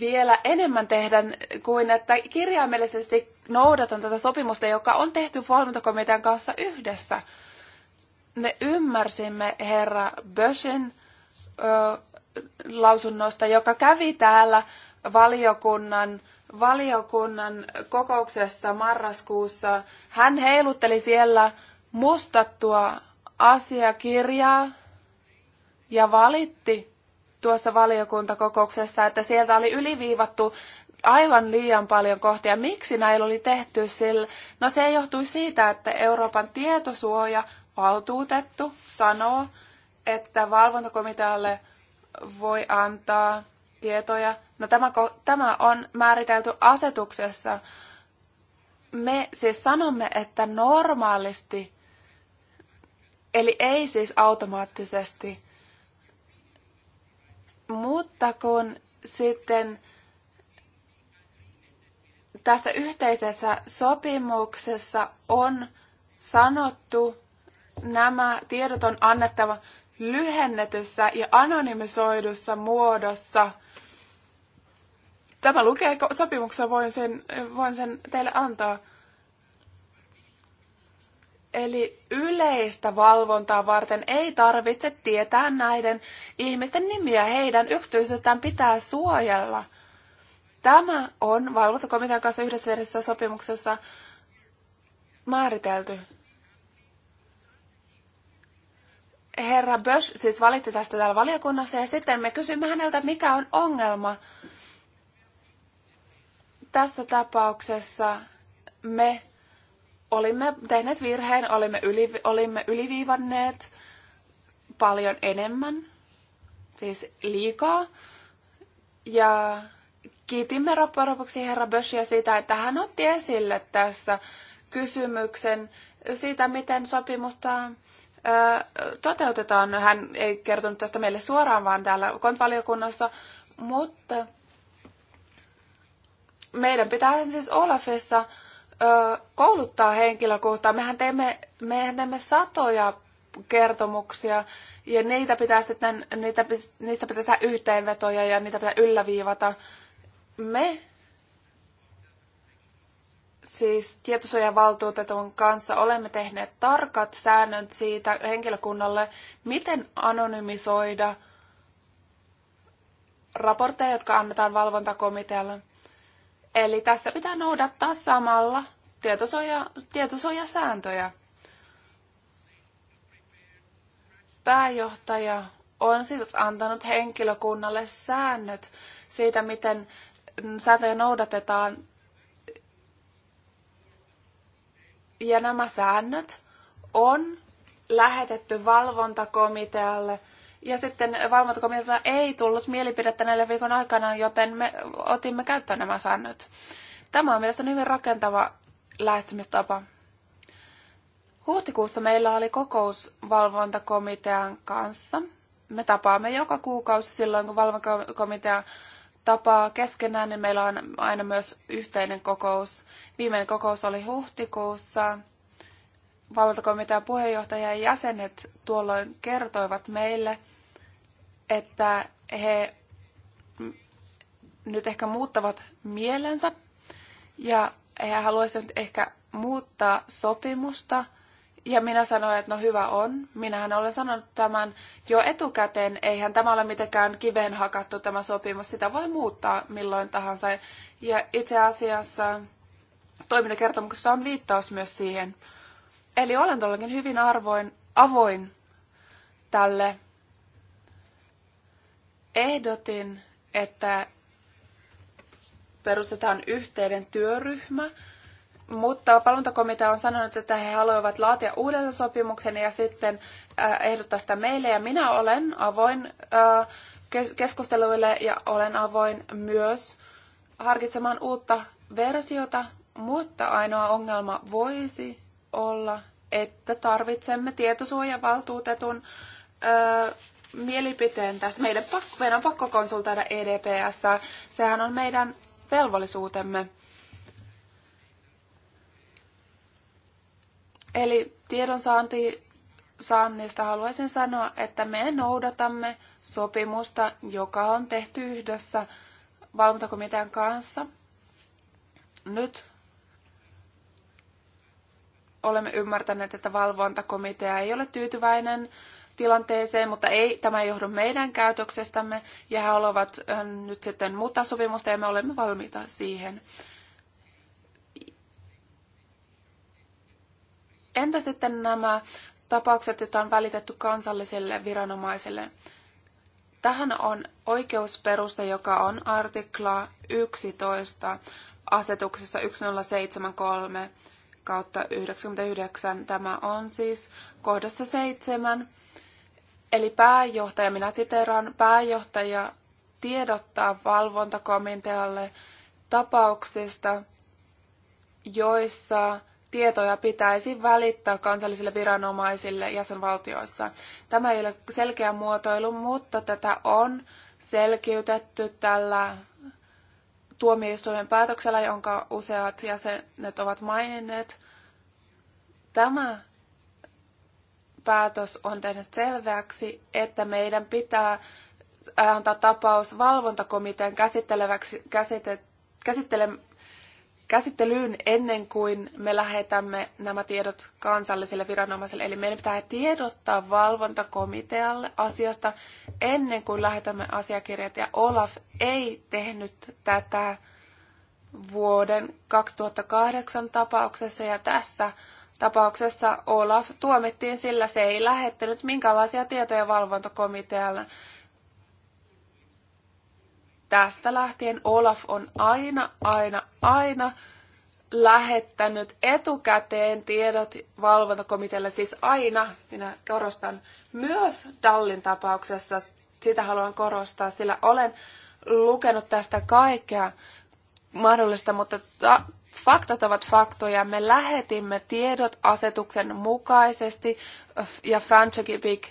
vielä enemmän tehdä kuin, että kirjaimellisesti noudatan tätä sopimusta, joka on tehty valvontakomitean kanssa yhdessä. Me ymmärsimme herra Bösin ö, lausunnosta, joka kävi täällä valiokunnan, valiokunnan kokouksessa marraskuussa. Hän heilutteli siellä mustattua asiakirjaa ja valitti tuossa valiokuntakokouksessa, että sieltä oli yliviivattu aivan liian paljon kohtia. Miksi näillä oli tehty sillä? No se johtui siitä, että Euroopan tietosuoja valtuutettu sanoo, että valvontakomitealle voi antaa tietoja. No tämä, tämä on määritelty asetuksessa. Me siis sanomme, että normaalisti, eli ei siis automaattisesti – mutta kun sitten tässä yhteisessä sopimuksessa on sanottu, nämä tiedot on annettava lyhennetyssä ja anonymisoidussa muodossa. Tämä lukee sopimuksessa, voin sen, voin sen teille antaa. Eli yleistä valvontaa varten ei tarvitse tietää näiden ihmisten nimiä. Heidän yksityisyyttään pitää suojella. Tämä on valvontakomitean kanssa yhdessä edessä sopimuksessa määritelty. Herra Bösch siis valitti tästä täällä valiokunnassa ja sitten me kysymme häneltä, mikä on ongelma. Tässä tapauksessa me olimme tehneet virheen, olimme, yli, olimme yliviivanneet paljon enemmän, siis liikaa. Ja kiitimme loppujen lopuksi herra Böschia siitä, että hän otti esille tässä kysymyksen siitä, miten sopimusta toteutetaan. Hän ei kertonut tästä meille suoraan, vaan täällä kontvaliokunnassa, mutta meidän pitää siis Olafissa kouluttaa henkilökuntaa. Mehän teemme, mehän teemme satoja kertomuksia ja niitä pitää sitten, niitä, niistä pitää tehdä yhteenvetoja ja niitä pitää ylläviivata. Me siis tietosuojavaltuutetun kanssa olemme tehneet tarkat säännöt siitä henkilökunnalle, miten anonymisoida raportteja, jotka annetaan valvontakomitealle. Eli tässä pitää noudattaa samalla tietosuoja, tietosuojasääntöjä. Pääjohtaja on siis antanut henkilökunnalle säännöt siitä, miten sääntöjä noudatetaan. Ja nämä säännöt on lähetetty valvontakomitealle ja sitten valvontakomitealta ei tullut mielipidettä näille viikon aikana, joten me otimme käyttöön nämä säännöt. Tämä on mielestäni hyvin rakentava lähestymistapa. Huhtikuussa meillä oli kokous valvontakomitean kanssa. Me tapaamme joka kuukausi silloin, kun valvontakomitea tapaa keskenään, niin meillä on aina myös yhteinen kokous. Viimeinen kokous oli huhtikuussa valvontakomitean puheenjohtaja ja jäsenet tuolloin kertoivat meille, että he nyt ehkä muuttavat mielensä ja he haluaisivat ehkä muuttaa sopimusta. Ja minä sanoin, että no hyvä on. Minähän olen sanonut tämän jo etukäteen. Eihän tämä ole mitenkään kiveen hakattu tämä sopimus. Sitä voi muuttaa milloin tahansa. Ja itse asiassa toimintakertomuksessa on viittaus myös siihen. Eli olen todellakin hyvin arvoin, avoin tälle. Ehdotin, että perustetaan yhteinen työryhmä, mutta palvontakomitea on sanonut, että he haluavat laatia uuden sopimuksen ja sitten äh, ehdottaa sitä meille. Ja minä olen avoin äh, keskusteluille ja olen avoin myös harkitsemaan uutta versiota, mutta ainoa ongelma voisi olla, että tarvitsemme tietosuojavaltuutetun ö, mielipiteen tästä. Meidän, pakko, meidän on pakko konsultoida EDPS. Sehän on meidän velvollisuutemme. Eli tiedonsaanti saannista haluaisin sanoa, että me noudatamme sopimusta, joka on tehty yhdessä valvontakomitean kanssa. Nyt olemme ymmärtäneet, että valvontakomitea ei ole tyytyväinen tilanteeseen, mutta ei, tämä ei johdu meidän käytöksestämme ja he haluavat nyt sitten muuttaa sopimusta ja me olemme valmiita siihen. Entä sitten nämä tapaukset, joita on välitetty kansalliselle viranomaiselle? Tähän on oikeusperuste, joka on artikla 11 asetuksessa 1073 kautta 99. Tämä on siis kohdassa seitsemän. Eli pääjohtaja, minä siteeraan, pääjohtaja tiedottaa valvontakomitealle tapauksista, joissa tietoja pitäisi välittää kansallisille viranomaisille jäsenvaltioissa. Tämä ei ole selkeä muotoilu, mutta tätä on selkiytetty tällä tuomioistuimen päätöksellä, jonka useat jäsenet ovat maininneet. Tämä päätös on tehnyt selväksi, että meidän pitää äh, antaa tapaus valvontakomitean käsitteleväksi, käsite, käsittele, käsittelyyn ennen kuin me lähetämme nämä tiedot kansalliselle viranomaiselle. Eli meidän pitää tiedottaa valvontakomitealle asiasta ennen kuin lähetämme asiakirjat. Ja Olaf ei tehnyt tätä vuoden 2008 tapauksessa ja tässä tapauksessa Olaf tuomittiin, sillä se ei lähettänyt minkälaisia tietoja valvontakomitealle tästä lähtien Olaf on aina, aina, aina lähettänyt etukäteen tiedot valvontakomitealle, siis aina, minä korostan, myös Dallin tapauksessa, sitä haluan korostaa, sillä olen lukenut tästä kaikkea mahdollista, mutta ta- faktat ovat faktoja. Me lähetimme tiedot asetuksen mukaisesti ja Francekipik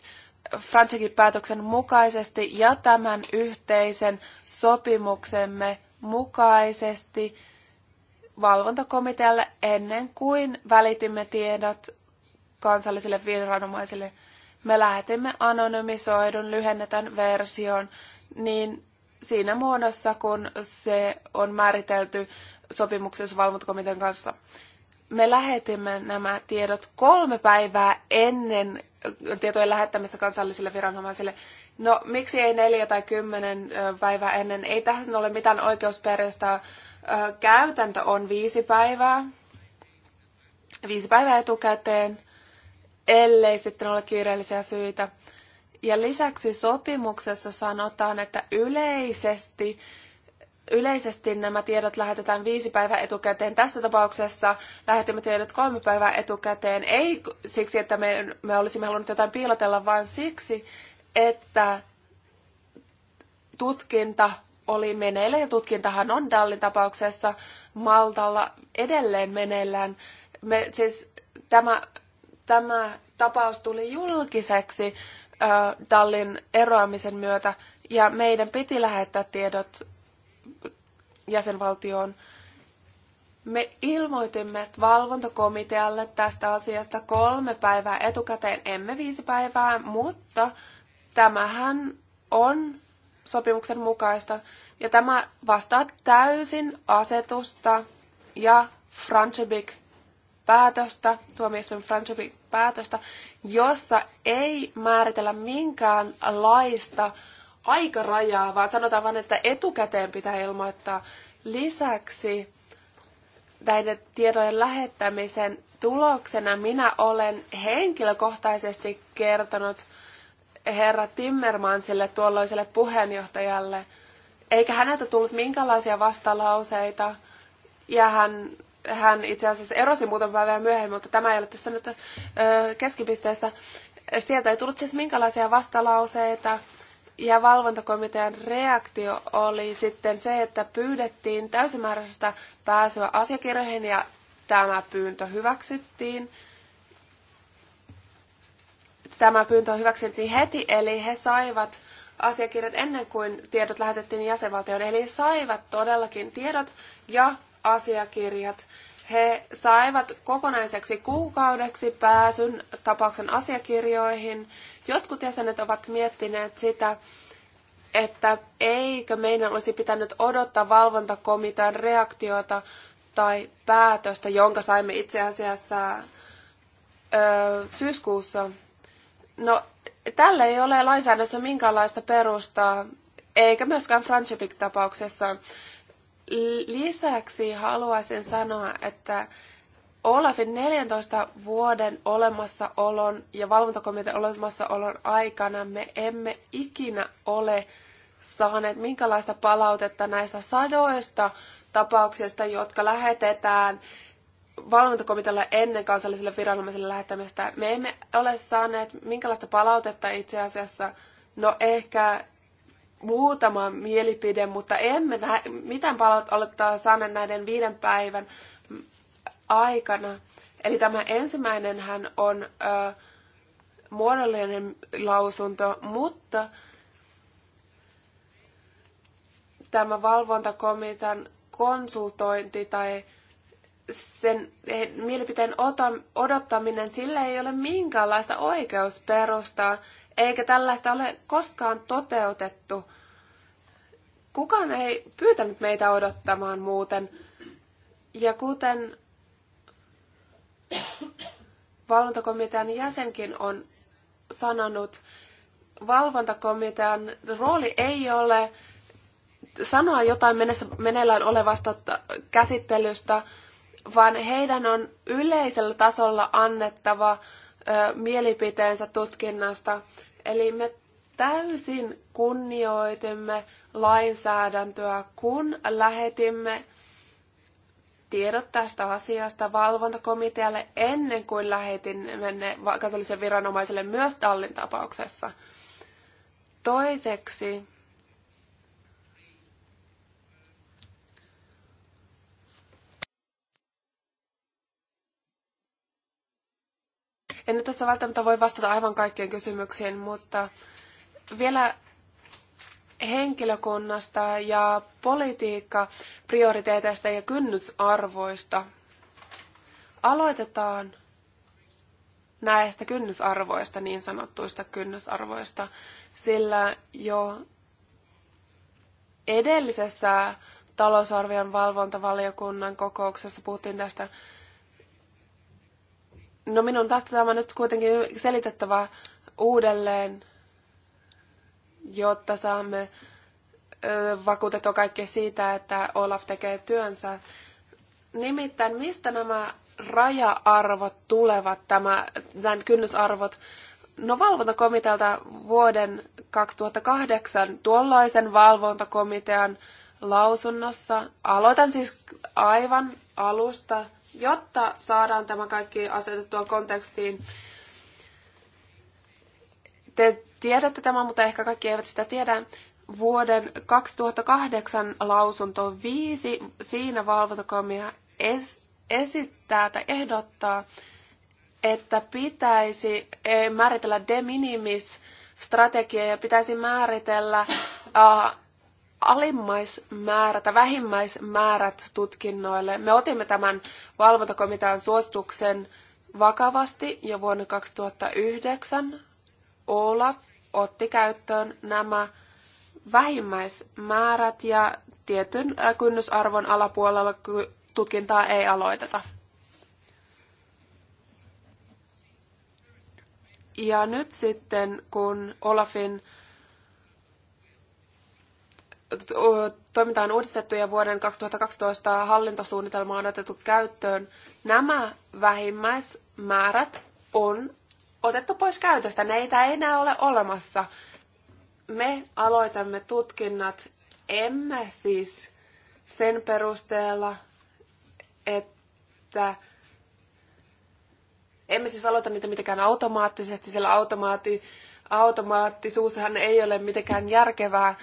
Franchikin päätöksen mukaisesti ja tämän yhteisen sopimuksemme mukaisesti valvontakomitealle ennen kuin välitimme tiedot kansallisille viranomaisille. Me lähetimme anonymisoidun lyhennetän version niin siinä muodossa, kun se on määritelty sopimuksessa valvontakomitean kanssa me lähetimme nämä tiedot kolme päivää ennen tietojen lähettämistä kansallisille viranomaisille. No miksi ei neljä tai kymmenen päivää ennen? Ei tähän ole mitään oikeusperusta. Käytäntö on viisi päivää. Viisi päivää etukäteen, ellei sitten ole kiireellisiä syitä. Ja lisäksi sopimuksessa sanotaan, että yleisesti Yleisesti nämä tiedot lähetetään viisi päivää etukäteen. Tässä tapauksessa lähetimme tiedot kolme päivää etukäteen. Ei siksi, että me, me olisimme halunneet jotain piilotella, vaan siksi, että tutkinta oli meneillään ja tutkintahan on Dallin tapauksessa Maltalla edelleen meneillään. Me, siis tämä, tämä tapaus tuli julkiseksi äh, Dallin eroamisen myötä ja meidän piti lähettää tiedot jäsenvaltioon. Me ilmoitimme valvontakomitealle tästä asiasta kolme päivää etukäteen, emme viisi päivää, mutta tämähän on sopimuksen mukaista. Ja tämä vastaa täysin asetusta ja Franchebik päätöstä, tuomioistuin Franchebik päätöstä, jossa ei määritellä minkäänlaista laista aikarajaa, vaan sanotaan vain, että etukäteen pitää ilmoittaa. Lisäksi näiden tietojen lähettämisen tuloksena minä olen henkilökohtaisesti kertonut herra Timmermansille tuolloiselle puheenjohtajalle, eikä häneltä tullut minkälaisia vastalauseita, ja hän, hän itse asiassa erosi muutama päivä myöhemmin, mutta tämä ei ole tässä nyt ö, keskipisteessä. Sieltä ei tullut siis minkälaisia vastalauseita, ja valvontakomitean reaktio oli sitten se, että pyydettiin täysimääräisestä pääsyä asiakirjoihin ja tämä pyyntö hyväksyttiin. Tämä pyyntö hyväksyttiin heti, eli he saivat asiakirjat ennen kuin tiedot lähetettiin jäsenvaltioon. Eli saivat todellakin tiedot ja asiakirjat. He saivat kokonaiseksi kuukaudeksi pääsyn tapauksen asiakirjoihin. Jotkut jäsenet ovat miettineet sitä, että eikö meidän olisi pitänyt odottaa valvontakomitean reaktiota tai päätöstä, jonka saimme itse asiassa ö, syyskuussa. No, tälle ei ole lainsäädännössä minkäänlaista perustaa, eikä myöskään Franchepik-tapauksessa. Lisäksi haluaisin sanoa, että Olafin 14 vuoden olemassaolon ja valvontakomitean olemassaolon aikana me emme ikinä ole saaneet minkälaista palautetta näistä sadoista tapauksista, jotka lähetetään valvontakomitealle ennen kansalliselle viranomaiselle lähettämistä. Me emme ole saaneet minkälaista palautetta itse asiassa, no ehkä muutama mielipide, mutta emme nä- mitään olettaa saaneet näiden viiden päivän aikana. Eli tämä ensimmäinen hän on ö, muodollinen lausunto, mutta tämä valvontakomitean konsultointi tai sen mielipiteen odottaminen, sillä ei ole minkäänlaista oikeusperustaa eikä tällaista ole koskaan toteutettu. Kukaan ei pyytänyt meitä odottamaan muuten. Ja kuten valvontakomitean jäsenkin on sanonut, valvontakomitean rooli ei ole sanoa jotain meneillään olevasta käsittelystä, vaan heidän on yleisellä tasolla annettava mielipiteensä tutkinnasta. Eli me täysin kunnioitimme lainsäädäntöä, kun lähetimme tiedot tästä asiasta valvontakomitealle ennen kuin lähetimme ne kansallisen viranomaiselle myös Tallin tapauksessa. Toiseksi En nyt tässä välttämättä voi vastata aivan kaikkien kysymyksiin, mutta vielä henkilökunnasta ja politiikka prioriteeteista ja kynnysarvoista. Aloitetaan näistä kynnysarvoista, niin sanottuista kynnysarvoista, sillä jo edellisessä talousarvion valvontavaliokunnan kokouksessa puhuttiin tästä No minun tästä tämä nyt kuitenkin selitettävä uudelleen, jotta saamme vakuutettua kaikki siitä, että Olaf tekee työnsä. Nimittäin mistä nämä raja-arvot tulevat, tämä, tämän kynnysarvot? No valvontakomitealta vuoden 2008 tuollaisen valvontakomitean lausunnossa. Aloitan siis aivan alusta – Jotta saadaan tämä kaikki asetettua kontekstiin, te tiedätte tämän, mutta ehkä kaikki eivät sitä tiedä. Vuoden 2008 lausunto 5, siinä valvontakomia esittää tai ehdottaa, että pitäisi eh, määritellä de minimis strategia ja pitäisi määritellä ah, alimmaismäärä tai vähimmäismäärät tutkinnoille. Me otimme tämän valvontakomitean suosituksen vakavasti jo vuonna 2009. Olaf otti käyttöön nämä vähimmäismäärät ja tietyn äh, kynnysarvon alapuolella tutkintaa ei aloiteta. Ja nyt sitten, kun Olafin toiminta on uudistettu ja vuoden 2012 hallintosuunnitelma on otettu käyttöön. Nämä vähimmäismäärät on otettu pois käytöstä. Neitä ei enää ole olemassa. Me aloitamme tutkinnat, emme siis sen perusteella, että emme siis aloita niitä mitenkään automaattisesti, sillä automaatti, automaattisuushan ei ole mitenkään järkevää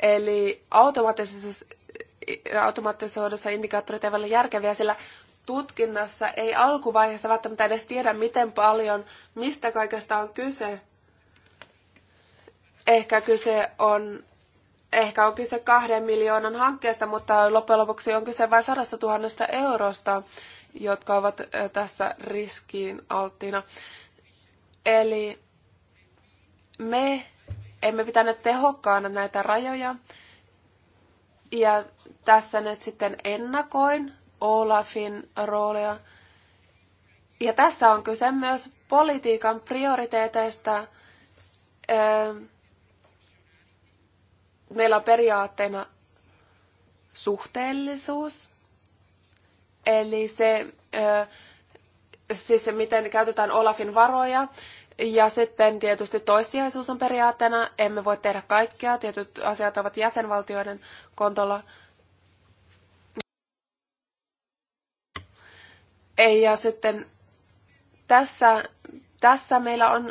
Eli automaattisessa, automaattisessa indikaattorit eivät ole järkeviä, sillä tutkinnassa ei alkuvaiheessa välttämättä edes tiedä, miten paljon, mistä kaikesta on kyse. Ehkä kyse on, ehkä on kyse kahden miljoonan hankkeesta, mutta loppujen lopuksi on kyse vain sadasta tuhannesta eurosta, jotka ovat tässä riskiin alttiina. Eli me emme pitäneet tehokkaana näitä rajoja. Ja tässä nyt sitten ennakoin Olafin roolia. Ja tässä on kyse myös politiikan prioriteeteista. Öö, meillä on periaatteena suhteellisuus, eli se, öö, siis se miten käytetään Olafin varoja. Ja sitten tietysti toissijaisuus on periaatteena. Emme voi tehdä kaikkea. Tietyt asiat ovat jäsenvaltioiden kontolla. Ja sitten tässä, tässä meillä on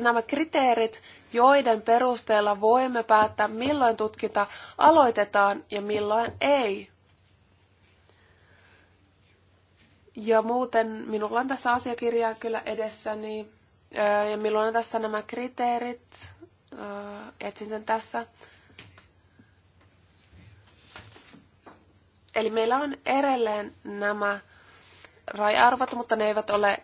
nämä kriteerit, joiden perusteella voimme päättää, milloin tutkinta aloitetaan ja milloin ei. Ja muuten minulla on tässä asiakirjaa kyllä edessäni. Niin ja milloin on tässä nämä kriteerit? Etsin sen tässä. Eli meillä on edelleen nämä raja-arvot, mutta ne eivät ole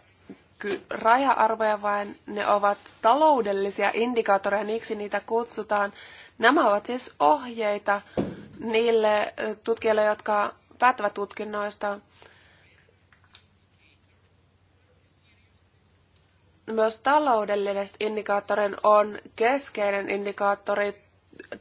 raja-arvoja, vaan ne ovat taloudellisia indikaattoreja, niiksi niitä kutsutaan. Nämä ovat siis ohjeita niille tutkijoille, jotka päättävät tutkinnoista. Myös taloudelliset indikaattorit on keskeinen indikaattori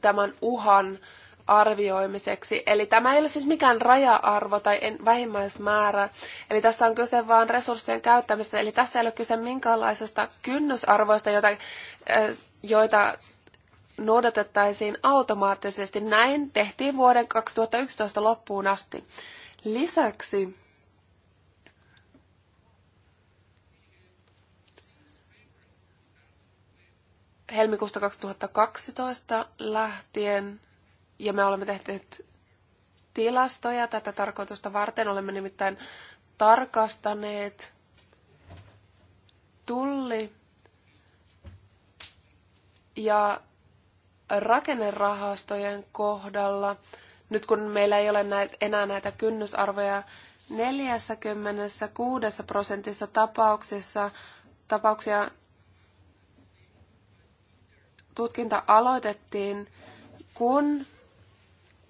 tämän uhan arvioimiseksi. Eli tämä ei ole siis mikään raja-arvo tai en, vähimmäismäärä. Eli tässä on kyse vain resurssien käyttämisestä. Eli tässä ei ole kyse minkäänlaisesta kynnysarvoista, joita, eh, joita noudatettaisiin automaattisesti. Näin tehtiin vuoden 2011 loppuun asti. Lisäksi helmikuusta 2012 lähtien, ja me olemme tehneet tilastoja tätä tarkoitusta varten. Olemme nimittäin tarkastaneet tulli ja rakennerahastojen kohdalla, nyt kun meillä ei ole näitä, enää näitä kynnysarvoja, 46 prosentissa tapauksissa tapauksia tutkinta aloitettiin, kun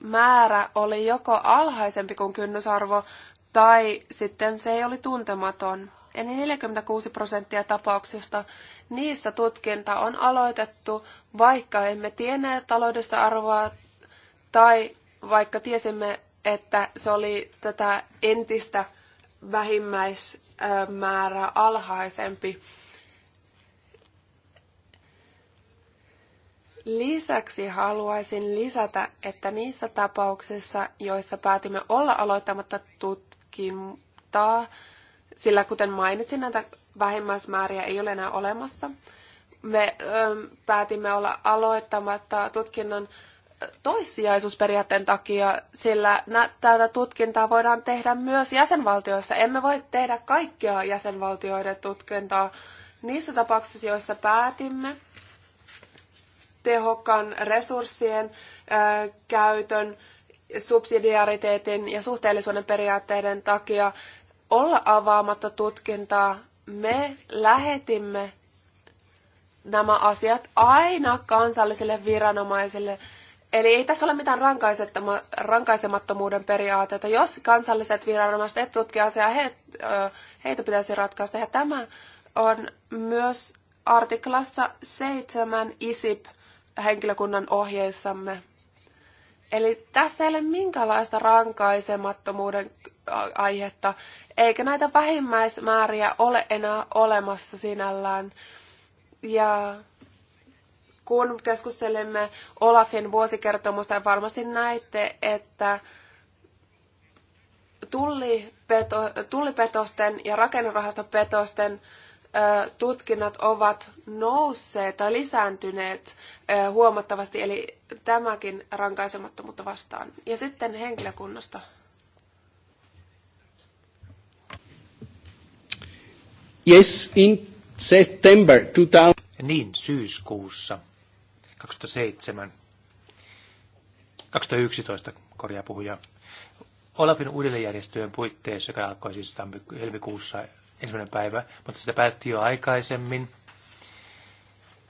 määrä oli joko alhaisempi kuin kynnysarvo tai sitten se ei oli tuntematon. Eli 46 prosenttia tapauksista niissä tutkinta on aloitettu, vaikka emme tienneet taloudessa arvoa tai vaikka tiesimme, että se oli tätä entistä vähimmäismäärää alhaisempi. Lisäksi haluaisin lisätä, että niissä tapauksissa, joissa päätimme olla aloittamatta tutkintaa, sillä kuten mainitsin, näitä vähimmäismääriä ei ole enää olemassa, me ö, päätimme olla aloittamatta tutkinnon toissijaisuusperiaatteen takia, sillä nä- tätä tutkintaa voidaan tehdä myös jäsenvaltioissa. Emme voi tehdä kaikkia jäsenvaltioiden tutkintaa niissä tapauksissa, joissa päätimme tehokkaan resurssien käytön, subsidiariteetin ja suhteellisuuden periaatteiden takia olla avaamatta tutkintaa. Me lähetimme nämä asiat aina kansallisille viranomaisille. Eli ei tässä ole mitään rankaisemattomuuden periaatetta. Jos kansalliset viranomaiset et tutki asiaa, he, heitä pitäisi ratkaista. Ja tämä on myös artiklassa 7 ISIP henkilökunnan ohjeissamme. Eli tässä ei ole minkälaista rankaisemattomuuden äh, aihetta, eikä näitä vähimmäismääriä ole enää olemassa sinällään. Ja kun keskustelimme Olafin vuosikertomusta, niin varmasti näitte, että tullipeto, tullipetosten ja rakennerahastopetosten petosten tutkinnat ovat nousseet tai lisääntyneet huomattavasti, eli tämäkin rankaisemattomuutta vastaan. Ja sitten henkilökunnasta. Yes, in September 2000. Niin, syyskuussa 2007. 2011 korjaa puhuja. Olafin uudelleenjärjestöjen puitteissa, joka alkoi siis helmikuussa ensimmäinen päivä, mutta sitä päätti jo aikaisemmin.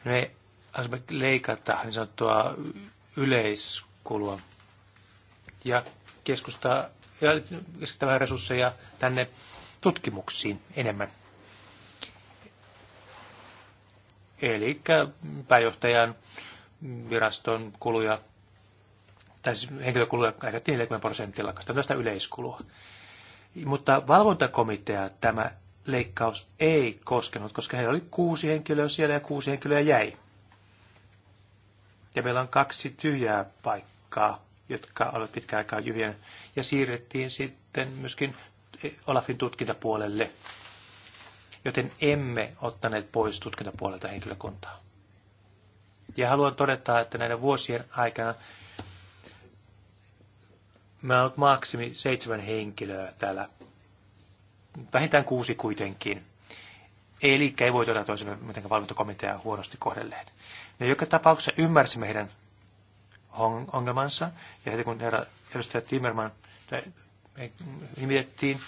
Me asemme leikata niin sanottua yleiskulua ja keskustaa ja keskittämään resursseja tänne tutkimuksiin enemmän. Eli pääjohtajan viraston kuluja, tai siis henkilökuluja leikattiin 40 prosentilla, tästä yleiskulua. Mutta valvontakomitea tämä leikkaus ei koskenut, koska heillä oli kuusi henkilöä siellä ja kuusi henkilöä jäi. Ja meillä on kaksi tyhjää paikkaa, jotka olivat pitkään aikaa jyhien, Ja siirrettiin sitten myöskin eh, Olafin tutkintapuolelle, joten emme ottaneet pois tutkintapuolelta henkilökuntaa. Ja haluan todeta, että näiden vuosien aikana on ollut maksimi seitsemän henkilöä täällä vähintään kuusi kuitenkin. Eli ei voi todeta toisemme mitenkään valvontakomitea huonosti kohdelleet. Ne joka tapauksessa ymmärsimme heidän ongelmansa, ja heti kun herra edustaja Timmerman eh, nimitettiin,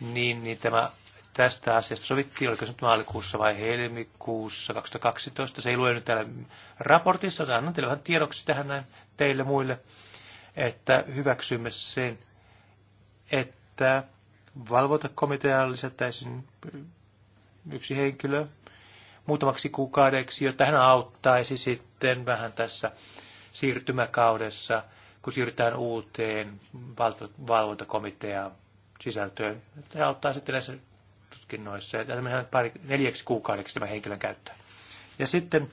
niin, niin tämä, tästä asiasta sovittiin, oliko se nyt maalikuussa vai helmikuussa 2012. Se ei lue nyt täällä raportissa, mutta annan teille vähän tiedoksi tähän näin teille muille, että hyväksymme sen, että valvontakomitea lisättäisiin yksi henkilö muutamaksi kuukaudeksi, jotta hän auttaisi sitten vähän tässä siirtymäkaudessa, kun siirrytään uuteen valvontakomiteaan sisältöön. Hän auttaa sitten näissä tutkinnoissa. Ja tämmöinen pari, neljäksi kuukaudeksi tämä henkilön käyttöön. Ja sitten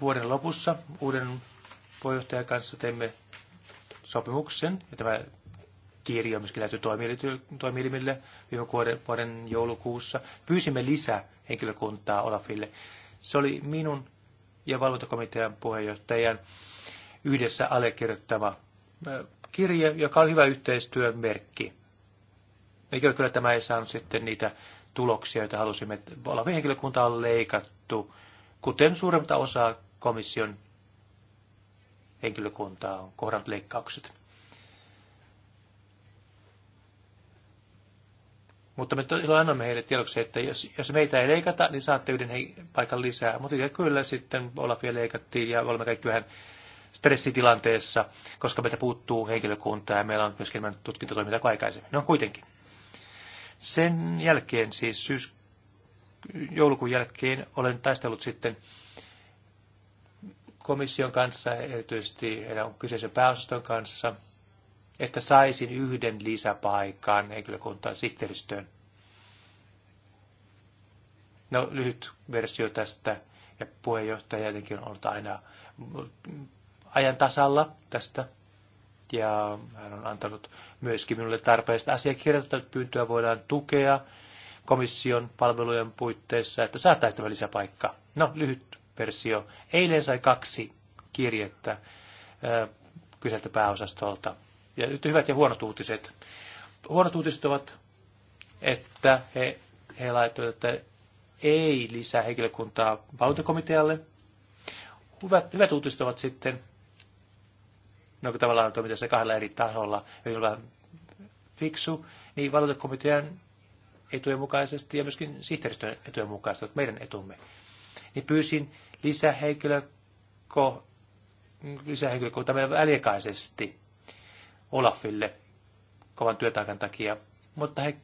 vuoden lopussa uuden puheenjohtajan kanssa teimme sopimuksen, ja tämä kirjo myöskin lähtyi toimielimille viime vuoden, vuoden joulukuussa. Pyysimme lisää henkilökuntaa Olafille. Se oli minun ja valvontakomitean puheenjohtajan yhdessä allekirjoittama kirje, joka on hyvä yhteistyön merkki. Eikä kyllä tämä ei saanut sitten niitä tuloksia, joita halusimme. Olafin henkilökunta on leikattu, kuten suurinta osaa komission henkilökuntaa on kohdannut leikkaukset. Mutta me silloin annamme heille tiedoksi, että jos, jos meitä ei leikata, niin saatte yhden hei, paikan lisää. Mutta ja kyllä sitten Olafia leikattiin ja olemme kaikki vähän stressitilanteessa, koska meitä puuttuu henkilökuntaa ja meillä on myöskin enemmän tutkintatoimintaa kuin aikaisemmin. No kuitenkin. Sen jälkeen siis syys, joulukuun jälkeen olen taistellut sitten komission kanssa, erityisesti heidän kyseisen pääosaston kanssa – että saisin yhden lisäpaikan henkilökuntaan sihteeristöön. No, lyhyt versio tästä, ja puheenjohtaja jotenkin on ollut aina ajan tasalla tästä, ja hän on antanut myöskin minulle tarpeesta asiakirjoittaa, että pyyntöä voidaan tukea komission palvelujen puitteissa, että saataisiin tämä lisäpaikka. No, lyhyt versio. Eilen sai kaksi kirjettä kyseltä pääosastolta ja nyt hyvät ja huonot uutiset. Huonot uutiset ovat, että he, he laittoivat, että ei lisää henkilökuntaa valtakomitealle. Hyvät, hyvät uutiset ovat sitten, no kun tavallaan toimitaan se kahdella eri tasolla eli vähän fiksu, niin valtakomitean etujen mukaisesti ja myöskin sihteeristön etujen mukaisesti, että meidän etumme. Niin pyysin lisähenkilöko, lisähenkilökuntaa meidän väliaikaisesti Olafille kovan työtaakan takia, mutta he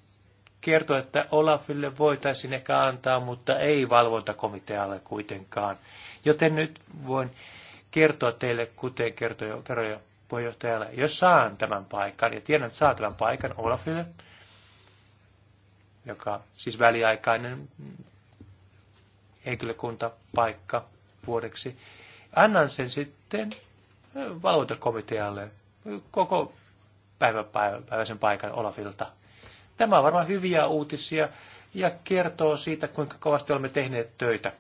kertoivat, että Olafille voitaisiin ehkä antaa, mutta ei valvontakomitealle kuitenkaan. Joten nyt voin kertoa teille, kuten kertoi veroja puheenjohtajalle, jos saan tämän paikan, ja tiedän, että saan tämän paikan Olafille, joka siis väliaikainen henkilökuntapaikka vuodeksi, annan sen sitten valvontakomitealle koko päivä, päiväisen paikan Olafilta. Tämä on varmaan hyviä uutisia ja kertoo siitä, kuinka kovasti olemme tehneet töitä.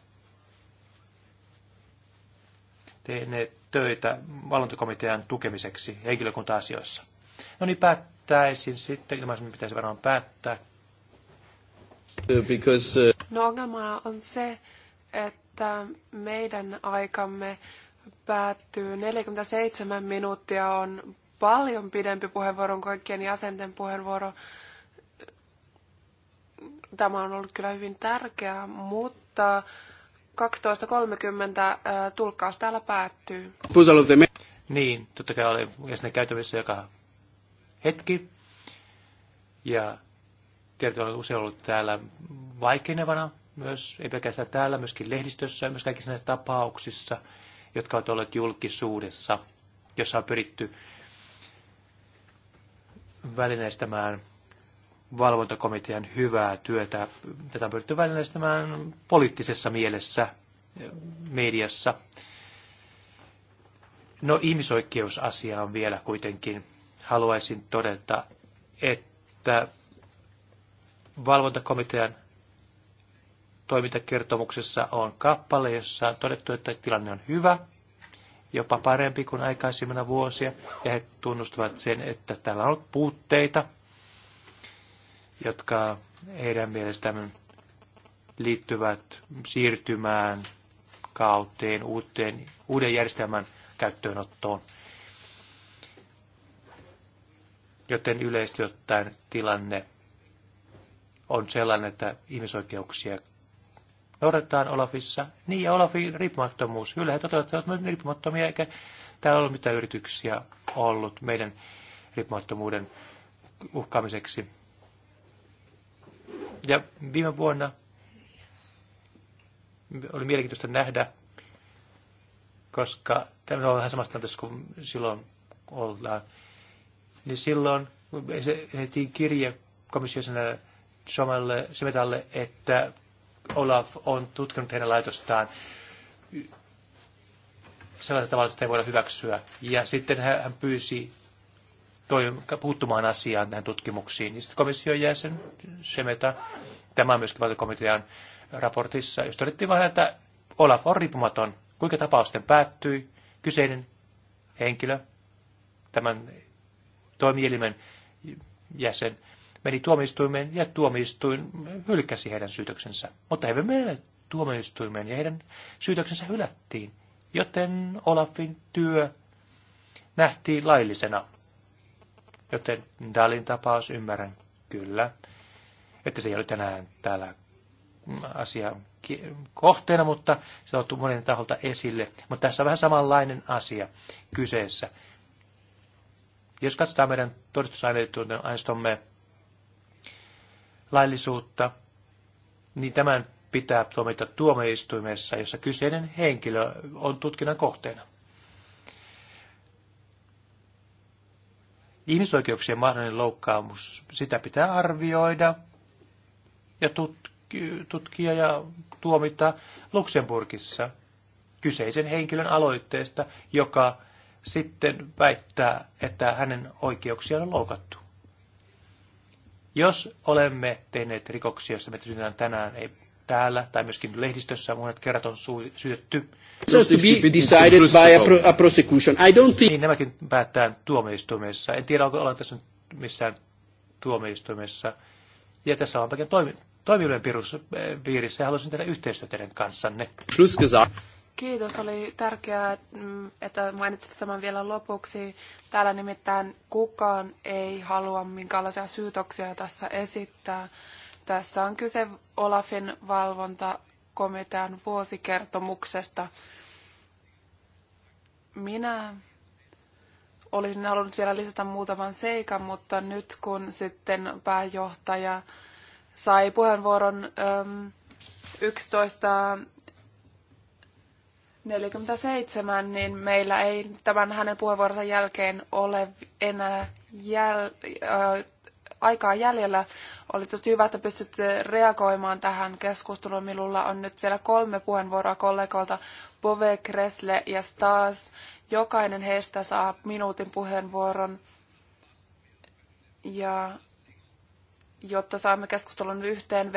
Tehneet töitä valvontakomitean tukemiseksi henkilökunta-asioissa. No niin, päättäisin sitten, ilmaisen pitäisi varmaan päättää. Because, uh... No ongelmana on se, että meidän aikamme päättyy. 47 minuuttia on paljon pidempi puheenvuoro kuin kaikkien jäsenten puheenvuoro. Tämä on ollut kyllä hyvin tärkeää, mutta 12.30 äh, tulkkaus täällä päättyy. Niin, totta kai oli jäsenen käytävissä joka hetki. Ja tietysti olen usein ollut täällä vaikenevana myös, ei pelkästään täällä, myöskin lehdistössä, myös kaikissa näissä tapauksissa – jotka ovat olleet julkisuudessa, jossa on pyritty välineistämään valvontakomitean hyvää työtä. Tätä on pyritty välineistämään poliittisessa mielessä mediassa. No ihmisoikeusasia on vielä kuitenkin. Haluaisin todeta, että valvontakomitean toimintakertomuksessa on kappale, jossa on todettu, että tilanne on hyvä, jopa parempi kuin aikaisemmina vuosia, ja he tunnustavat sen, että täällä on ollut puutteita, jotka heidän mielestään liittyvät siirtymään kauteen, uuteen, uuden järjestelmän käyttöönottoon. Joten yleisesti ottaen tilanne on sellainen, että ihmisoikeuksia noudatetaan Olafissa, niin ja Olafin riippumattomuus. Kyllä he toteuttavat myös riippumattomia, eikä täällä ole mitään yrityksiä ollut meidän riippumattomuuden uhkaamiseksi. Ja viime vuonna oli mielenkiintoista nähdä, koska tämä on vähän samasta tässä kuin silloin ollaan. Niin silloin se heti kirje komissiosana Suomelle Simetalle, että Olaf on tutkinut heidän laitostaan sellaisella tavalla, että ei voida hyväksyä. Ja sitten hän pyysi puuttumaan asiaan näihin tutkimuksiin. Ja sitten komission jäsen Semeta, tämä on myöskin valtakomitean raportissa, jos todettiin vain, että Olaf on riippumaton, kuinka tapausten päättyi, kyseinen henkilö, tämän toimielimen jäsen, meni tuomioistuimeen ja tuomioistuin hylkäsi heidän syytöksensä. Mutta he menivät tuomioistuimeen ja heidän syytöksensä hylättiin, joten Olafin työ nähtiin laillisena. Joten Dalin tapaus ymmärrän kyllä, että se ei ole tänään täällä mm, asia kohteena, mutta se on tullut monen taholta esille. Mutta tässä on vähän samanlainen asia kyseessä. Jos katsotaan meidän todistusaineistomme laillisuutta, niin tämän pitää tuomita tuomioistuimessa, jossa kyseinen henkilö on tutkinnan kohteena. Ihmisoikeuksien mahdollinen loukkaamus, sitä pitää arvioida ja tutkia ja tuomita Luxemburgissa kyseisen henkilön aloitteesta, joka sitten väittää, että hänen oikeuksiaan on loukattu. Jos olemme tehneet rikoksia, joista me syytetään tänään ei täällä tai myöskin lehdistössä monet kerrat on syytetty. Niin nämäkin päättää tuomioistuimessa. En tiedä, onko olla tässä missään tuomioistuimessa. Ja tässä on paljon toimi, toimijoiden piirissä ja haluaisin tehdä yhteistyötä teidän kanssanne. Kiitos, oli tärkeää, mm, että mainitsit tämän vielä lopuksi. Täällä nimittäin kukaan ei halua minkälaisia syytoksia tässä esittää. Tässä on kyse Olafin valvontakomitean vuosikertomuksesta. Minä olisin halunnut vielä lisätä muutaman seikan, mutta nyt kun sitten pääjohtaja sai puheenvuoron 11 47, niin meillä ei tämän hänen puheenvuoronsa jälkeen ole enää jäl- äh, aikaa jäljellä. Oli tosi hyvä, että pystytte reagoimaan tähän keskusteluun. Minulla on nyt vielä kolme puheenvuoroa kollegoilta, Bove, Kresle ja Stas. Jokainen heistä saa minuutin puheenvuoron. Ja jotta saamme keskustelun yhteen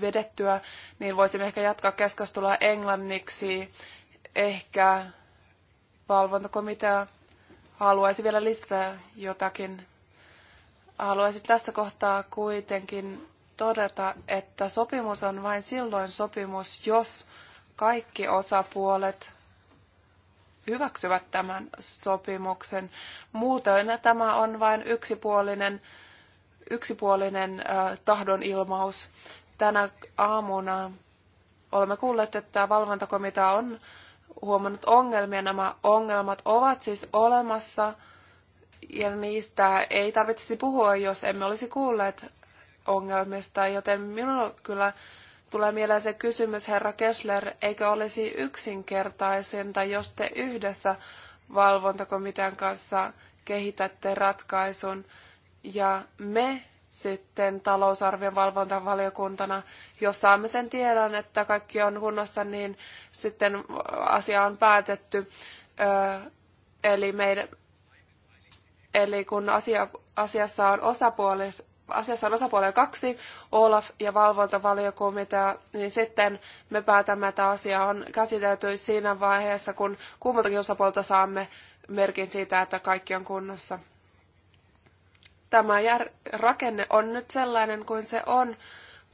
vedettyä, niin voisimme ehkä jatkaa keskustelua englanniksi Ehkä valvontakomitea haluaisi vielä lisätä jotakin. Haluaisin tässä kohtaa kuitenkin todeta, että sopimus on vain silloin sopimus, jos kaikki osapuolet hyväksyvät tämän sopimuksen. muuten tämä on vain yksipuolinen, yksipuolinen äh, tahdonilmaus. Tänä aamuna olemme kuulleet, että valvontakomitea on huomannut ongelmia. Nämä ongelmat ovat siis olemassa ja niistä ei tarvitsisi puhua, jos emme olisi kuulleet ongelmista, joten minulla kyllä tulee mieleen se kysymys, herra Kessler, eikö olisi yksinkertaisinta, jos te yhdessä valvontakomitean kanssa kehitätte ratkaisun ja me sitten talousarvion valvontavaliokuntana, jos saamme sen tiedon, että kaikki on kunnossa, niin sitten asia on päätetty. eli, meidän, eli kun asia, asiassa on osapuoli, asiassa on osapuolella kaksi, Olaf ja valvontavaliokomitea, niin sitten me päätämme, että asia on käsitelty siinä vaiheessa, kun kummaltakin osapuolta saamme merkin siitä, että kaikki on kunnossa tämä jär- rakenne on nyt sellainen kuin se on.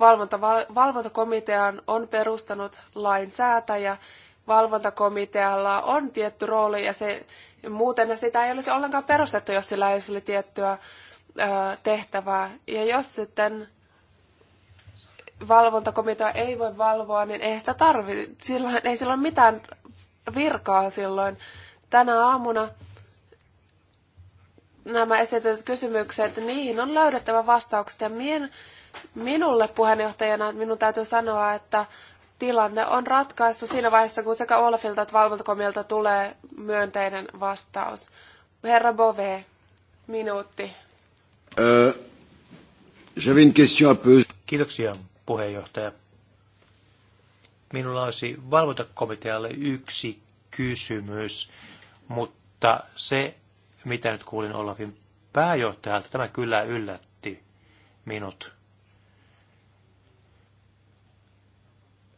Valvontaval- valvontakomitean on perustanut lainsäätäjä. Valvontakomitealla on tietty rooli ja se, muuten sitä ei olisi ollenkaan perustettu, jos sillä ei olisi tiettyä ö, tehtävää. Ja jos sitten valvontakomitea ei voi valvoa, niin ei sitä tarvitse. Silloin, ei silloin mitään virkaa silloin. Tänä aamuna nämä esitetyt kysymykset, niihin on löydettävä vastaukset. Ja min, minulle puheenjohtajana minun täytyy sanoa, että tilanne on ratkaistu siinä vaiheessa, kun sekä Olafilta että valvontakomilta tulee myönteinen vastaus. Herra Bove, minuutti. Kiitoksia, puheenjohtaja. Minulla olisi valvontakomitealle yksi kysymys, mutta se mitä nyt kuulin Olafin pääjohtajalta, tämä kyllä yllätti minut.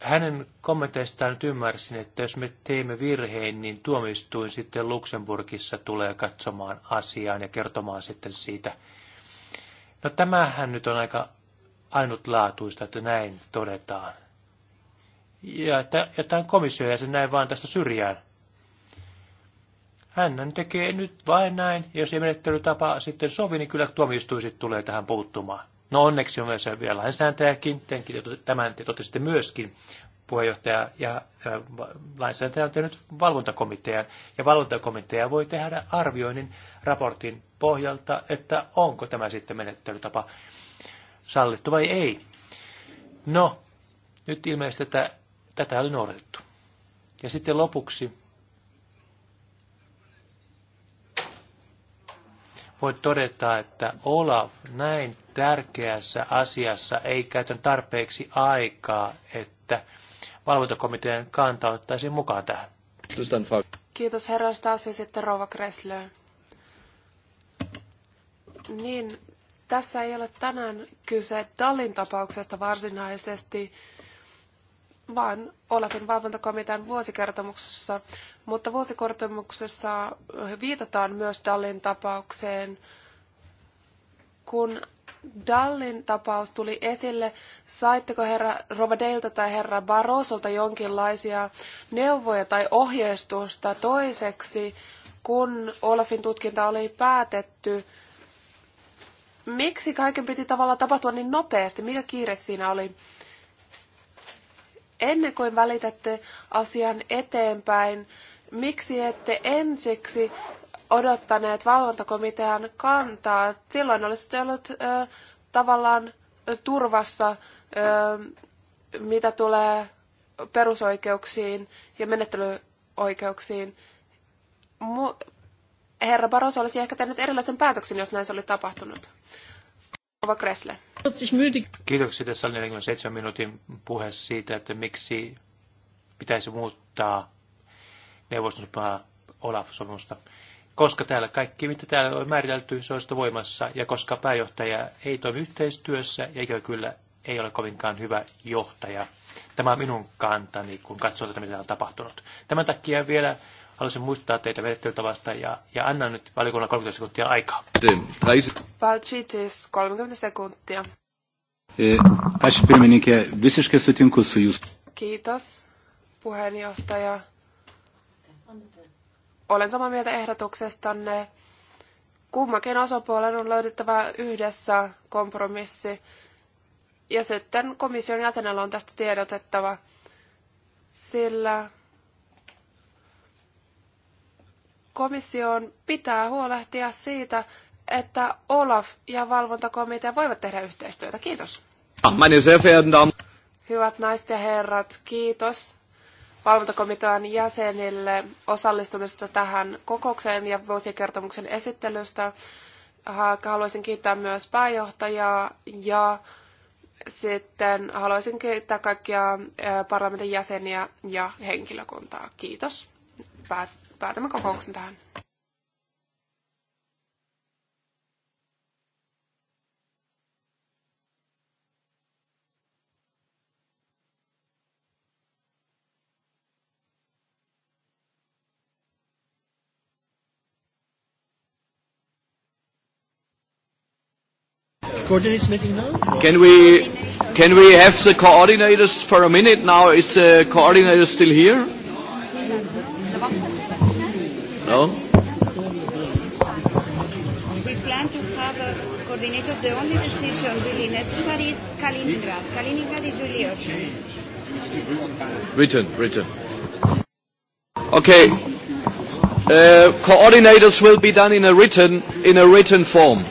Hänen kommenteistaan nyt ymmärsin, että jos me teemme virheen, niin tuomistuin sitten Luxemburgissa tulee katsomaan asiaan ja kertomaan sitten siitä. No tämähän nyt on aika ainutlaatuista, että näin todetaan. Ja että jotain komissio ja sen näin vaan tästä syrjään hän tekee nyt vain näin, ja jos ei menettelytapa sitten sovi, niin kyllä tuomioistuin tulee tähän puuttumaan. No onneksi on myös vielä lainsääntäjäkin, Kinttenkin, tämän te totesitte myöskin, puheenjohtaja ja äh, lainsäätäjä on tehnyt valvontakomitean, ja valvontakomitea voi tehdä arvioinnin raportin pohjalta, että onko tämä sitten menettelytapa sallittu vai ei. No, nyt ilmeisesti tätä, tätä oli noudatettu. Ja sitten lopuksi voi todeta, että Olaf näin tärkeässä asiassa ei käytä tarpeeksi aikaa, että valvontakomitean kanta ottaisi mukaan tähän. Kiitos herrasta, asia sitten Rova Kresslö. Niin, tässä ei ole tänään kyse Dallin tapauksesta varsinaisesti, vaan Olafin valvontakomitean vuosikertomuksessa, mutta vuosikertomuksessa viitataan myös Dallin tapaukseen. Kun Dallin tapaus tuli esille, saitteko herra Rovadeilta tai herra Barosolta jonkinlaisia neuvoja tai ohjeistusta toiseksi, kun Olafin tutkinta oli päätetty? Miksi kaiken piti tavallaan tapahtua niin nopeasti? Mikä kiire siinä oli? ennen kuin välitätte asian eteenpäin, miksi ette ensiksi odottaneet valvontakomitean kantaa? Silloin olisitte ollut ö, tavallaan turvassa, ö, mitä tulee perusoikeuksiin ja menettelyoikeuksiin. Mu- Herra Barroso olisi ehkä tehnyt erilaisen päätöksen, jos näin se oli tapahtunut. Ova Kressle. Kiitoksia. Tässä oli 47 minuutin puhe siitä, että miksi pitäisi muuttaa neuvostosopaa Olaf-sopimusta. Koska täällä kaikki, mitä täällä on määritelty, se on sitä voimassa, ja koska pääjohtaja ei toimi yhteistyössä, ja kyllä ei ole kovinkaan hyvä johtaja. Tämä on minun kantani, kun katsoo tätä, mitä on tapahtunut. Tämän takia vielä Haluaisin muistaa teitä menettelytavasta ja, ja annan nyt valiokunnan 30 sekuntia aikaa. Palčitis, 30 sekuntia. E, Kiitos, puheenjohtaja. Olen samaa mieltä ehdotuksestanne. Kummakin osapuolen on löydettävä yhdessä kompromissi. Ja sitten komission jäsenellä on tästä tiedotettava, sillä komission pitää huolehtia siitä, että Olaf ja valvontakomitea voivat tehdä yhteistyötä. Kiitos. Hyvät naiset ja herrat, kiitos valvontakomitean jäsenille osallistumisesta tähän kokoukseen ja vuosikertomuksen esittelystä. Haluaisin kiittää myös pääjohtajaa ja sitten haluaisin kiittää kaikkia parlamentin jäseniä ja henkilökuntaa. Kiitos. Päät- päätämme kokouksen tähän. meeting now? Can we can we have the coordinators for a minute now? Is the coordinator still here? No? We plan to have uh, coordinators. The only decision really necessary is Kaliningrad. Kaliningrad is really urgent. Written, written. Okay. Uh, coordinators will be done in a written in a written form.